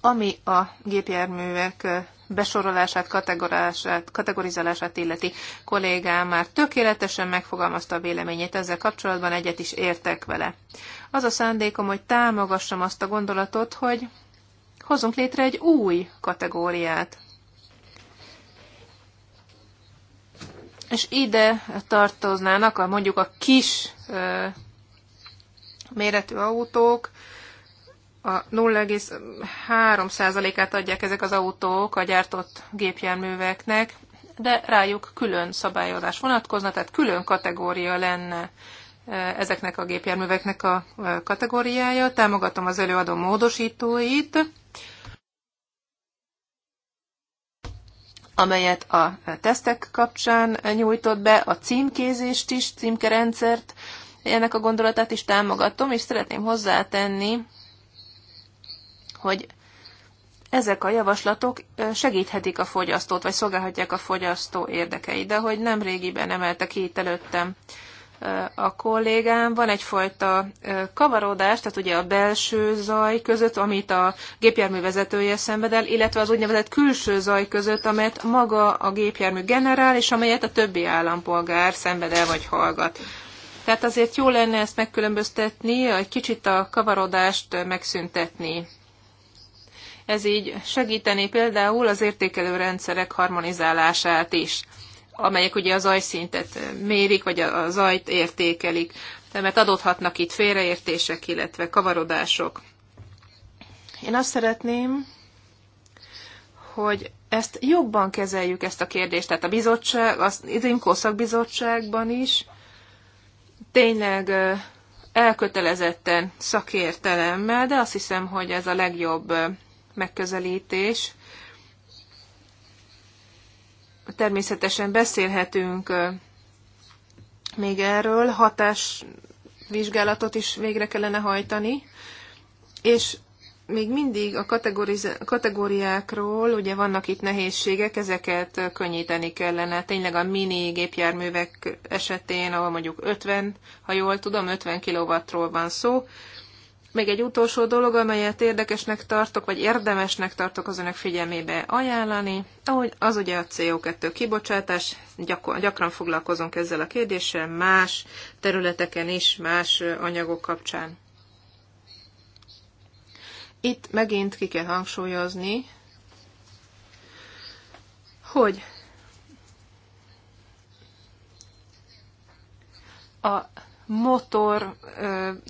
ami a gépjárművek besorolását, kategorizálását, kategorizálását illeti kollégám már tökéletesen megfogalmazta a véleményét ezzel kapcsolatban, egyet is értek vele. Az a szándékom, hogy támogassam azt a gondolatot, hogy Hozzunk létre egy új kategóriát. És ide tartoznának a mondjuk a kis ö, méretű autók, a 0,3%-át adják ezek az autók a gyártott gépjárműveknek, de rájuk külön szabályozás vonatkozna, tehát külön kategória lenne ezeknek a gépjárműveknek a kategóriája. Támogatom az előadó módosítóit, amelyet a tesztek kapcsán nyújtott be, a címkézést is, címkerendszert, ennek a gondolatát is támogatom, és szeretném hozzátenni, hogy ezek a javaslatok segíthetik a fogyasztót, vagy szolgálhatják a fogyasztó érdekeit, de hogy nem régiben emelte ki itt előttem a kollégám, van egyfajta kavarodás, tehát ugye a belső zaj között, amit a gépjármű vezetője szenved el, illetve az úgynevezett külső zaj között, amelyet maga a gépjármű generál, és amelyet a többi állampolgár szenved el vagy hallgat. Tehát azért jó lenne ezt megkülönböztetni, egy kicsit a kavarodást megszüntetni. Ez így segíteni például az értékelő rendszerek harmonizálását is amelyek ugye az ajszintet mérik, vagy az ajt értékelik, mert adódhatnak itt félreértések, illetve kavarodások. Én azt szeretném, hogy ezt jobban kezeljük, ezt a kérdést, tehát a bizottság, az Idrinkó szakbizottságban is tényleg elkötelezetten szakértelemmel, de azt hiszem, hogy ez a legjobb megközelítés, Természetesen beszélhetünk még erről, hatásvizsgálatot is végre kellene hajtani, és még mindig a kategóriákról, ugye vannak itt nehézségek, ezeket könnyíteni kellene. Tényleg a mini gépjárművek esetén, ahol mondjuk 50, ha jól tudom, 50 kilowattról van szó, még egy utolsó dolog, amelyet érdekesnek tartok, vagy érdemesnek tartok az önök figyelmébe ajánlani, ahogy az ugye a CO2 kibocsátás, gyakran foglalkozunk ezzel a kérdéssel más területeken is, más anyagok kapcsán. Itt megint ki kell hangsúlyozni, hogy a motor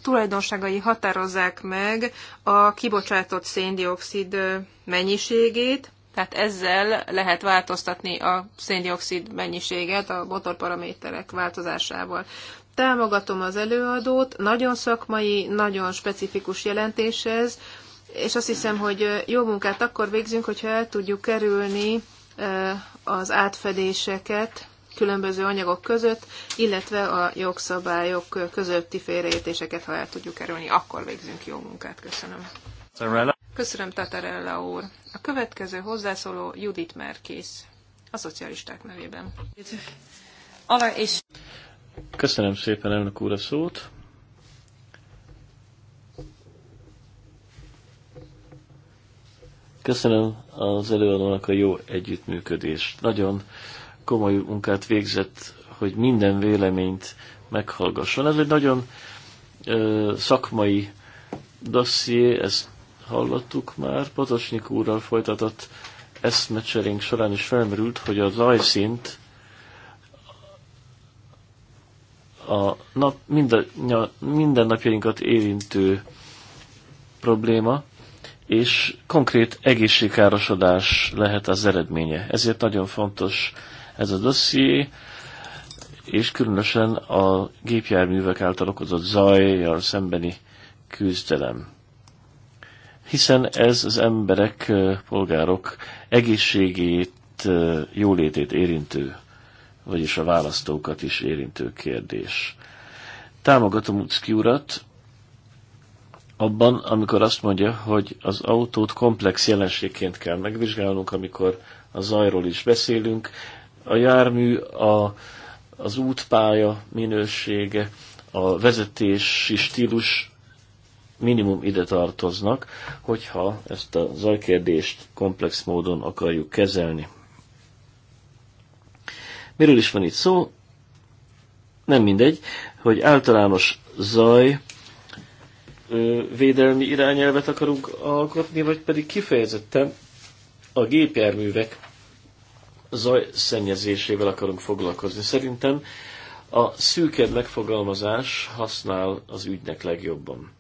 tulajdonságai határozzák meg a kibocsátott széndiokszid mennyiségét, tehát ezzel lehet változtatni a széndiokszid mennyiséget a motorparaméterek változásával. Támogatom az előadót, nagyon szakmai, nagyon specifikus jelentés ez, és azt hiszem, hogy jó munkát akkor végzünk, hogyha el tudjuk kerülni az átfedéseket különböző anyagok között, illetve a jogszabályok közötti félreértéseket, ha el tudjuk kerülni, akkor végzünk jó munkát. Köszönöm. Köszönöm, Tatarella úr. A következő hozzászóló Judit Merkész, a szocialisták nevében. Köszönöm szépen, elnök úr, a szót. Köszönöm az előadónak a jó együttműködést. Nagyon komoly munkát végzett, hogy minden véleményt meghallgasson. Ez egy nagyon ö, szakmai dosszié, ezt hallottuk már. Patosnyik úrral folytatott eszmecserénk során is felmerült, hogy a zajszint a nap, mind a, minden napjainkat érintő probléma, és konkrét egészségkárosodás lehet az eredménye. Ezért nagyon fontos ez a dosszié, és különösen a gépjárművek által okozott zajjal szembeni küzdelem. Hiszen ez az emberek, polgárok egészségét, jólétét érintő, vagyis a választókat is érintő kérdés. Támogatom Ucki urat, abban, amikor azt mondja, hogy az autót komplex jelenségként kell megvizsgálnunk, amikor a zajról is beszélünk, a jármű, a, az útpálya minősége, a vezetési stílus minimum ide tartoznak, hogyha ezt a zajkérdést komplex módon akarjuk kezelni. Miről is van itt szó? Nem mindegy, hogy általános zaj védelmi irányelvet akarunk alkotni, vagy pedig kifejezetten a gépjárművek zaj szennyezésével akarunk foglalkozni. Szerintem a szűkebb megfogalmazás használ az ügynek legjobban.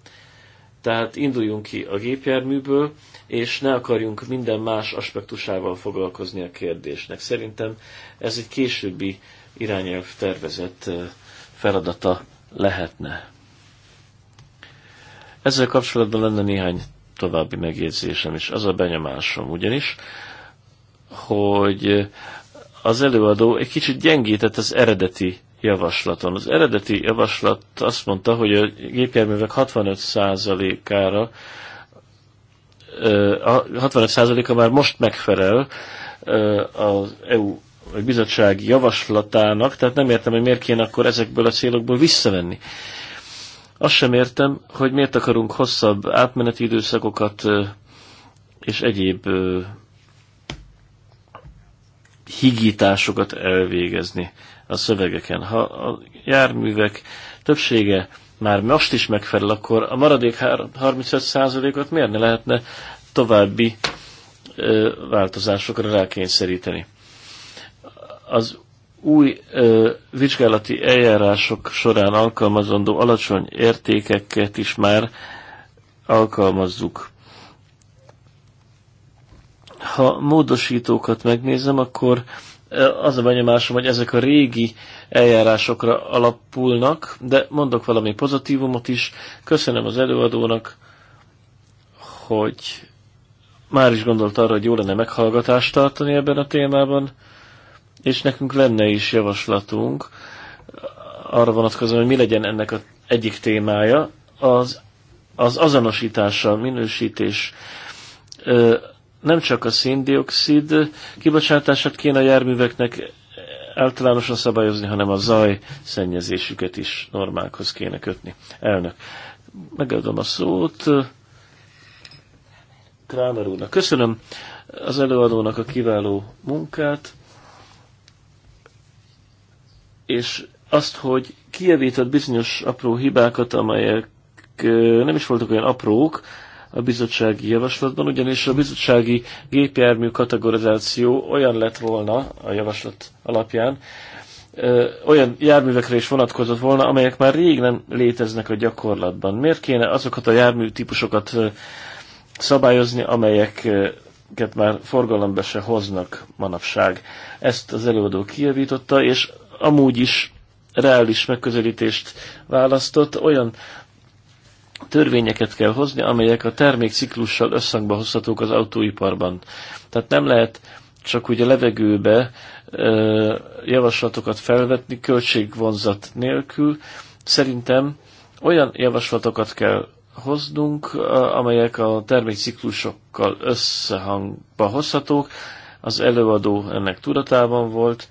Tehát induljunk ki a gépjárműből, és ne akarjunk minden más aspektusával foglalkozni a kérdésnek. Szerintem ez egy későbbi irányelv tervezett feladata lehetne. Ezzel kapcsolatban lenne néhány további megjegyzésem is. Az a benyomásom ugyanis, hogy az előadó egy kicsit gyengített az eredeti javaslaton. Az eredeti javaslat azt mondta, hogy a gépjárművek 65%-ára 65%-a már most megfelel az EU vagy bizottság javaslatának, tehát nem értem, hogy miért kéne akkor ezekből a célokból visszavenni. Azt sem értem, hogy miért akarunk hosszabb átmeneti időszakokat és egyéb higításokat elvégezni a szövegeken. Ha a járművek többsége már most is megfelel, akkor a maradék 35%-ot miért ne lehetne további ö, változásokra rákényszeríteni? Az új ö, vizsgálati eljárások során alkalmazandó alacsony értékeket is már alkalmazzuk. Ha módosítókat megnézem, akkor e, az a benyomásom, hogy ezek a régi eljárásokra alapulnak, de mondok valami pozitívumot is. Köszönöm az előadónak, hogy már is gondolt arra, hogy jó lenne meghallgatást tartani ebben a témában, és nekünk lenne is javaslatunk arra vonatkozóan, hogy mi legyen ennek az egyik témája, az, az azonosítása, minősítés nem csak a széndiokszid kibocsátását kéne a járműveknek általánosan szabályozni, hanem a zaj szennyezésüket is normákhoz kéne kötni. Elnök, megadom a szót uh, Krámer úrnak. Köszönöm az előadónak a kiváló munkát, és azt, hogy kijavított bizonyos apró hibákat, amelyek uh, nem is voltak olyan aprók, a bizottsági javaslatban, ugyanis a bizottsági gépjármű kategorizáció olyan lett volna a javaslat alapján, olyan járművekre is vonatkozott volna, amelyek már rég nem léteznek a gyakorlatban. Miért kéne azokat a jármű típusokat szabályozni, amelyeket már forgalomba se hoznak manapság? Ezt az előadó kijavította, és amúgy is reális megközelítést választott, olyan törvényeket kell hozni, amelyek a termékciklussal összhangba hozhatók az autóiparban. Tehát nem lehet csak úgy a levegőbe ö, javaslatokat felvetni költségvonzat nélkül. Szerintem olyan javaslatokat kell hoznunk, amelyek a termékciklusokkal összehangba hozhatók. Az előadó ennek tudatában volt,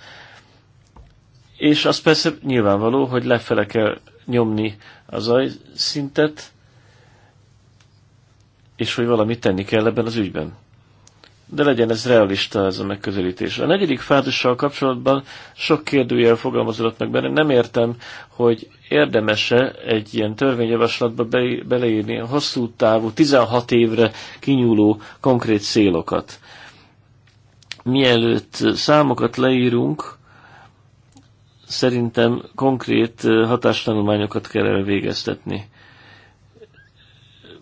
és az persze nyilvánvaló, hogy lefele kell nyomni az ajszintet, és hogy valamit tenni kell ebben az ügyben. De legyen ez realista ez a megközelítés. A negyedik fázissal kapcsolatban sok kérdőjel fogalmazódott meg benne. Nem értem, hogy érdemese egy ilyen törvényjavaslatba beleírni a hosszú távú, 16 évre kinyúló konkrét célokat. Mielőtt számokat leírunk, szerintem konkrét hatástanulmányokat kell elvégeztetni.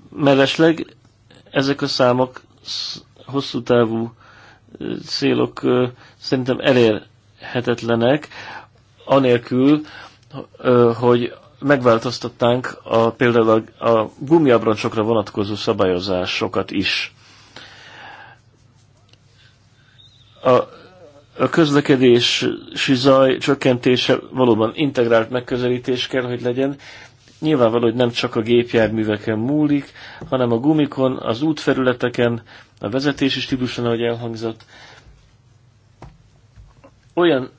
Mellesleg ezek a számok hosszú távú célok szerintem elérhetetlenek, anélkül, hogy megváltoztattánk a, például a, a gumiabroncsokra vonatkozó szabályozásokat is. A, a közlekedési zaj csökkentése valóban integrált megközelítés kell, hogy legyen, Nyilvánvaló, hogy nem csak a gépjárműveken múlik, hanem a gumikon, az útfelületeken, a vezetési stíluson, ahogy elhangzott. Olyan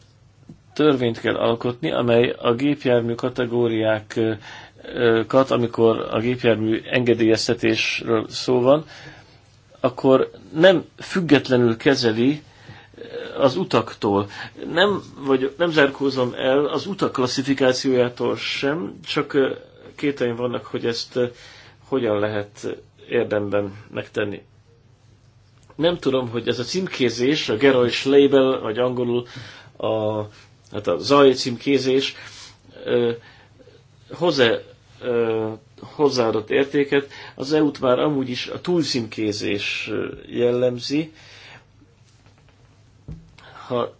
törvényt kell alkotni, amely a gépjármű kategóriákat, amikor a gépjármű engedélyeztetésről szó van, akkor nem függetlenül kezeli az utaktól. Nem, vagy nem zárkózom el az utak klasszifikációjától sem, csak kételjén vannak, hogy ezt hogyan lehet érdemben megtenni. Nem tudom, hogy ez a címkézés, a Gerois Label, vagy angolul a, hát a zaj címkézés hozzá, hozzáadott értéket. Az EU-t már amúgy is a túlszimkézés jellemzi, ha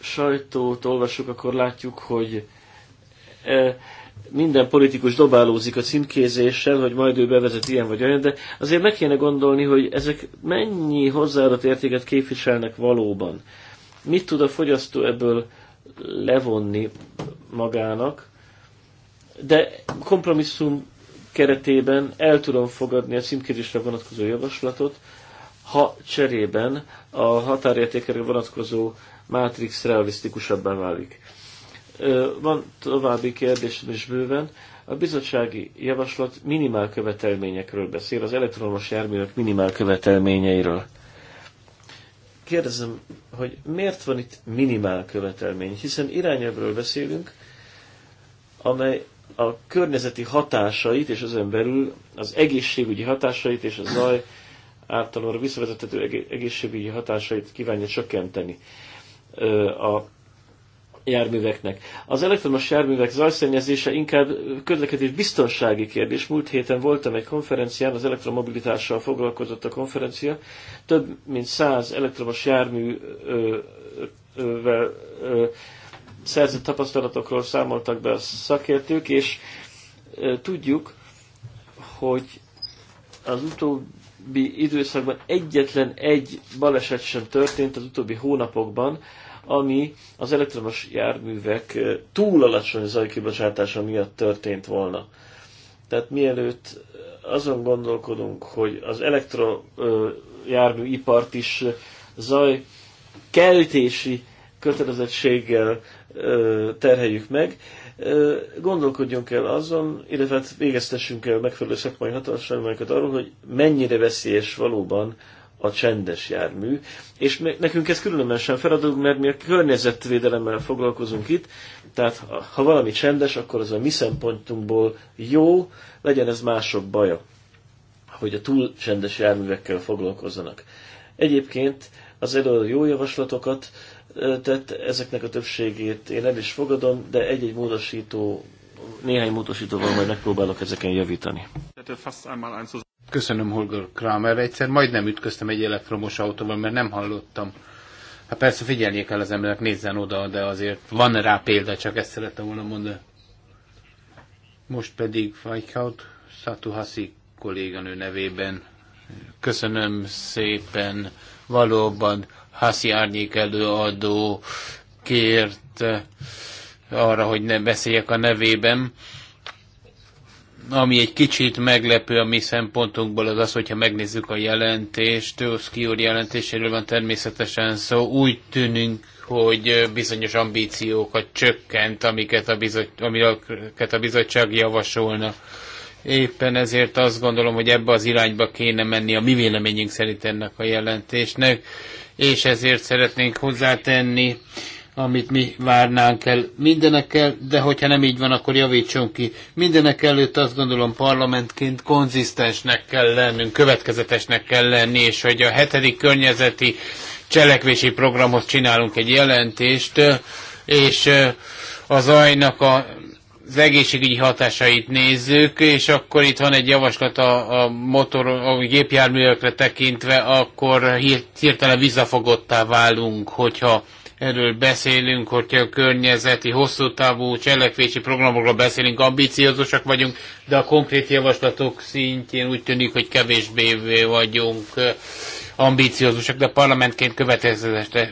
sajtót olvasjuk, akkor látjuk, hogy e, minden politikus dobálózik a címkézéssel, hogy majd ő bevezet ilyen vagy olyan, de azért meg kéne gondolni, hogy ezek mennyi hozzáadott értéket képviselnek valóban. Mit tud a fogyasztó ebből levonni magának, de kompromisszum keretében el tudom fogadni a címkézésre vonatkozó javaslatot, ha cserében a határértékre vonatkozó mátrix realisztikusabbá válik. Van további kérdésem is bőven. A bizottsági javaslat minimál követelményekről beszél, az elektromos járművek minimál követelményeiről. Kérdezem, hogy miért van itt minimál követelmény? Hiszen irányelvről beszélünk, amely a környezeti hatásait, és az belül az egészségügyi hatásait és a zaj által visszavezethető egészségügyi hatásait kívánja csökkenteni a járműveknek. Az elektromos járművek zajszennyezése inkább közlekedés biztonsági kérdés. Múlt héten voltam egy konferencián, az elektromobilitással foglalkozott a konferencia. Több mint száz elektromos járművel szerzett tapasztalatokról számoltak be a szakértők, és tudjuk, hogy az utóbbi utóbbi időszakban egyetlen egy baleset sem történt az utóbbi hónapokban, ami az elektromos járművek túl alacsony zajkibocsátása miatt történt volna. Tehát mielőtt azon gondolkodunk, hogy az elektrojárműipart is zaj keltési kötelezettséggel terheljük meg, Gondolkodjunk el azon, illetve hát végeztessünk el megfelelő szakmai hatóságokat arról, hogy mennyire veszélyes valóban a csendes jármű, és nekünk ez különösen feladunk, mert mi a környezetvédelemmel foglalkozunk itt, tehát ha valami csendes, akkor az a mi szempontunkból jó, legyen ez mások baja, hogy a túl csendes járművekkel foglalkozzanak. Egyébként az előadó jó javaslatokat tett, ezeknek a többségét én nem is fogadom, de egy-egy módosító, néhány módosítóval majd megpróbálok ezeken javítani. Köszönöm, Holger Kramer. Egyszer majdnem ütköztem egy elektromos autóval, mert nem hallottam. Hát persze figyelni kell az emberek, nézzen oda, de azért van rá példa, csak ezt szerettem volna mondani. Most pedig Fajkaut Satuhasi kolléganő nevében. Köszönöm szépen, valóban házi Árnyék előadó kért eh, arra, hogy ne beszéljek a nevében. Ami egy kicsit meglepő a mi szempontunkból az az, hogyha megnézzük a jelentést, Oszki úr jelentéséről van természetesen szó, úgy tűnünk, hogy bizonyos ambíciókat csökkent, amiket a, bizot, amiket a bizottság javasolna. Éppen ezért azt gondolom, hogy ebbe az irányba kéne menni a mi véleményünk szerint ennek a jelentésnek és ezért szeretnénk hozzátenni, amit mi várnánk el mindenekkel, de hogyha nem így van, akkor javítsunk ki. Mindenek előtt azt gondolom parlamentként konzisztensnek kell lennünk, következetesnek kell lenni, és hogy a hetedik környezeti cselekvési programhoz csinálunk egy jelentést, és az ajnak a az egészségügyi hatásait nézzük, és akkor itt van egy javaslat a, a motor, a gépjárművekre tekintve, akkor hirtelen visszafogottá válunk, hogyha erről beszélünk, hogyha a környezeti, hosszú távú cselekvési programokról beszélünk, ambiciózusak vagyunk, de a konkrét javaslatok szintjén úgy tűnik, hogy kevésbé vagyunk ambiciózusak, de parlamentként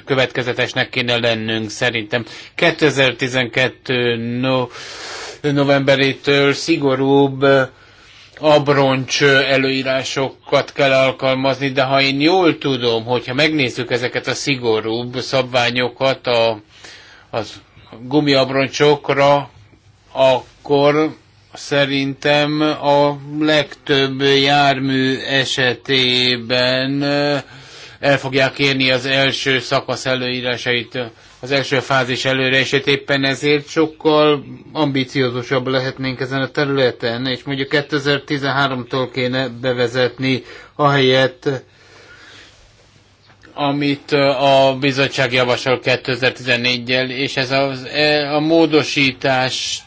következetesnek kéne lennünk szerintem. 2012 no, novemberétől szigorúbb eh, abroncs eh, előírásokat kell alkalmazni, de ha én jól tudom, hogyha megnézzük ezeket a szigorúbb szabványokat a, az gumiabroncsokra, akkor szerintem a legtöbb jármű esetében eh, el fogják érni az első szakasz előírásait az első fázis előre, és éppen ezért sokkal ambiciózusabb lehetnénk ezen a területen, és mondjuk 2013-tól kéne bevezetni a helyet, amit a bizottság javasol 2014-gel, és ez a, e, a módosítást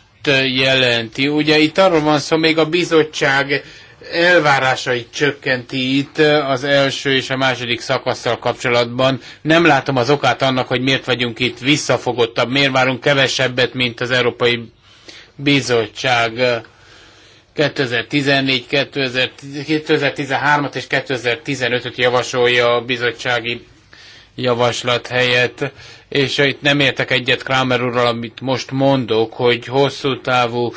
jelenti. Ugye itt arról van szó, még a bizottság elvárásait csökkenti itt az első és a második szakaszsal kapcsolatban. Nem látom az okát annak, hogy miért vagyunk itt visszafogottabb, miért várunk kevesebbet, mint az Európai Bizottság 2014, 2013-at és 2015-öt javasolja a bizottsági javaslat helyett és itt nem értek egyet Kramer úrral, amit most mondok, hogy hosszú távú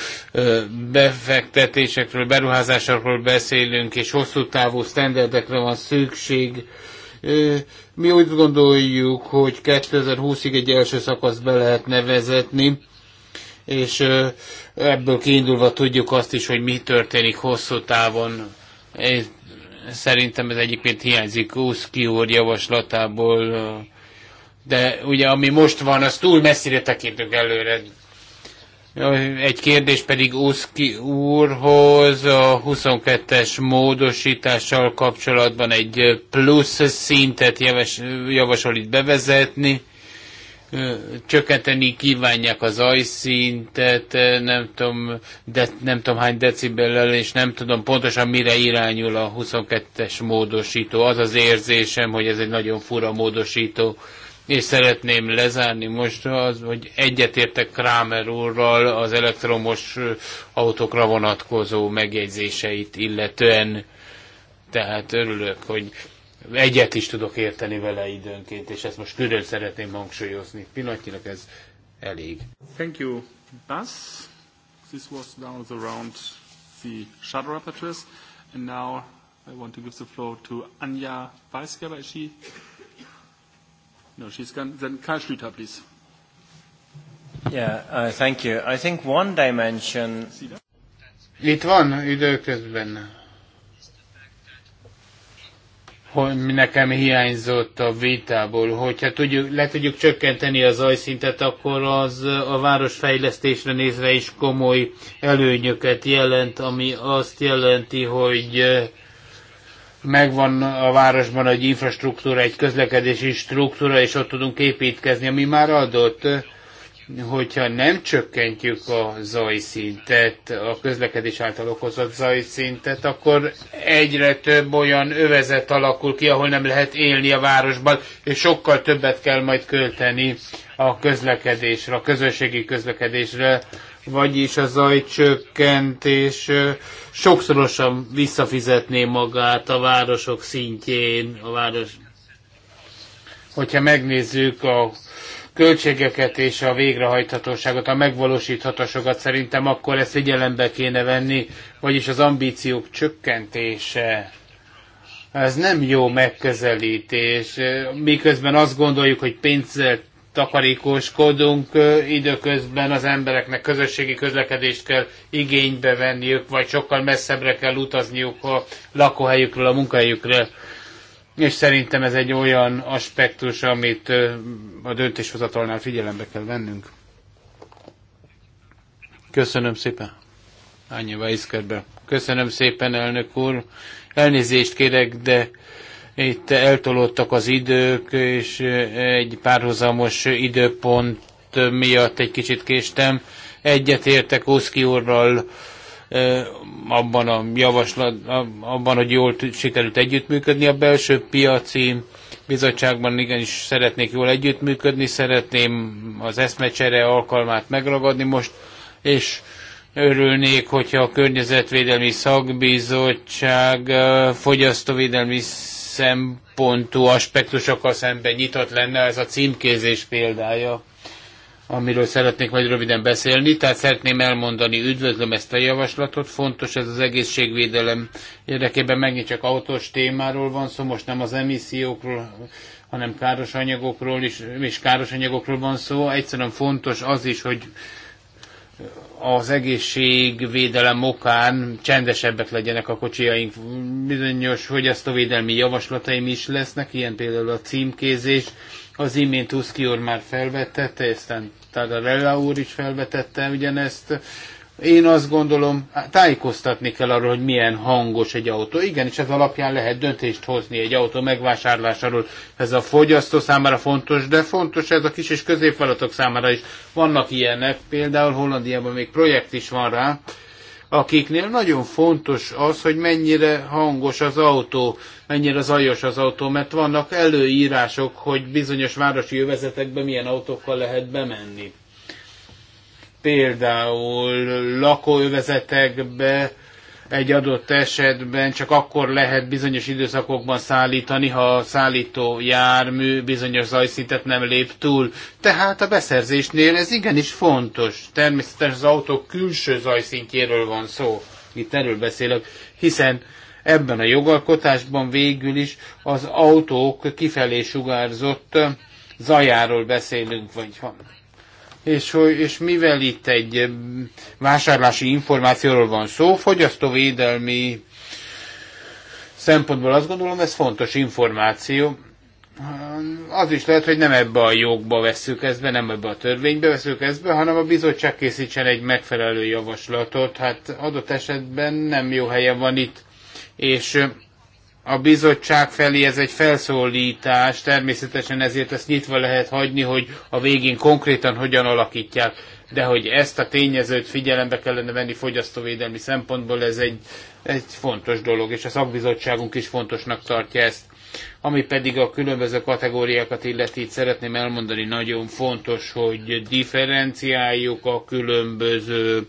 befektetésekről, beruházásokról beszélünk, és hosszú távú sztenderdekre van szükség. Mi úgy gondoljuk, hogy 2020-ig egy első szakaszt be lehetne vezetni, és ebből kiindulva tudjuk azt is, hogy mi történik hosszú távon. Én szerintem ez egyébként hiányzik Uszki úr javaslatából, de ugye ami most van, az túl messzire tekintünk előre. Egy kérdés pedig Uszki úrhoz a 22-es módosítással kapcsolatban egy plusz szintet javasol itt bevezetni. Csökkenteni kívánják az ajszintet, nem tudom, de, nem tudom hány decibellel, és nem tudom pontosan mire irányul a 22-es módosító. Az az érzésem, hogy ez egy nagyon fura módosító és szeretném lezárni most az, hogy egyetértek Kramer úrral az elektromos autókra vonatkozó megjegyzéseit illetően. Tehát örülök, hogy egyet is tudok érteni vele időnként, és ezt most külön szeretném hangsúlyozni. Pillanatnyilag ez elég. Thank you, Bas. This was now the round the shadow rapporteurs, and now I want to give the floor to Anja Weisgerber. Is she No, she's gone. Then Karl Schlüter, please. Yeah, uh, thank you. I think one dimension... Itt van időközben. Hogy nekem hiányzott a vitából, hogyha tudjuk, le tudjuk csökkenteni az ajszintet, akkor az a városfejlesztésre nézve is komoly előnyöket jelent, ami azt jelenti, hogy megvan a városban egy infrastruktúra, egy közlekedési struktúra, és ott tudunk építkezni, ami már adott, hogyha nem csökkentjük a zajszintet, a közlekedés által okozott zajszintet, akkor egyre több olyan övezet alakul ki, ahol nem lehet élni a városban, és sokkal többet kell majd költeni a közlekedésre, a közösségi közlekedésre, vagyis a zajcsökkentés sokszorosan visszafizetné magát a városok szintjén, a város, hogyha megnézzük a költségeket és a végrehajthatóságot, a megvalósíthatóságot szerintem akkor ezt figyelembe kéne venni, vagyis az ambíciók csökkentése. Ez nem jó megközelítés. Miközben azt gondoljuk, hogy pénzzel takarékoskodunk, időközben az embereknek közösségi közlekedést kell igénybe venniük, vagy sokkal messzebbre kell utazniuk a lakóhelyükről, a munkahelyükre. És szerintem ez egy olyan aspektus, amit a döntéshozatalnál figyelembe kell vennünk. Köszönöm szépen. Annyi Weiskerbe. Köszönöm szépen, elnök úr. Elnézést kérek, de itt eltolódtak az idők, és egy párhuzamos időpont miatt egy kicsit késtem. Egyetértek Oszki úrral abban a javaslat, abban, hogy jól sikerült együttműködni a belső piaci bizottságban igenis szeretnék jól együttműködni, szeretném az eszmecsere alkalmát megragadni most, és örülnék, hogyha a Környezetvédelmi Szakbizottság, Fogyasztóvédelmi szempontú aspektusokkal szemben nyitott lenne, ez a címkézés példája, amiről szeretnék majd röviden beszélni. Tehát szeretném elmondani, üdvözlöm ezt a javaslatot, fontos ez az egészségvédelem érdekében megint csak autós témáról van szó, most nem az emissziókról, hanem káros anyagokról is, és káros anyagokról van szó. Egyszerűen fontos az is, hogy az egészségvédelem okán csendesebbek legyenek a kocsiaink. Bizonyos, hogy ezt a védelmi javaslataim is lesznek, ilyen például a címkézés. Az imént Tuszki úr már felvetette, aztán Tadarella úr is felvetette ugyanezt. Én azt gondolom, tájékoztatni kell arról, hogy milyen hangos egy autó. Igen, és ez alapján lehet döntést hozni egy autó megvásárlásáról. Ez a fogyasztó számára fontos, de fontos ez a kis és középvállalatok számára is. Vannak ilyenek, például Hollandiában még projekt is van rá, akiknél nagyon fontos az, hogy mennyire hangos az autó, mennyire zajos az autó, mert vannak előírások, hogy bizonyos városi övezetekben milyen autókkal lehet bemenni például lakóövezetekbe egy adott esetben csak akkor lehet bizonyos időszakokban szállítani, ha a szállító jármű bizonyos zajszintet nem lép túl. Tehát a beszerzésnél ez igenis fontos. Természetesen az autó külső zajszintjéről van szó. Itt erről beszélek, hiszen ebben a jogalkotásban végül is az autók kifelé sugárzott zajáról beszélünk, vagy ha és, hogy, és mivel itt egy vásárlási információról van szó, fogyasztóvédelmi szempontból azt gondolom, ez fontos információ. Az is lehet, hogy nem ebbe a jogba veszük ezt be, nem ebbe a törvénybe veszük ezt be, hanem a bizottság készítsen egy megfelelő javaslatot. Hát adott esetben nem jó helyen van itt, és a bizottság felé ez egy felszólítás, természetesen ezért ezt nyitva lehet hagyni, hogy a végén konkrétan hogyan alakítják, de hogy ezt a tényezőt figyelembe kellene venni fogyasztóvédelmi szempontból, ez egy, egy fontos dolog, és a szakbizottságunk is fontosnak tartja ezt. Ami pedig a különböző kategóriákat illeti, itt szeretném elmondani, nagyon fontos, hogy differenciáljuk a különböző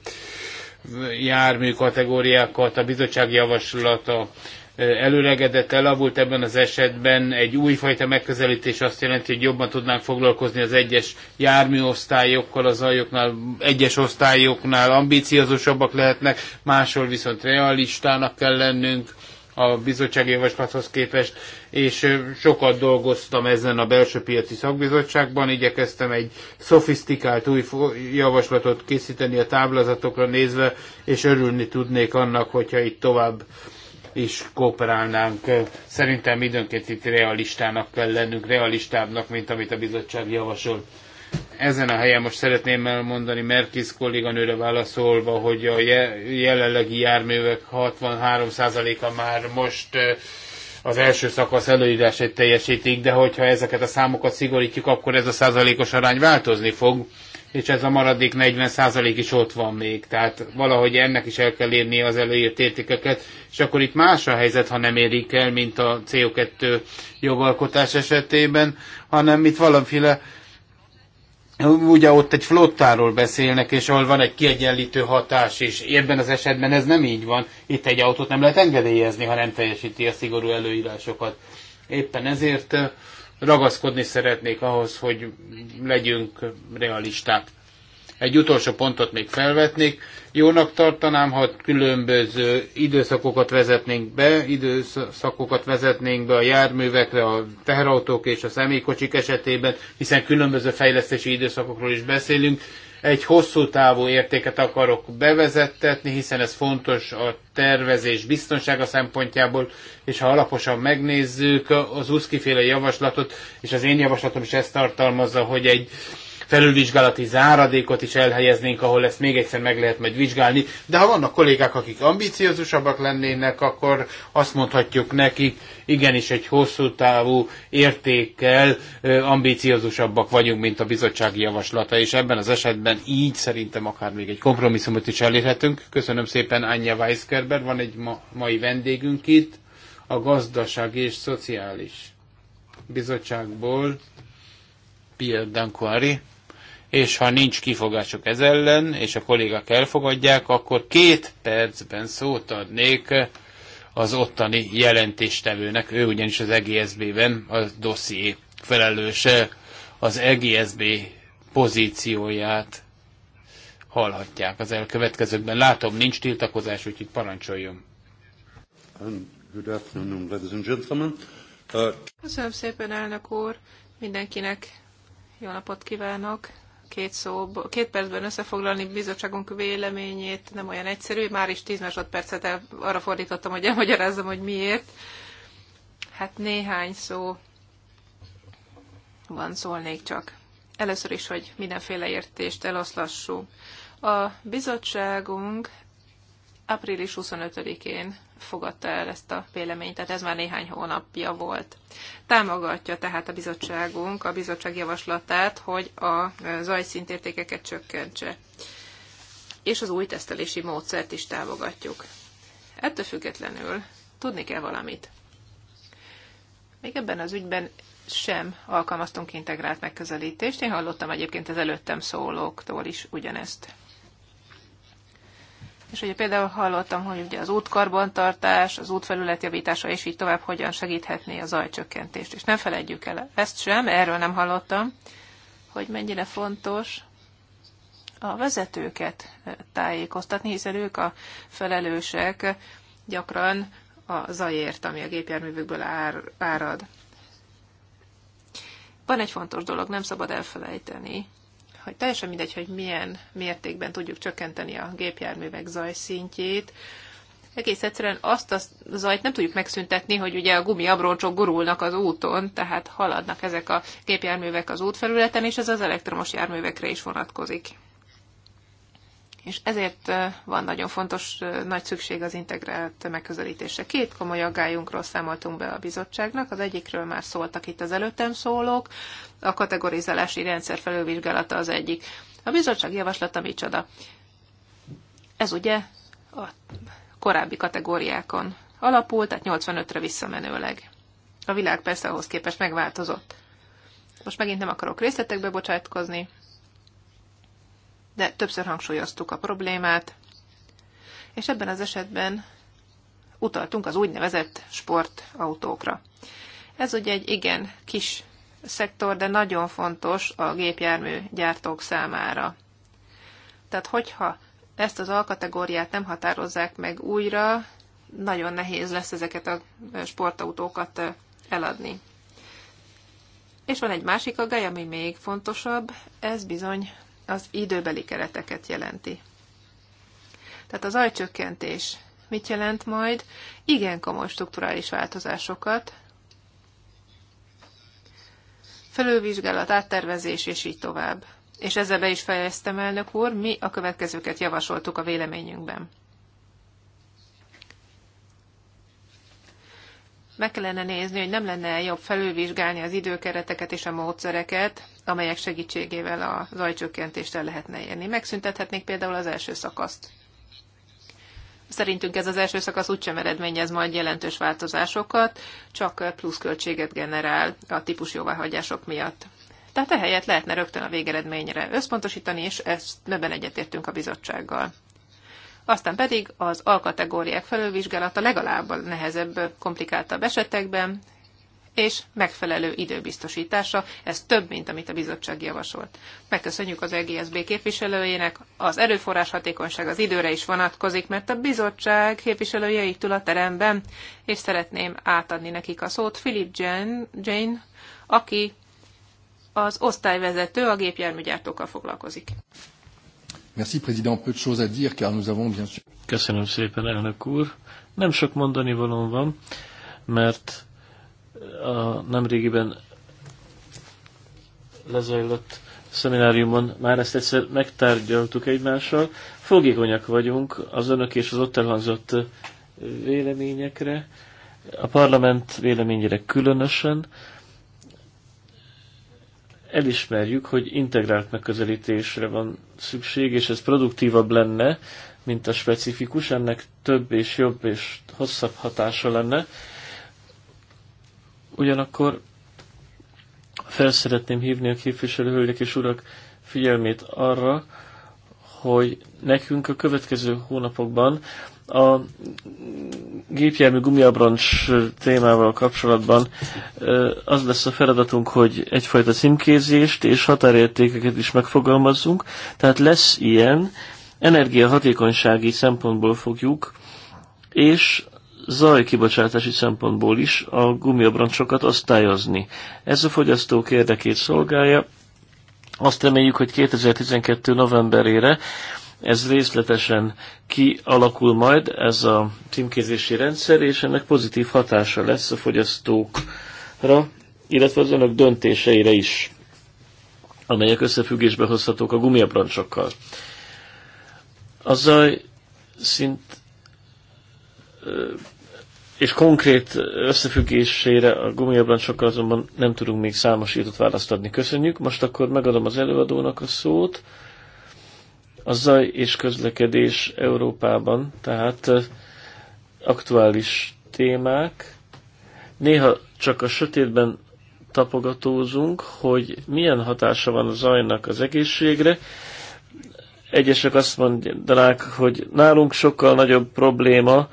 jármű kategóriákat. A bizottság javaslata előregedett elavult ebben az esetben. Egy újfajta megközelítés azt jelenti, hogy jobban tudnánk foglalkozni az egyes járműosztályokkal, az aljoknál, egyes osztályoknál ambíciózusabbak lehetnek, máshol viszont realistának kell lennünk a bizottsági javaslathoz képest, és sokat dolgoztam ezen a belső piaci szakbizottságban, igyekeztem egy szofisztikált új javaslatot készíteni a táblázatokra nézve, és örülni tudnék annak, hogyha itt tovább is kooperálnánk. Szerintem időnként itt realistának kell lennünk, realistábbnak, mint amit a bizottság javasol. Ezen a helyen most szeretném elmondani Merkis kolléganőre válaszolva, hogy a jelenlegi járművek 63%-a már most az első szakasz előírásait teljesítik, de hogyha ezeket a számokat szigorítjuk, akkor ez a százalékos arány változni fog és ez a maradék 40% is ott van még. Tehát valahogy ennek is el kell érni az előírt értékeket, és akkor itt más a helyzet, ha nem érik el, mint a CO2 jogalkotás esetében, hanem itt valamiféle ugye ott egy flottáról beszélnek, és ahol van egy kiegyenlítő hatás, és ebben az esetben ez nem így van. Itt egy autót nem lehet engedélyezni, ha nem teljesíti a szigorú előírásokat. Éppen ezért ragaszkodni szeretnék ahhoz, hogy legyünk realisták. Egy utolsó pontot még felvetnék. Jónak tartanám, ha különböző időszakokat vezetnénk be, időszakokat vezetnénk be a járművekre, a teherautók és a személykocsik esetében, hiszen különböző fejlesztési időszakokról is beszélünk, egy hosszú távú értéket akarok bevezettetni, hiszen ez fontos a tervezés biztonsága szempontjából, és ha alaposan megnézzük az úszkiféle javaslatot, és az én javaslatom is ezt tartalmazza, hogy egy felülvizsgálati záradékot is elhelyeznénk, ahol ezt még egyszer meg lehet majd vizsgálni. De ha vannak kollégák, akik ambíciózusabbak lennének, akkor azt mondhatjuk nekik, igenis egy hosszú távú értékkel ambíciózusabbak vagyunk, mint a bizottsági javaslata, és ebben az esetben így szerintem akár még egy kompromisszumot is elérhetünk. Köszönöm szépen Anya Weiskerber, van egy ma- mai vendégünk itt, a gazdasági és szociális bizottságból, Pierre Dancoari és ha nincs kifogásuk ez ellen, és a kollégák elfogadják, akkor két percben szót adnék az ottani jelentéstevőnek, ő ugyanis az EGSB-ben a dosszié felelőse az EGSB pozícióját hallhatják az elkövetkezőkben. Látom, nincs tiltakozás, úgyhogy parancsoljon. Um, good afternoon, ladies and gentlemen. Uh, Köszönöm szépen, elnök úr! Mindenkinek jó napot kívánok! két, szó, két percben összefoglalni bizottságunk véleményét nem olyan egyszerű. Már is tíz másodpercet el, arra fordítottam, hogy elmagyarázzam, hogy miért. Hát néhány szó van szólnék csak. Először is, hogy mindenféle értést eloszlassunk. A bizottságunk április 25-én fogadta el ezt a véleményt, tehát ez már néhány hónapja volt. Támogatja tehát a bizottságunk a bizottság javaslatát, hogy a zajszintértékeket csökkentse. És az új tesztelési módszert is támogatjuk. Ettől függetlenül tudni kell valamit. Még ebben az ügyben sem alkalmaztunk integrált megközelítést. Én hallottam egyébként az előttem szólóktól is ugyanezt. És ugye például hallottam, hogy ugye az útkarbantartás, az útfelület javítása és így tovább hogyan segíthetné a zajcsökkentést. És nem felejtjük el ezt sem, erről nem hallottam, hogy mennyire fontos a vezetőket eh, tájékoztatni, hiszen ők a felelősek gyakran a zajért, ami a gépjárművükből ár, árad. Van egy fontos dolog, nem szabad elfelejteni, hogy teljesen mindegy, hogy milyen mértékben tudjuk csökkenteni a gépjárművek zajszintjét, egész egyszerűen azt a zajt nem tudjuk megszüntetni, hogy ugye a gumiabroncsok gurulnak az úton, tehát haladnak ezek a gépjárművek az útfelületen, és ez az elektromos járművekre is vonatkozik. És ezért van nagyon fontos, nagy szükség az integrált megközelítésre. Két komoly aggályunkról számoltunk be a bizottságnak, az egyikről már szóltak itt az előttem szólók, a kategorizálási rendszer felülvizsgálata az egyik. A bizottság javaslata micsoda? Ez ugye a korábbi kategóriákon alapul, tehát 85-re visszamenőleg. A világ persze ahhoz képest megváltozott. Most megint nem akarok részletekbe bocsátkozni, de többször hangsúlyoztuk a problémát, és ebben az esetben utaltunk az úgynevezett sportautókra. Ez ugye egy igen kis szektor, de nagyon fontos a gépjármű gyártók számára. Tehát hogyha ezt az alkategóriát nem határozzák meg újra, nagyon nehéz lesz ezeket a sportautókat eladni. És van egy másik agály, ami még fontosabb, ez bizony az időbeli kereteket jelenti. Tehát az ajcsökkentés mit jelent majd? Igen komoly strukturális változásokat, felülvizsgálat, áttervezés, és így tovább. És ezzel be is fejeztem, elnök úr, mi a következőket javasoltuk a véleményünkben. Meg kellene nézni, hogy nem lenne jobb felülvizsgálni az időkereteket és a módszereket, amelyek segítségével a zajcsökkentést el lehetne érni. Megszüntethetnék például az első szakaszt. Szerintünk ez az első szakasz úgysem eredményez majd jelentős változásokat, csak pluszköltséget generál a típus jóváhagyások miatt. Tehát ehelyett lehetne rögtön a végeredményre összpontosítani, és ezt ebben egyetértünk a bizottsággal aztán pedig az alkategóriák felülvizsgálata legalább a nehezebb, komplikáltabb esetekben, és megfelelő időbiztosítása, ez több, mint amit a bizottság javasolt. Megköszönjük az EGSB képviselőjének, az erőforrás hatékonyság az időre is vonatkozik, mert a bizottság képviselője itt ül a teremben, és szeretném átadni nekik a szót Philip Jane, Jane aki az osztályvezető, a gépjárműgyártókkal foglalkozik. Merci, président. Peu de choses à dire, car nous avons bien sûr... Köszönöm szépen, elnök úr. Nem sok mondani valóm van, mert a nemrégiben lezajlott szemináriumon már ezt egyszer megtárgyaltuk egymással. Fogékonyak vagyunk az önök és az ott elhangzott véleményekre, a parlament véleményére különösen, elismerjük, hogy integrált megközelítésre van szükség, és ez produktívabb lenne, mint a specifikus, ennek több és jobb és hosszabb hatása lenne. Ugyanakkor fel szeretném hívni a képviselőhölgyek és urak figyelmét arra, hogy nekünk a következő hónapokban a gépjármű gumiabroncs témával kapcsolatban az lesz a feladatunk, hogy egyfajta címkézést és határértékeket is megfogalmazzunk, tehát lesz ilyen, energiahatékonysági szempontból fogjuk, és zajkibocsátási szempontból is a gumiabroncsokat osztályozni. Ez a fogyasztók érdekét szolgálja. Azt reméljük, hogy 2012. novemberére ez részletesen kialakul majd, ez a címkézési rendszer, és ennek pozitív hatása lesz a fogyasztókra, illetve az önök döntéseire is, amelyek összefüggésbe hozhatók a gumiabrancsokkal. A zaj szint és konkrét összefüggésére a gumiabroncsokkal azonban nem tudunk még számosított választ adni. Köszönjük. Most akkor megadom az előadónak a szót. A zaj és közlekedés Európában, tehát aktuális témák. Néha csak a sötétben tapogatózunk, hogy milyen hatása van a zajnak az egészségre. Egyesek azt mondanák, hogy nálunk sokkal nagyobb probléma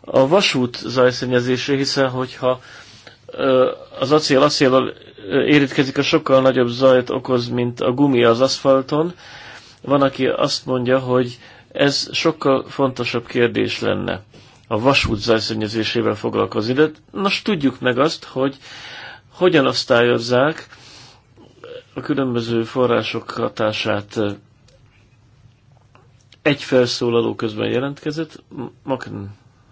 a vasút zajszennyezése, hiszen hogyha az acél acéllal érintkezik, a sokkal nagyobb zajt okoz, mint a gumi az aszfalton, van, aki azt mondja, hogy ez sokkal fontosabb kérdés lenne a vasút zajszennyezésével foglalkozni. De most tudjuk meg azt, hogy hogyan osztályozzák a különböző források hatását. Egy felszólaló közben jelentkezett,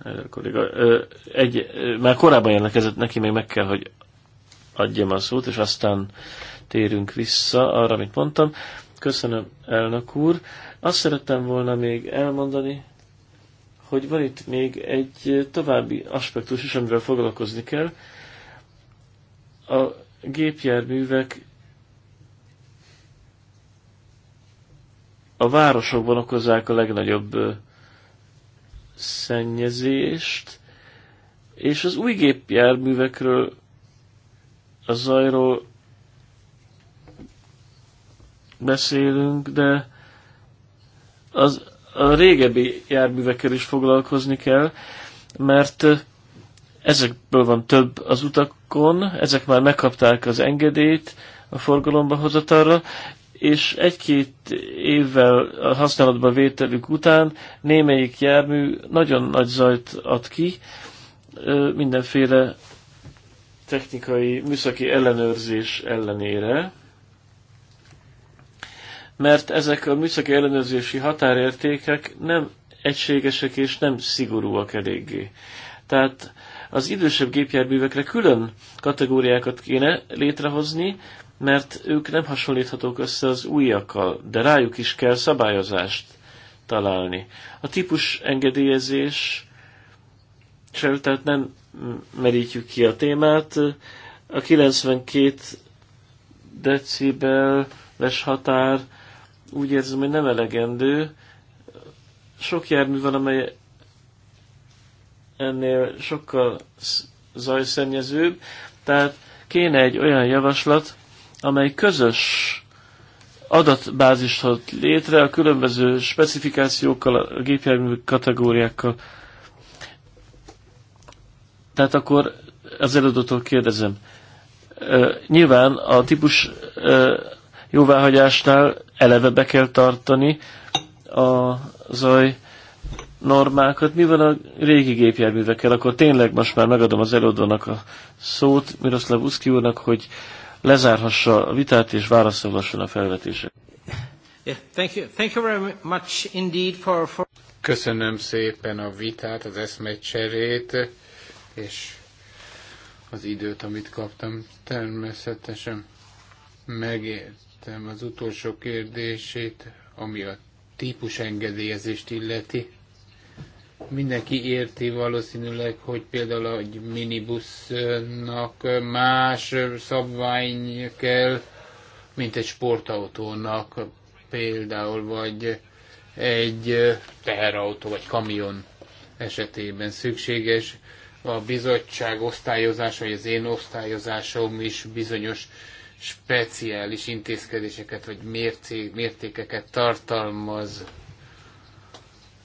eh, kolléga, eh, egy, eh, már korábban jelentkezett, neki még meg kell, hogy adjam a szót, és aztán térünk vissza arra, amit mondtam. Köszönöm, elnök úr. Azt szerettem volna még elmondani, hogy van itt még egy további aspektus is, amivel foglalkozni kell. A gépjárművek a városokban okozzák a legnagyobb szennyezést, és az új gépjárművekről, a zajról beszélünk, de az, a régebbi járművekkel is foglalkozni kell, mert ezekből van több az utakon, ezek már megkapták az engedélyt a forgalomba hozatalra, és egy-két évvel a használatba vételük után némelyik jármű nagyon nagy zajt ad ki, mindenféle technikai, műszaki ellenőrzés ellenére, mert ezek a műszaki ellenőrzési határértékek nem egységesek és nem szigorúak eléggé. Tehát az idősebb gépjárművekre külön kategóriákat kéne létrehozni, mert ők nem hasonlíthatók össze az újakkal, de rájuk is kell szabályozást találni. A típus engedélyezés tehát nem merítjük ki a témát. A 92 decibeles határ úgy érzem, hogy nem elegendő. Sok jármű van, amely ennél sokkal zajszennyezőbb, tehát kéne egy olyan javaslat, amely közös adatbázist hoz létre a különböző specifikációkkal, a gépjármű kategóriákkal. Tehát akkor az előadótól kérdezem. Nyilván a típus jóváhagyásnál eleve be kell tartani a zaj normákat. Mi van a régi gépjárművekkel? Akkor tényleg most már megadom az előadónak a szót, Miroslav Uszki úrnak, hogy lezárhassa a vitát és válaszolhasson a felvetésre. Yeah, thank you. Thank you very much indeed for, for... Köszönöm szépen a vitát, az eszmecserét, és az időt, amit kaptam. Természetesen megért értettem az utolsó kérdését, ami a típus engedélyezést illeti. Mindenki érti valószínűleg, hogy például a minibusznak más szabvány kell, mint egy sportautónak például, vagy egy teherautó, vagy kamion esetében szükséges. A bizottság osztályozása, vagy az én osztályozásom is bizonyos speciális intézkedéseket vagy mérték, mértékeket tartalmaz.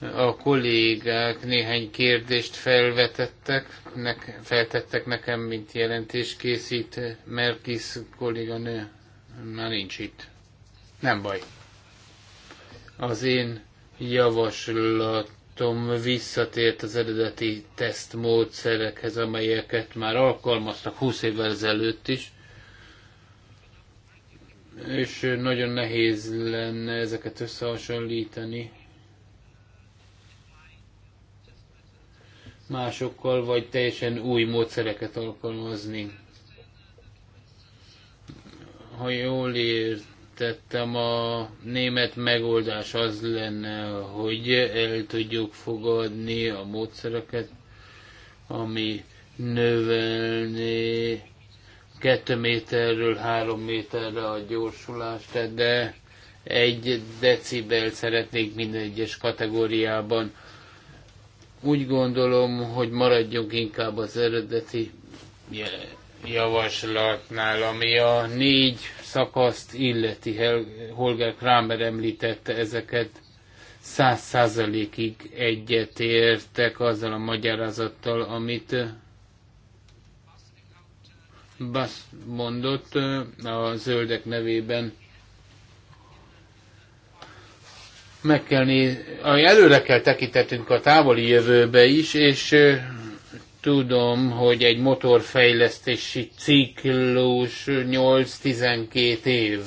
A kollégák néhány kérdést felvetettek, nek, feltettek nekem, mint jelentéskészít, Merkis kolléganő már nincs itt. Nem baj. Az én javaslat visszatért az eredeti tesztmódszerekhez, amelyeket már alkalmaztak 20 évvel ezelőtt is és nagyon nehéz lenne ezeket összehasonlítani másokkal, vagy teljesen új módszereket alkalmazni. Ha jól értettem, a német megoldás az lenne, hogy el tudjuk fogadni a módszereket, ami növelni 2 méterről 3 méterre a gyorsulást, de egy decibel szeretnék minden egyes kategóriában. Úgy gondolom, hogy maradjunk inkább az eredeti javaslatnál, ami a négy szakaszt illeti, Holger Kramer említette ezeket, száz százalékig egyetértek azzal a magyarázattal, amit Bass mondott a zöldek nevében. Meg kell nézni, Előre kell tekintetünk a távoli jövőbe is, és tudom, hogy egy motorfejlesztési ciklus 8-12 év.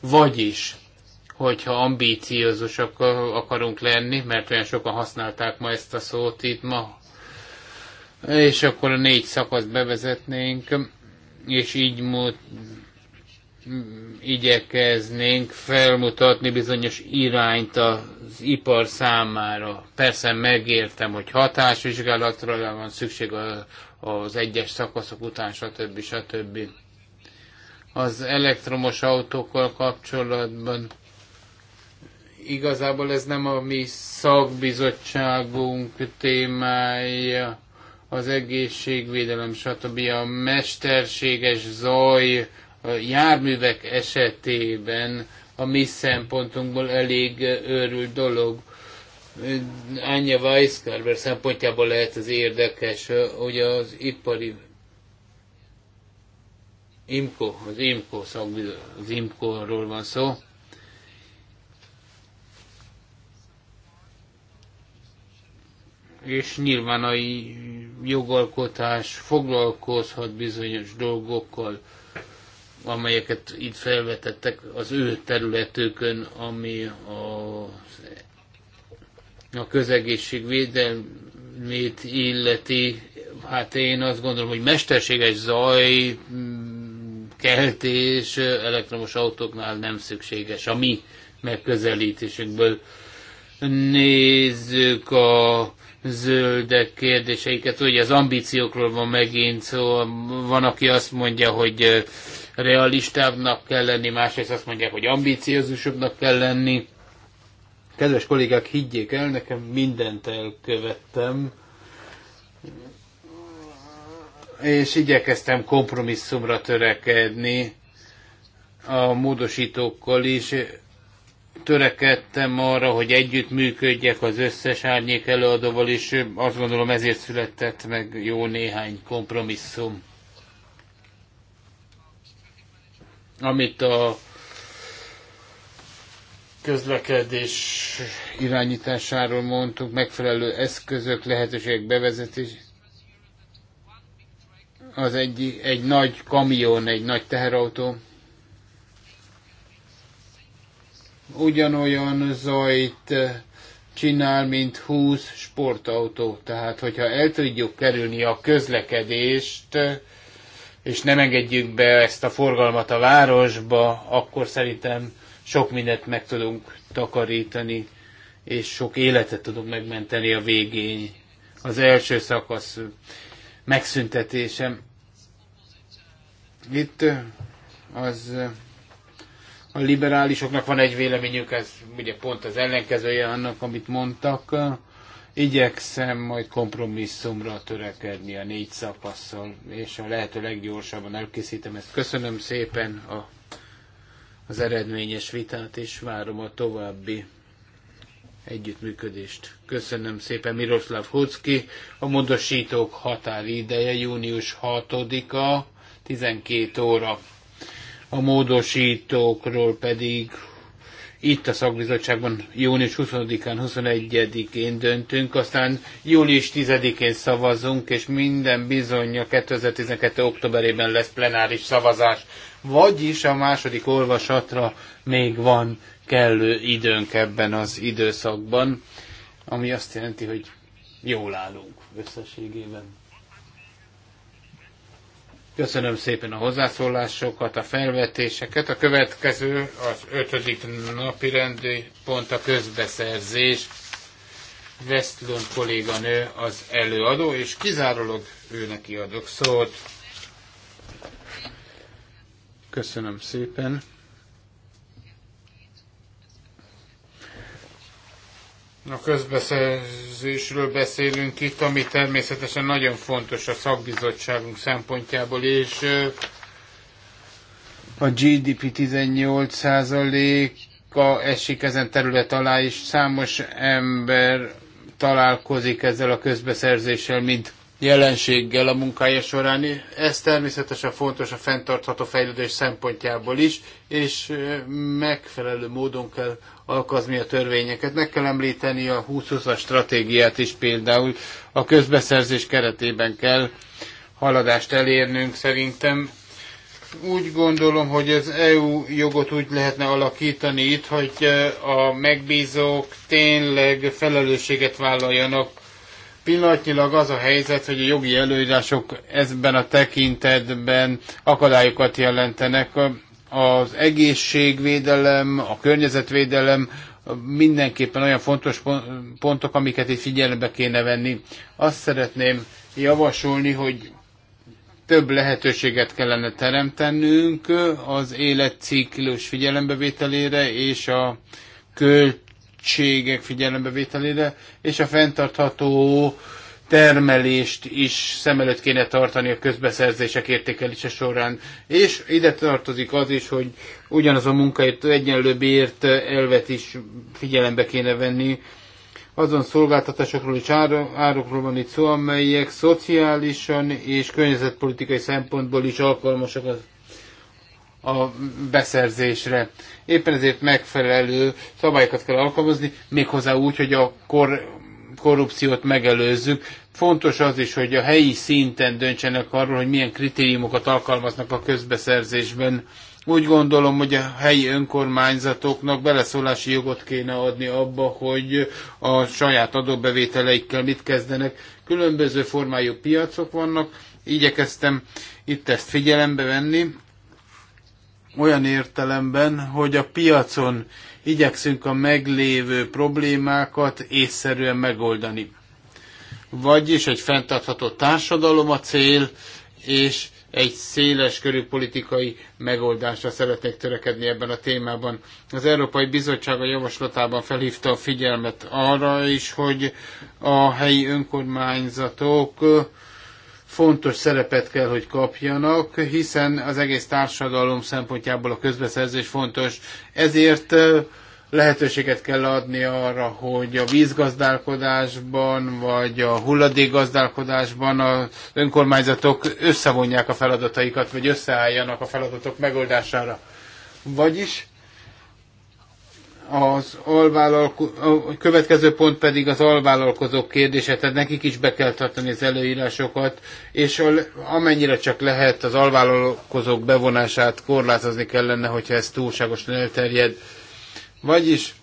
Vagyis, hogyha ambíciózusak akarunk lenni, mert olyan sokan használták ma ezt a szót itt ma, és akkor a négy szakaszt bevezetnénk, és így mód, igyekeznénk felmutatni bizonyos irányt az ipar számára. Persze megértem, hogy hatásvizsgálatra van szükség az egyes szakaszok után, stb. stb. Az elektromos autókkal kapcsolatban igazából ez nem a mi szakbizottságunk témája az egészségvédelem, stb. a mesterséges zaj a járművek esetében a mi szempontunkból elég őrült dolog. Anya Weiskarber szempontjából lehet ez érdekes, hogy az ipari IMCO, az IMCO szag, az IMCO-ról van szó. És nyilván a jogalkotás foglalkozhat bizonyos dolgokkal, amelyeket itt felvetettek az ő területükön, ami a, a közegészség védelmét illeti. Hát én azt gondolom, hogy mesterséges zaj, keltés elektromos autóknál nem szükséges a mi megközelítésünkből nézzük a zöldek kérdéseiket, ugye az ambíciókról van megint szó, szóval van, aki azt mondja, hogy realistábbnak kell lenni, másrészt azt mondják, hogy ambíciózusabbnak kell lenni. Kedves kollégák, higgyék el, nekem mindent elkövettem, és igyekeztem kompromisszumra törekedni a módosítókkal is, törekedtem arra, hogy együtt működjek az összes árnyék előadóval, és azt gondolom ezért született meg jó néhány kompromisszum. Amit a közlekedés irányításáról mondtuk, megfelelő eszközök, lehetőségek bevezetés. Az egy, egy nagy kamion, egy nagy teherautó ugyanolyan zajt csinál, mint 20 sportautó. Tehát, hogyha el tudjuk kerülni a közlekedést, és nem engedjük be ezt a forgalmat a városba, akkor szerintem sok mindent meg tudunk takarítani, és sok életet tudunk megmenteni a végén. Az első szakasz megszüntetésem. Itt az a liberálisoknak van egy véleményük, ez ugye pont az ellenkezője annak, amit mondtak. Igyekszem majd kompromisszumra törekedni a négy szakaszsal, és a lehető leggyorsabban elkészítem ezt. Köszönöm szépen a, az eredményes vitát, és várom a további együttműködést. Köszönöm szépen Miroslav Hucki. A módosítók határideje június 6-a, 12 óra. A módosítókról pedig itt a szakbizottságban június 20-án, 21-én döntünk, aztán július 10-én szavazunk, és minden bizony a 2012. októberében lesz plenáris szavazás. Vagyis a második olvasatra még van kellő időnk ebben az időszakban, ami azt jelenti, hogy jól állunk összességében. Köszönöm szépen a hozzászólásokat, a felvetéseket. A következő az ötödik napi rendi pont a közbeszerzés. Westlund kolléganő az előadó, és kizárólag ő neki adok szót. Köszönöm szépen. a közbeszerzésről beszélünk itt, ami természetesen nagyon fontos a szakbizottságunk szempontjából, és a GDP 18%-a esik ezen terület alá, és számos ember találkozik ezzel a közbeszerzéssel, mint jelenséggel a munkája során. Ez természetesen fontos a fenntartható fejlődés szempontjából is, és megfelelő módon kell alkalmazni a törvényeket. Meg kell említeni a 2020-as stratégiát is például. A közbeszerzés keretében kell haladást elérnünk szerintem. Úgy gondolom, hogy az EU jogot úgy lehetne alakítani itt, hogy eh, a megbízók tényleg felelősséget vállaljanak. Pillanatnyilag az a helyzet, hogy a jogi előírások ezben a tekintetben akadályokat jelentenek az egészségvédelem, a környezetvédelem mindenképpen olyan fontos pontok, amiket itt figyelembe kéne venni. Azt szeretném javasolni, hogy több lehetőséget kellene teremtenünk az életciklus figyelembevételére és a költségek figyelembevételére, és a fenntartható termelést is szem előtt kéne tartani a közbeszerzések értékelése során. És ide tartozik az is, hogy ugyanaz a munkáért egyenlő bért elvet is figyelembe kéne venni. Azon szolgáltatásokról és árokról van itt szó, amelyek szociálisan és környezetpolitikai szempontból is alkalmasak az a beszerzésre. Éppen ezért megfelelő szabályokat kell alkalmazni, méghozzá úgy, hogy a kor korrupciót megelőzzük. Fontos az is, hogy a helyi szinten döntsenek arról, hogy milyen kritériumokat alkalmaznak a közbeszerzésben. Úgy gondolom, hogy a helyi önkormányzatoknak beleszólási jogot kéne adni abba, hogy a saját adóbevételeikkel mit kezdenek. Különböző formájú piacok vannak, igyekeztem itt ezt figyelembe venni olyan értelemben, hogy a piacon igyekszünk a meglévő problémákat észszerűen megoldani. Vagyis egy fenntartható társadalom a cél, és egy széles körű politikai megoldásra szeretnék törekedni ebben a témában. Az Európai Bizottság a javaslatában felhívta a figyelmet arra is, hogy a helyi önkormányzatok fontos szerepet kell, hogy kapjanak, hiszen az egész társadalom szempontjából a közbeszerzés fontos. Ezért lehetőséget kell adni arra, hogy a vízgazdálkodásban, vagy a hulladékgazdálkodásban az önkormányzatok összevonják a feladataikat, vagy összeálljanak a feladatok megoldására. Vagyis az alvállalko- a következő pont pedig az alvállalkozók kérdése, tehát nekik is be kell tartani az előírásokat, és a, amennyire csak lehet az alvállalkozók bevonását korlátozni kellene, hogyha ez túlságosan elterjed. Vagyis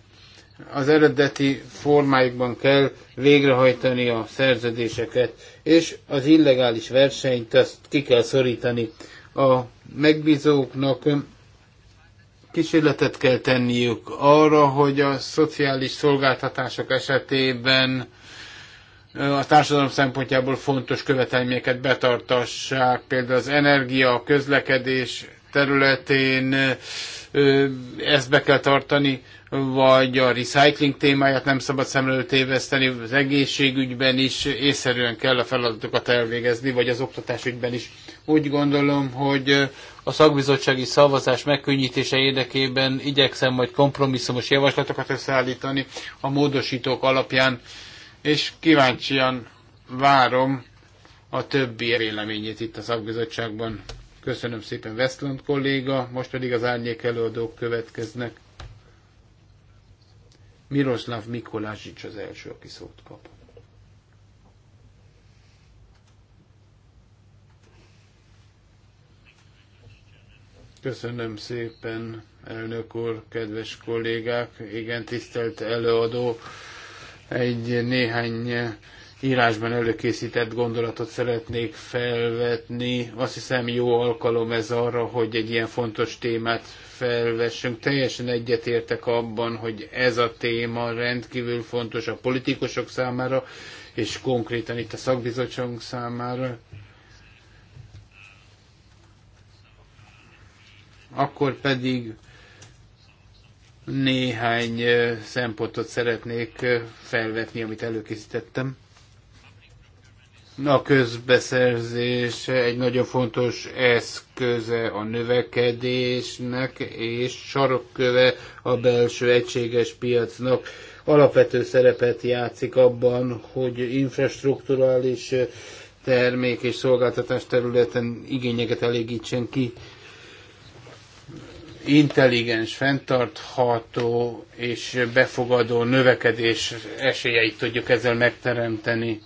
az eredeti formáikban kell végrehajtani a szerződéseket, és az illegális versenyt azt ki kell szorítani. A megbízóknak kísérletet kell tenniük arra, hogy a szociális szolgáltatások esetében a társadalom szempontjából fontos követelményeket betartassák, például az energia, a közlekedés területén ezt be kell tartani vagy a recycling témáját nem szabad előtt téveszteni, az egészségügyben is észszerűen kell a feladatokat elvégezni, vagy az oktatásügyben is. Úgy gondolom, hogy a szakbizottsági szavazás megkönnyítése érdekében igyekszem majd kompromisszumos javaslatokat összeállítani a módosítók alapján, és kíváncsian várom a többi véleményét itt a szakbizottságban. Köszönöm szépen Westland kolléga, most pedig az árnyék előadók következnek. Miroslav Mikolásics az első, aki szót kap. Köszönöm szépen, elnök úr, kedves kollégák, igen, tisztelt előadó. Egy néhány írásban előkészített gondolatot szeretnék felvetni. Azt hiszem jó alkalom ez arra, hogy egy ilyen fontos témát felvessünk. Teljesen egyetértek abban, hogy ez a téma rendkívül fontos a politikusok számára, és konkrétan itt a szakbizottságunk számára. Akkor pedig néhány eh, szempontot szeretnék eh, felvetni, amit előkészítettem. A közbeszerzés egy nagyon fontos eszköze a növekedésnek, és sarokköve a belső egységes piacnak. Alapvető szerepet játszik abban, hogy infrastruktúrális termék és szolgáltatás területen igényeket elégítsen ki intelligens, fenntartható és befogadó növekedés esélyeit tudjuk ezzel megteremteni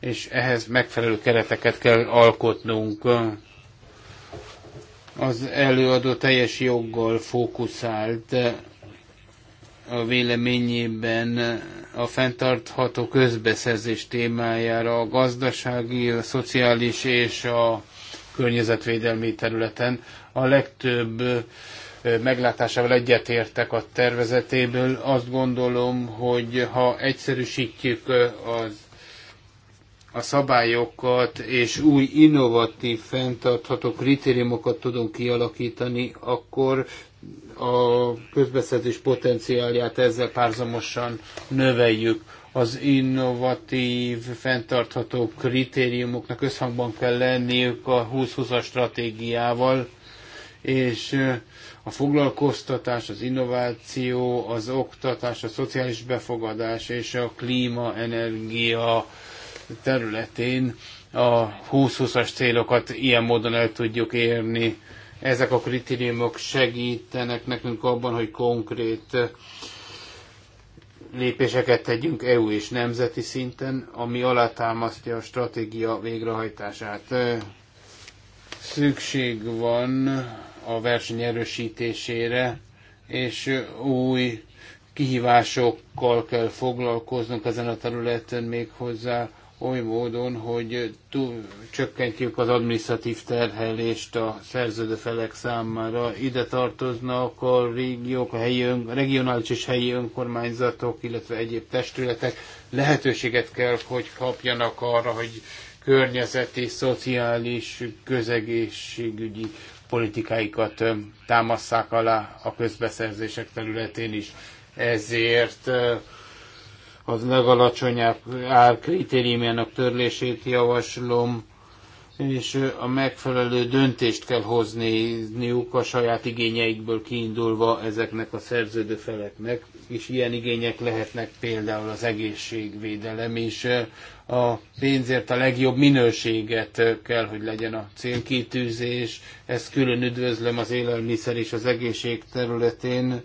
és ehhez megfelelő kereteket kell alkotnunk. Az előadó teljes joggal fókuszált a véleményében a fenntartható közbeszerzés témájára a gazdasági, a szociális és a környezetvédelmi területen. A legtöbb meglátásával egyetértek a tervezetéből. Azt gondolom, hogy ha egyszerűsítjük az a szabályokat, és új innovatív, fenntartható kritériumokat tudunk kialakítani, akkor a közbeszerzés potenciálját ezzel párzamosan növeljük. Az innovatív, fenntartható kritériumoknak összhangban kell lenniük a 2020-as stratégiával, és a foglalkoztatás, az innováció, az oktatás, a szociális befogadás és a klíma, energia, területén a 20-20-as célokat ilyen módon el tudjuk érni. Ezek a kritériumok segítenek nekünk abban, hogy konkrét lépéseket tegyünk EU és nemzeti szinten, ami alátámasztja a stratégia végrehajtását. Szükség van a verseny erősítésére, és új kihívásokkal kell foglalkoznunk ezen a területen még hozzá oly módon, hogy túl, csökkentjük az administratív terhelést a szerződő felek számára. Ide tartoznak a régiók, a helyi ön, a regionális és helyi önkormányzatok, illetve egyéb testületek lehetőséget kell, hogy kapjanak arra, hogy környezeti, szociális, közegészségügyi politikáikat támasszák alá a közbeszerzések területén is. Ezért az legalacsonyabb ár kritériumjának törlését javaslom, és a megfelelő döntést kell hozniuk a saját igényeikből kiindulva ezeknek a szerződő feleknek, és ilyen igények lehetnek például az egészségvédelem is. A pénzért a legjobb minőséget kell, hogy legyen a célkitűzés. Ezt külön üdvözlöm az élelmiszer és az egészség területén,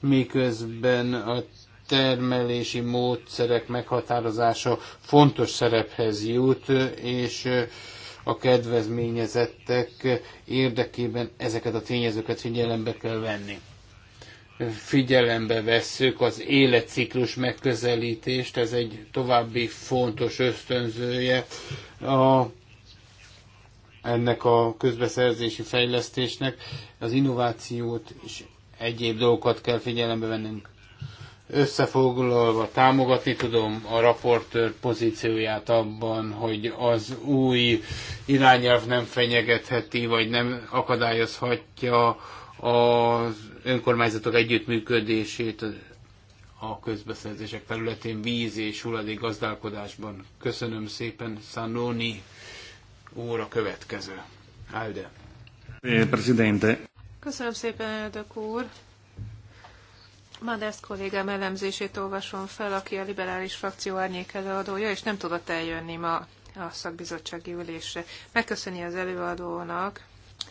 miközben a termelési módszerek meghatározása fontos szerephez jut, és a kedvezményezettek érdekében ezeket a tényezőket figyelembe kell venni. Figyelembe vesszük az életciklus megközelítést, ez egy további fontos ösztönzője a, ennek a közbeszerzési fejlesztésnek. Az innovációt és egyéb dolgokat kell figyelembe vennünk Összefoglalva támogatni tudom a raportőr pozícióját abban, hogy az új irányelv nem fenyegetheti, vagy nem akadályozhatja az önkormányzatok együttműködését a közbeszerzések területén víz és hulladék gazdálkodásban. Köszönöm szépen, Sanoni óra következő. Alde. Presidente. Köszönöm szépen, elnök úr. Manders kollégám elemzését olvasom fel, aki a liberális frakció árnyék előadója, és nem tudott eljönni ma a szakbizottsági ülésre. Megköszöni az előadónak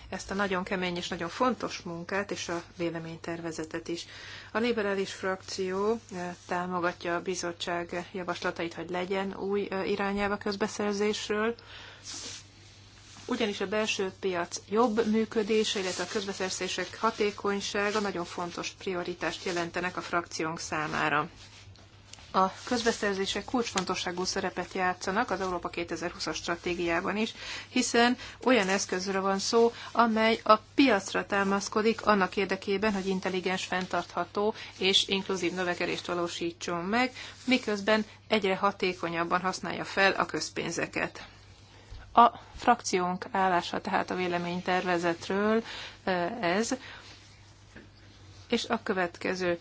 ezt a nagyon kemény és nagyon fontos munkát és a véleménytervezetet is. A liberális frakció eh, támogatja a bizottság javaslatait, hogy legyen új eh, irányába közbeszerzésről, ugyanis a belső piac jobb működése, illetve a közbeszerzések hatékonysága nagyon fontos prioritást jelentenek a frakciónk számára. A közbeszerzések kulcsfontosságú szerepet játszanak az Európa 2020-as stratégiában is, hiszen olyan eszközről van szó, amely a piacra támaszkodik annak érdekében, hogy intelligens, fenntartható és inkluzív növekedést valósítson meg, miközben egyre hatékonyabban használja fel a közpénzeket. A frakciónk állása tehát a véleménytervezetről ez, és a következő.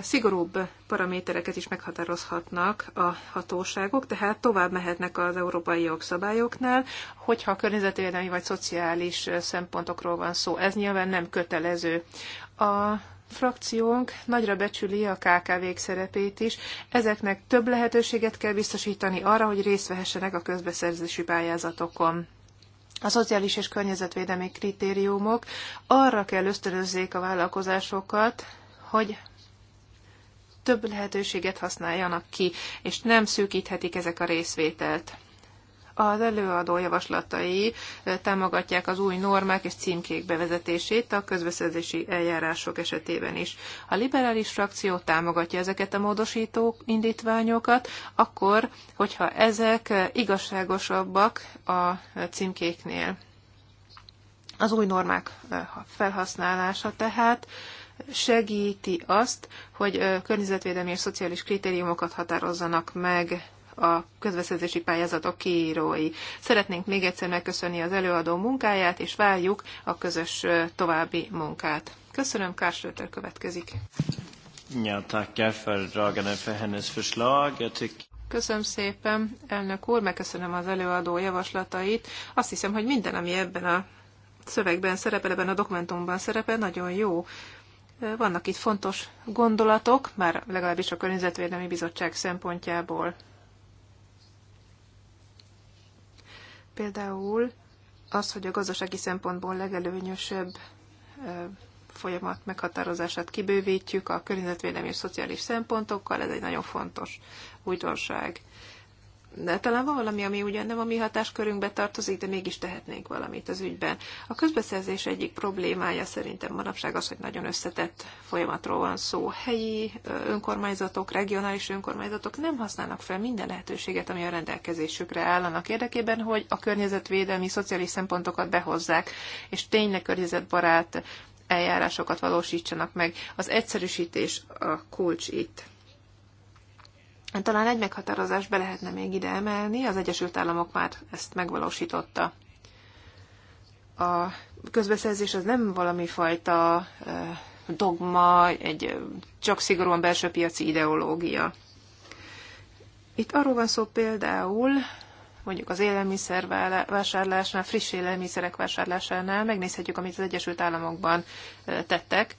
Szigorúbb paramétereket is meghatározhatnak a hatóságok, tehát tovább mehetnek az európai jogszabályoknál, hogyha a környezetvédelmi vagy szociális szempontokról van szó. Ez nyilván nem kötelező. A frakciónk nagyra becsüli a KKV-k szerepét is. Ezeknek több lehetőséget kell biztosítani arra, hogy részt vehessenek a közbeszerzési pályázatokon. A szociális és környezetvédelmi kritériumok arra kell ösztönözzék a vállalkozásokat, hogy több lehetőséget használjanak ki, és nem szűkíthetik ezek a részvételt. Az előadó javaslatai eh, támogatják az új normák és címkék bevezetését a közbeszerzési eljárások esetében is. A liberális frakció támogatja ezeket a módosító indítványokat, akkor, hogyha ezek eh, igazságosabbak a eh, címkéknél. Az új normák felhasználása tehát segíti azt, hogy környezetvédelmi és szociális kritériumokat határozzanak meg a közbeszerzési pályázatok kiírói. Szeretnénk még egyszer megköszönni az előadó munkáját, és várjuk a közös további munkát. Köszönöm, Kárslöter következik. Ja, tackar föredraganden för hennes förslag. Jag tycker... Köszönöm szépen, elnök úr, megköszönöm az előadó javaslatait. Azt hiszem, hogy minden, ami ebben a szövegben szerepel, ebben a dokumentumban szerepel, nagyon jó. Vannak itt fontos gondolatok, már legalábbis a Környezetvédelmi Bizottság szempontjából. Például az, hogy a gazdasági szempontból legelőnyösebb folyamat meghatározását kibővítjük a környezetvédelmi és szociális szempontokkal, ez egy nagyon fontos újdonság de talán van valami, ami ugyan nem a mi hatáskörünkbe tartozik, de mégis tehetnénk valamit az ügyben. A közbeszerzés egyik problémája szerintem manapság az, hogy nagyon összetett folyamatról van szó. Helyi önkormányzatok, regionális önkormányzatok nem használnak fel minden lehetőséget, ami a rendelkezésükre áll annak érdekében, hogy a környezetvédelmi, szociális szempontokat behozzák, és tényleg környezetbarát eljárásokat valósítsanak meg. Az egyszerűsítés a kulcs itt. Talán egy meghatározást be lehetne még ide emelni, az Egyesült Államok már ezt megvalósította. A közbeszerzés az nem valami fajta dogma, egy csak szigorúan belső piaci ideológia. Itt arról van szó például, mondjuk az élelmiszer vásárlásnál, friss élelmiszerek vásárlásánál megnézhetjük, amit az Egyesült Államokban tettek.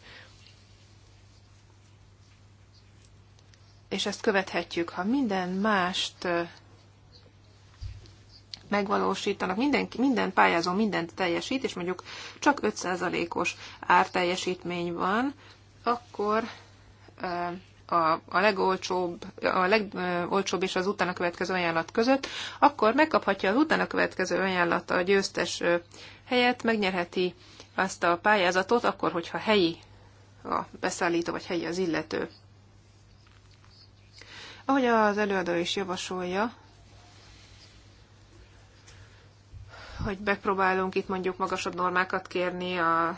és ezt követhetjük, ha minden mást megvalósítanak, minden, minden pályázó mindent teljesít, és mondjuk csak 5%-os árteljesítmény van, akkor a, a legolcsóbb, a legolcsóbb és az utána következő ajánlat között, akkor megkaphatja az utána következő ajánlata a győztes helyet, megnyerheti azt a pályázatot, akkor, hogyha helyi a beszállító, vagy helyi az illető. Ahogy az előadó is javasolja, hogy megpróbálunk itt mondjuk magasabb normákat kérni a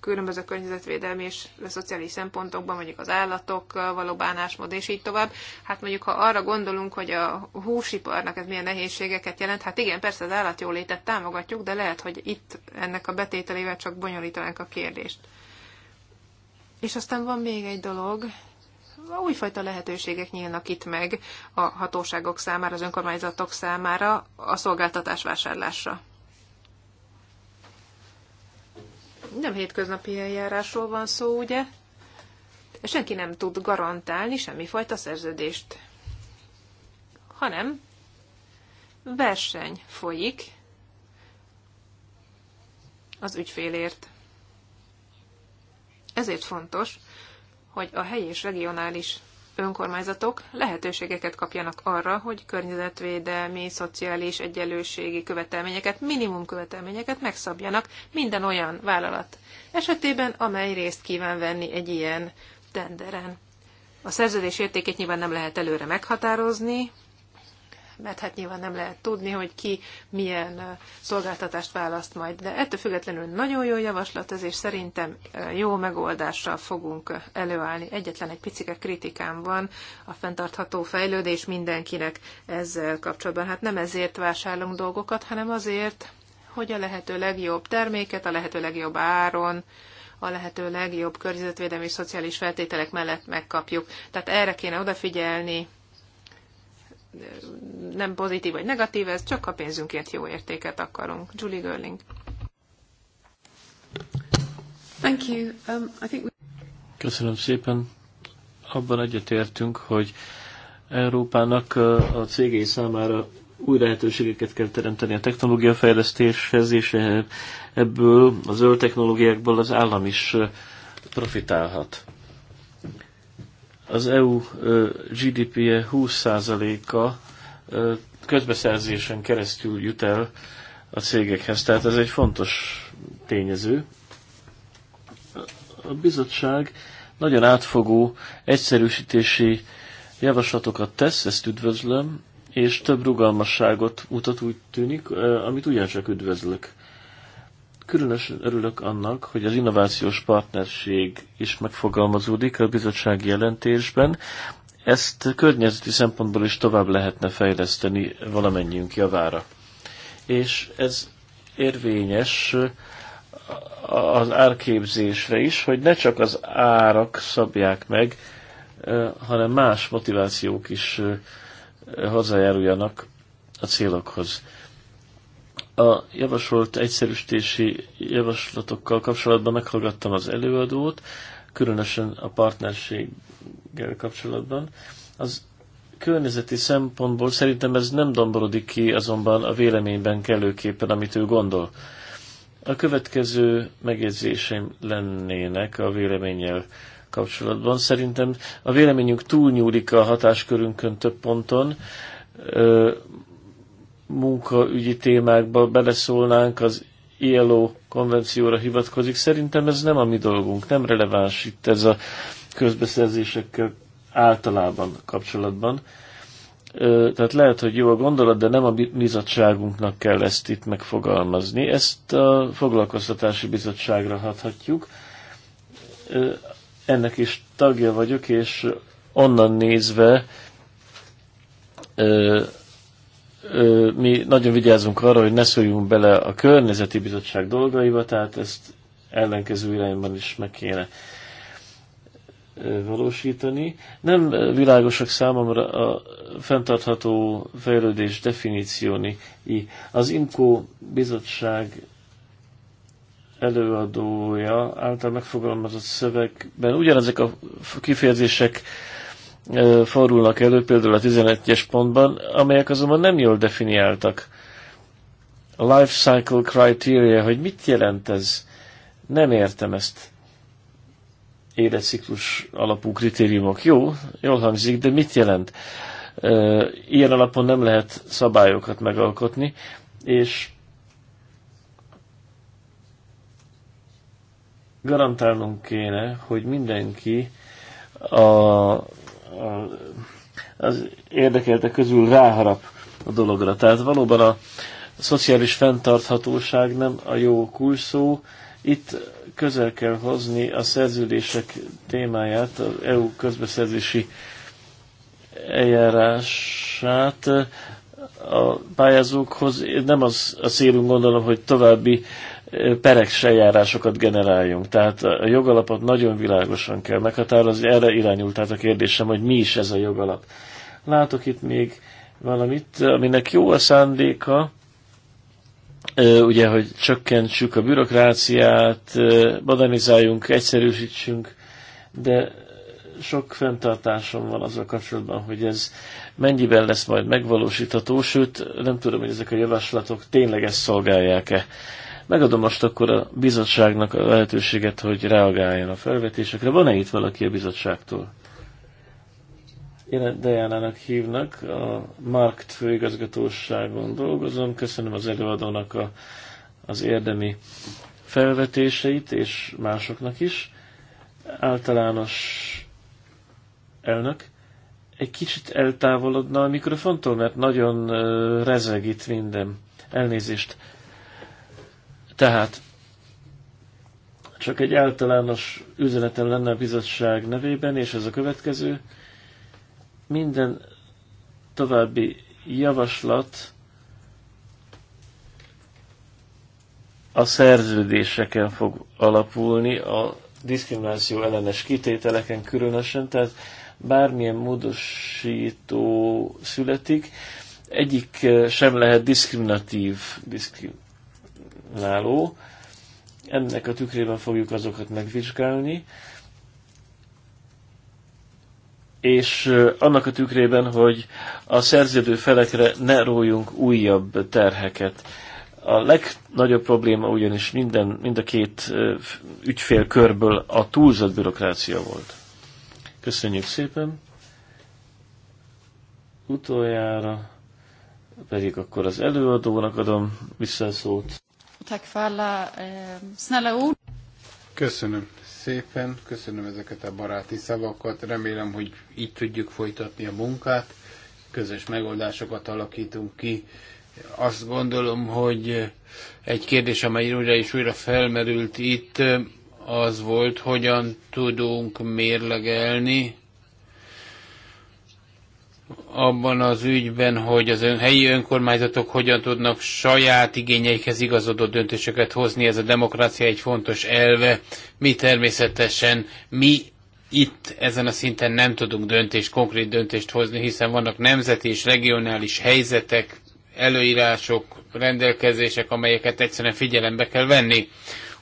különböző környezetvédelmi és szociális szempontokban, mondjuk az állatok való bánásmód, és így tovább. Hát mondjuk, ha arra gondolunk, hogy a húsiparnak ez milyen nehézségeket jelent, hát igen, persze az állatjólétet támogatjuk, de lehet, hogy itt ennek a betételével csak bonyolítanánk a kérdést. És aztán van még egy dolog, újfajta lehetőségek nyílnak itt meg a hatóságok számára, az önkormányzatok számára a szolgáltatás vásárlásra. Nem hétköznapi eljárásról van szó, ugye? Senki nem tud garantálni semmifajta szerződést, hanem verseny folyik az ügyfélért. Ezért fontos, hogy a helyi és regionális önkormányzatok lehetőségeket kapjanak arra, hogy környezetvédelmi, szociális, egyenlőségi követelményeket, minimum követelményeket megszabjanak minden olyan vállalat esetében, amely részt kíván venni egy ilyen tenderen. A szerződés értékét nyilván nem lehet előre meghatározni, mert hát nyilván nem lehet tudni, hogy ki milyen szolgáltatást választ majd. De ettől függetlenül nagyon jó javaslat ez, és szerintem jó megoldással fogunk előállni. Egyetlen egy picike kritikám van a fenntartható fejlődés mindenkinek ezzel kapcsolatban. Hát nem ezért vásárolunk dolgokat, hanem azért, hogy a lehető legjobb terméket, a lehető legjobb áron, a lehető legjobb környezetvédelmi és szociális feltételek mellett megkapjuk. Tehát erre kéne odafigyelni, nem pozitív vagy negatív, ez csak a pénzünkért jó értéket akarunk. Julie Görling. Thank you. Um, I think we... Köszönöm szépen. Abban egyetértünk, hogy Európának a cégei számára új lehetőségeket kell teremteni a technológiafejlesztéshez, és e- ebből a zöld technológiákból az állam is profitálhat az EU GDP-je 20%-a közbeszerzésen keresztül jut el a cégekhez, tehát ez egy fontos tényező. A bizottság nagyon átfogó egyszerűsítési javaslatokat tesz, ezt üdvözlöm, és több rugalmasságot mutat úgy tűnik, amit ugyancsak üdvözlök. Különösen örülök annak, hogy az innovációs partnerség is megfogalmazódik a bizottsági jelentésben. Ezt környezeti szempontból is tovább lehetne fejleszteni valamennyiünk javára. És ez érvényes az árképzésre is, hogy ne csak az árak szabják meg, hanem más motivációk is hozzájáruljanak a célokhoz. A javasolt egyszerűsítési javaslatokkal kapcsolatban meghallgattam az előadót, különösen a partnerséggel kapcsolatban. Az környezeti szempontból szerintem ez nem domborodik ki azonban a véleményben kellőképpen, amit ő gondol. A következő megjegyzéseim lennének a véleménnyel kapcsolatban. Szerintem a véleményünk túlnyúlik a hatáskörünkön több ponton munkaügyi témákba beleszólnánk, az ILO konvencióra hivatkozik. Szerintem ez nem a mi dolgunk, nem releváns itt ez a közbeszerzésekkel általában kapcsolatban. Tehát lehet, hogy jó a gondolat, de nem a bizottságunknak kell ezt itt megfogalmazni. Ezt a foglalkoztatási bizottságra hathatjuk. Ennek is tagja vagyok, és onnan nézve mi nagyon vigyázunk arra, hogy ne szóljunk bele a környezeti bizottság dolgaiba, tehát ezt ellenkező irányban is meg kéne valósítani. Nem világosak számomra a fenntartható fejlődés definícióni. Az INKO bizottság előadója által megfogalmazott szövegben ugyanezek a kifejezések fordulnak elő, például a 11-es pontban, amelyek azonban nem jól definiáltak. A life cycle criteria, hogy mit jelent ez? Nem értem ezt. Életciklus alapú kritériumok. Jó, jól hangzik, de mit jelent? Ilyen alapon nem lehet szabályokat megalkotni, és garantálnunk kéne, hogy mindenki a a, az érdekeltek közül ráharap a dologra. Tehát valóban a szociális fenntarthatóság nem a jó kulszó. Itt közel kell hozni a szerződések témáját, az EU közbeszerzési eljárását a pályázókhoz. Nem az a célunk, gondolom, hogy további pereks eljárásokat generáljunk. Tehát a jogalapot nagyon világosan kell meghatározni, erre irányult tehát a kérdésem, hogy mi is ez a jogalap. Látok itt még valamit, aminek jó a szándéka, ugye, hogy csökkentsük a bürokráciát, modernizáljunk, egyszerűsítsünk, de sok fenntartásom van azzal kapcsolatban, hogy ez mennyiben lesz majd megvalósítható, sőt, nem tudom, hogy ezek a javaslatok tényleg ezt szolgálják-e. Megadom most akkor a bizottságnak a lehetőséget, hogy reagáljon a felvetésekre. Van-e itt valaki a bizottságtól? Én Dejánának hívnak, a Markt főigazgatóságon dolgozom. Köszönöm az előadónak a, az érdemi felvetéseit, és másoknak is. Általános elnök egy kicsit eltávolodna a mikrofontól, mert nagyon rezeg itt minden. Elnézést. Tehát csak egy általános üzenetem lenne a bizottság nevében, és ez a következő. Minden további javaslat a szerződéseken fog alapulni, a diszkrimináció ellenes kitételeken különösen, tehát bármilyen módosító születik, egyik sem lehet diszkriminatív, diszkriminatív fennálló. Ennek a tükrében fogjuk azokat megvizsgálni, és annak a tükrében, hogy a szerződő felekre ne rójunk újabb terheket. A legnagyobb probléma ugyanis minden, mind a két ügyfélkörből a túlzott bürokrácia volt. Köszönjük szépen! Utoljára pedig akkor az előadónak adom vissza a szót. Tack för alla eh, snälla ord. Köszönöm szépen, köszönöm ezeket a baráti szavakat. Remélem, hogy így tudjuk folytatni a munkát, közös megoldásokat alakítunk ki. Azt gondolom, hogy egy kérdés, amely újra és újra felmerült itt, az volt, hogyan tudunk mérlegelni abban az ügyben, hogy az ön, helyi önkormányzatok hogyan tudnak saját igényeikhez igazodó döntéseket hozni, ez a demokrácia egy fontos elve. Mi természetesen, mi itt ezen a szinten nem tudunk döntést, konkrét döntést hozni, hiszen vannak nemzeti és regionális helyzetek, előírások, rendelkezések, amelyeket egyszerűen figyelembe kell venni.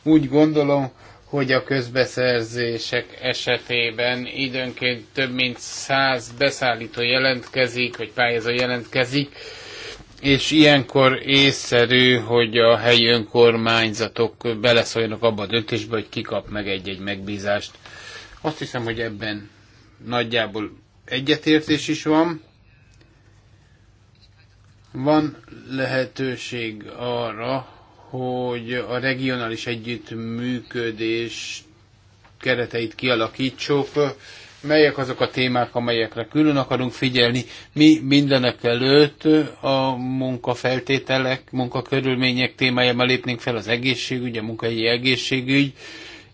Úgy gondolom, hogy a közbeszerzések esetében időnként több mint száz beszállító jelentkezik, vagy pályázó jelentkezik, és ilyenkor észszerű, hogy a helyi önkormányzatok beleszóljanak abba a döntésbe, hogy kikap meg egy-egy megbízást. Azt hiszem, hogy ebben nagyjából egyetértés is van. Van lehetőség arra, hogy a regionális együttműködés kereteit kialakítsuk, melyek azok a témák, amelyekre külön akarunk figyelni. Mi mindenek előtt a munkafeltételek, munkakörülmények témájában lépnénk fel az egészségügy, a munkahelyi egészségügy,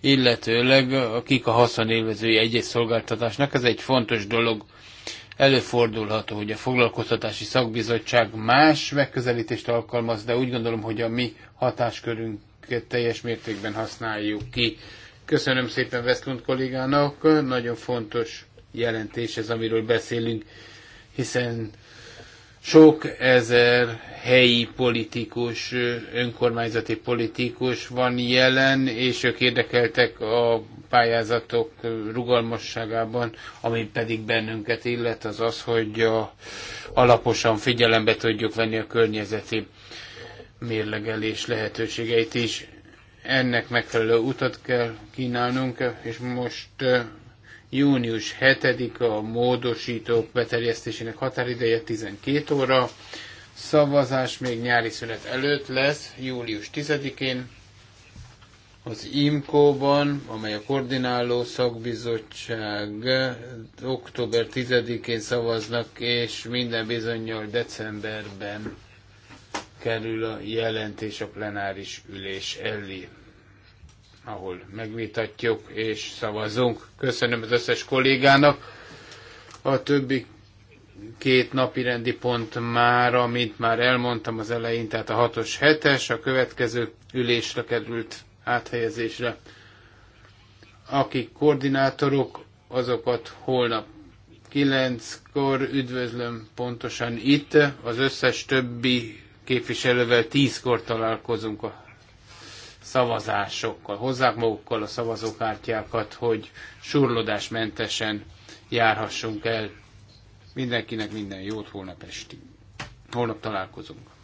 illetőleg kik a haszonélvezői egy-egy szolgáltatásnak. Ez egy fontos dolog. Előfordulható, hogy a foglalkoztatási szakbizottság más megközelítést alkalmaz, de úgy gondolom, hogy a mi hatáskörünket teljes mértékben használjuk ki. Köszönöm szépen Westlund kollégának, nagyon fontos jelentés ez, amiről beszélünk, hiszen sok ezer helyi politikus, önkormányzati politikus van jelen, és ők érdekeltek a pályázatok rugalmasságában, ami pedig bennünket illet, az az, hogy a, alaposan figyelembe tudjuk venni a környezeti mérlegelés lehetőségeit is. Ennek megfelelő utat kell kínálnunk, és most Június 7-a a módosítók beterjesztésének határideje 12 óra. Szavazás még nyári szünet előtt lesz, július 10-én. Az IMCO-ban, amely a koordináló szakbizottság, október 10-én szavaznak, és minden bizonyal decemberben kerül a jelentés a plenáris ülés elé ahol megvitatjuk és szavazunk. Köszönöm az összes kollégának. A többi két napi rendi pont már, amit már elmondtam az elején, tehát a 6-os 7-es, a következő ülésre került áthelyezésre. Akik koordinátorok, azokat holnap kilenckor üdvözlöm pontosan itt, az összes többi képviselővel 10-kor találkozunk a szavazásokkal, hozzák magukkal a szavazókártyákat, hogy surlodásmentesen járhassunk el. Mindenkinek minden jót, holnap esti. Holnap találkozunk.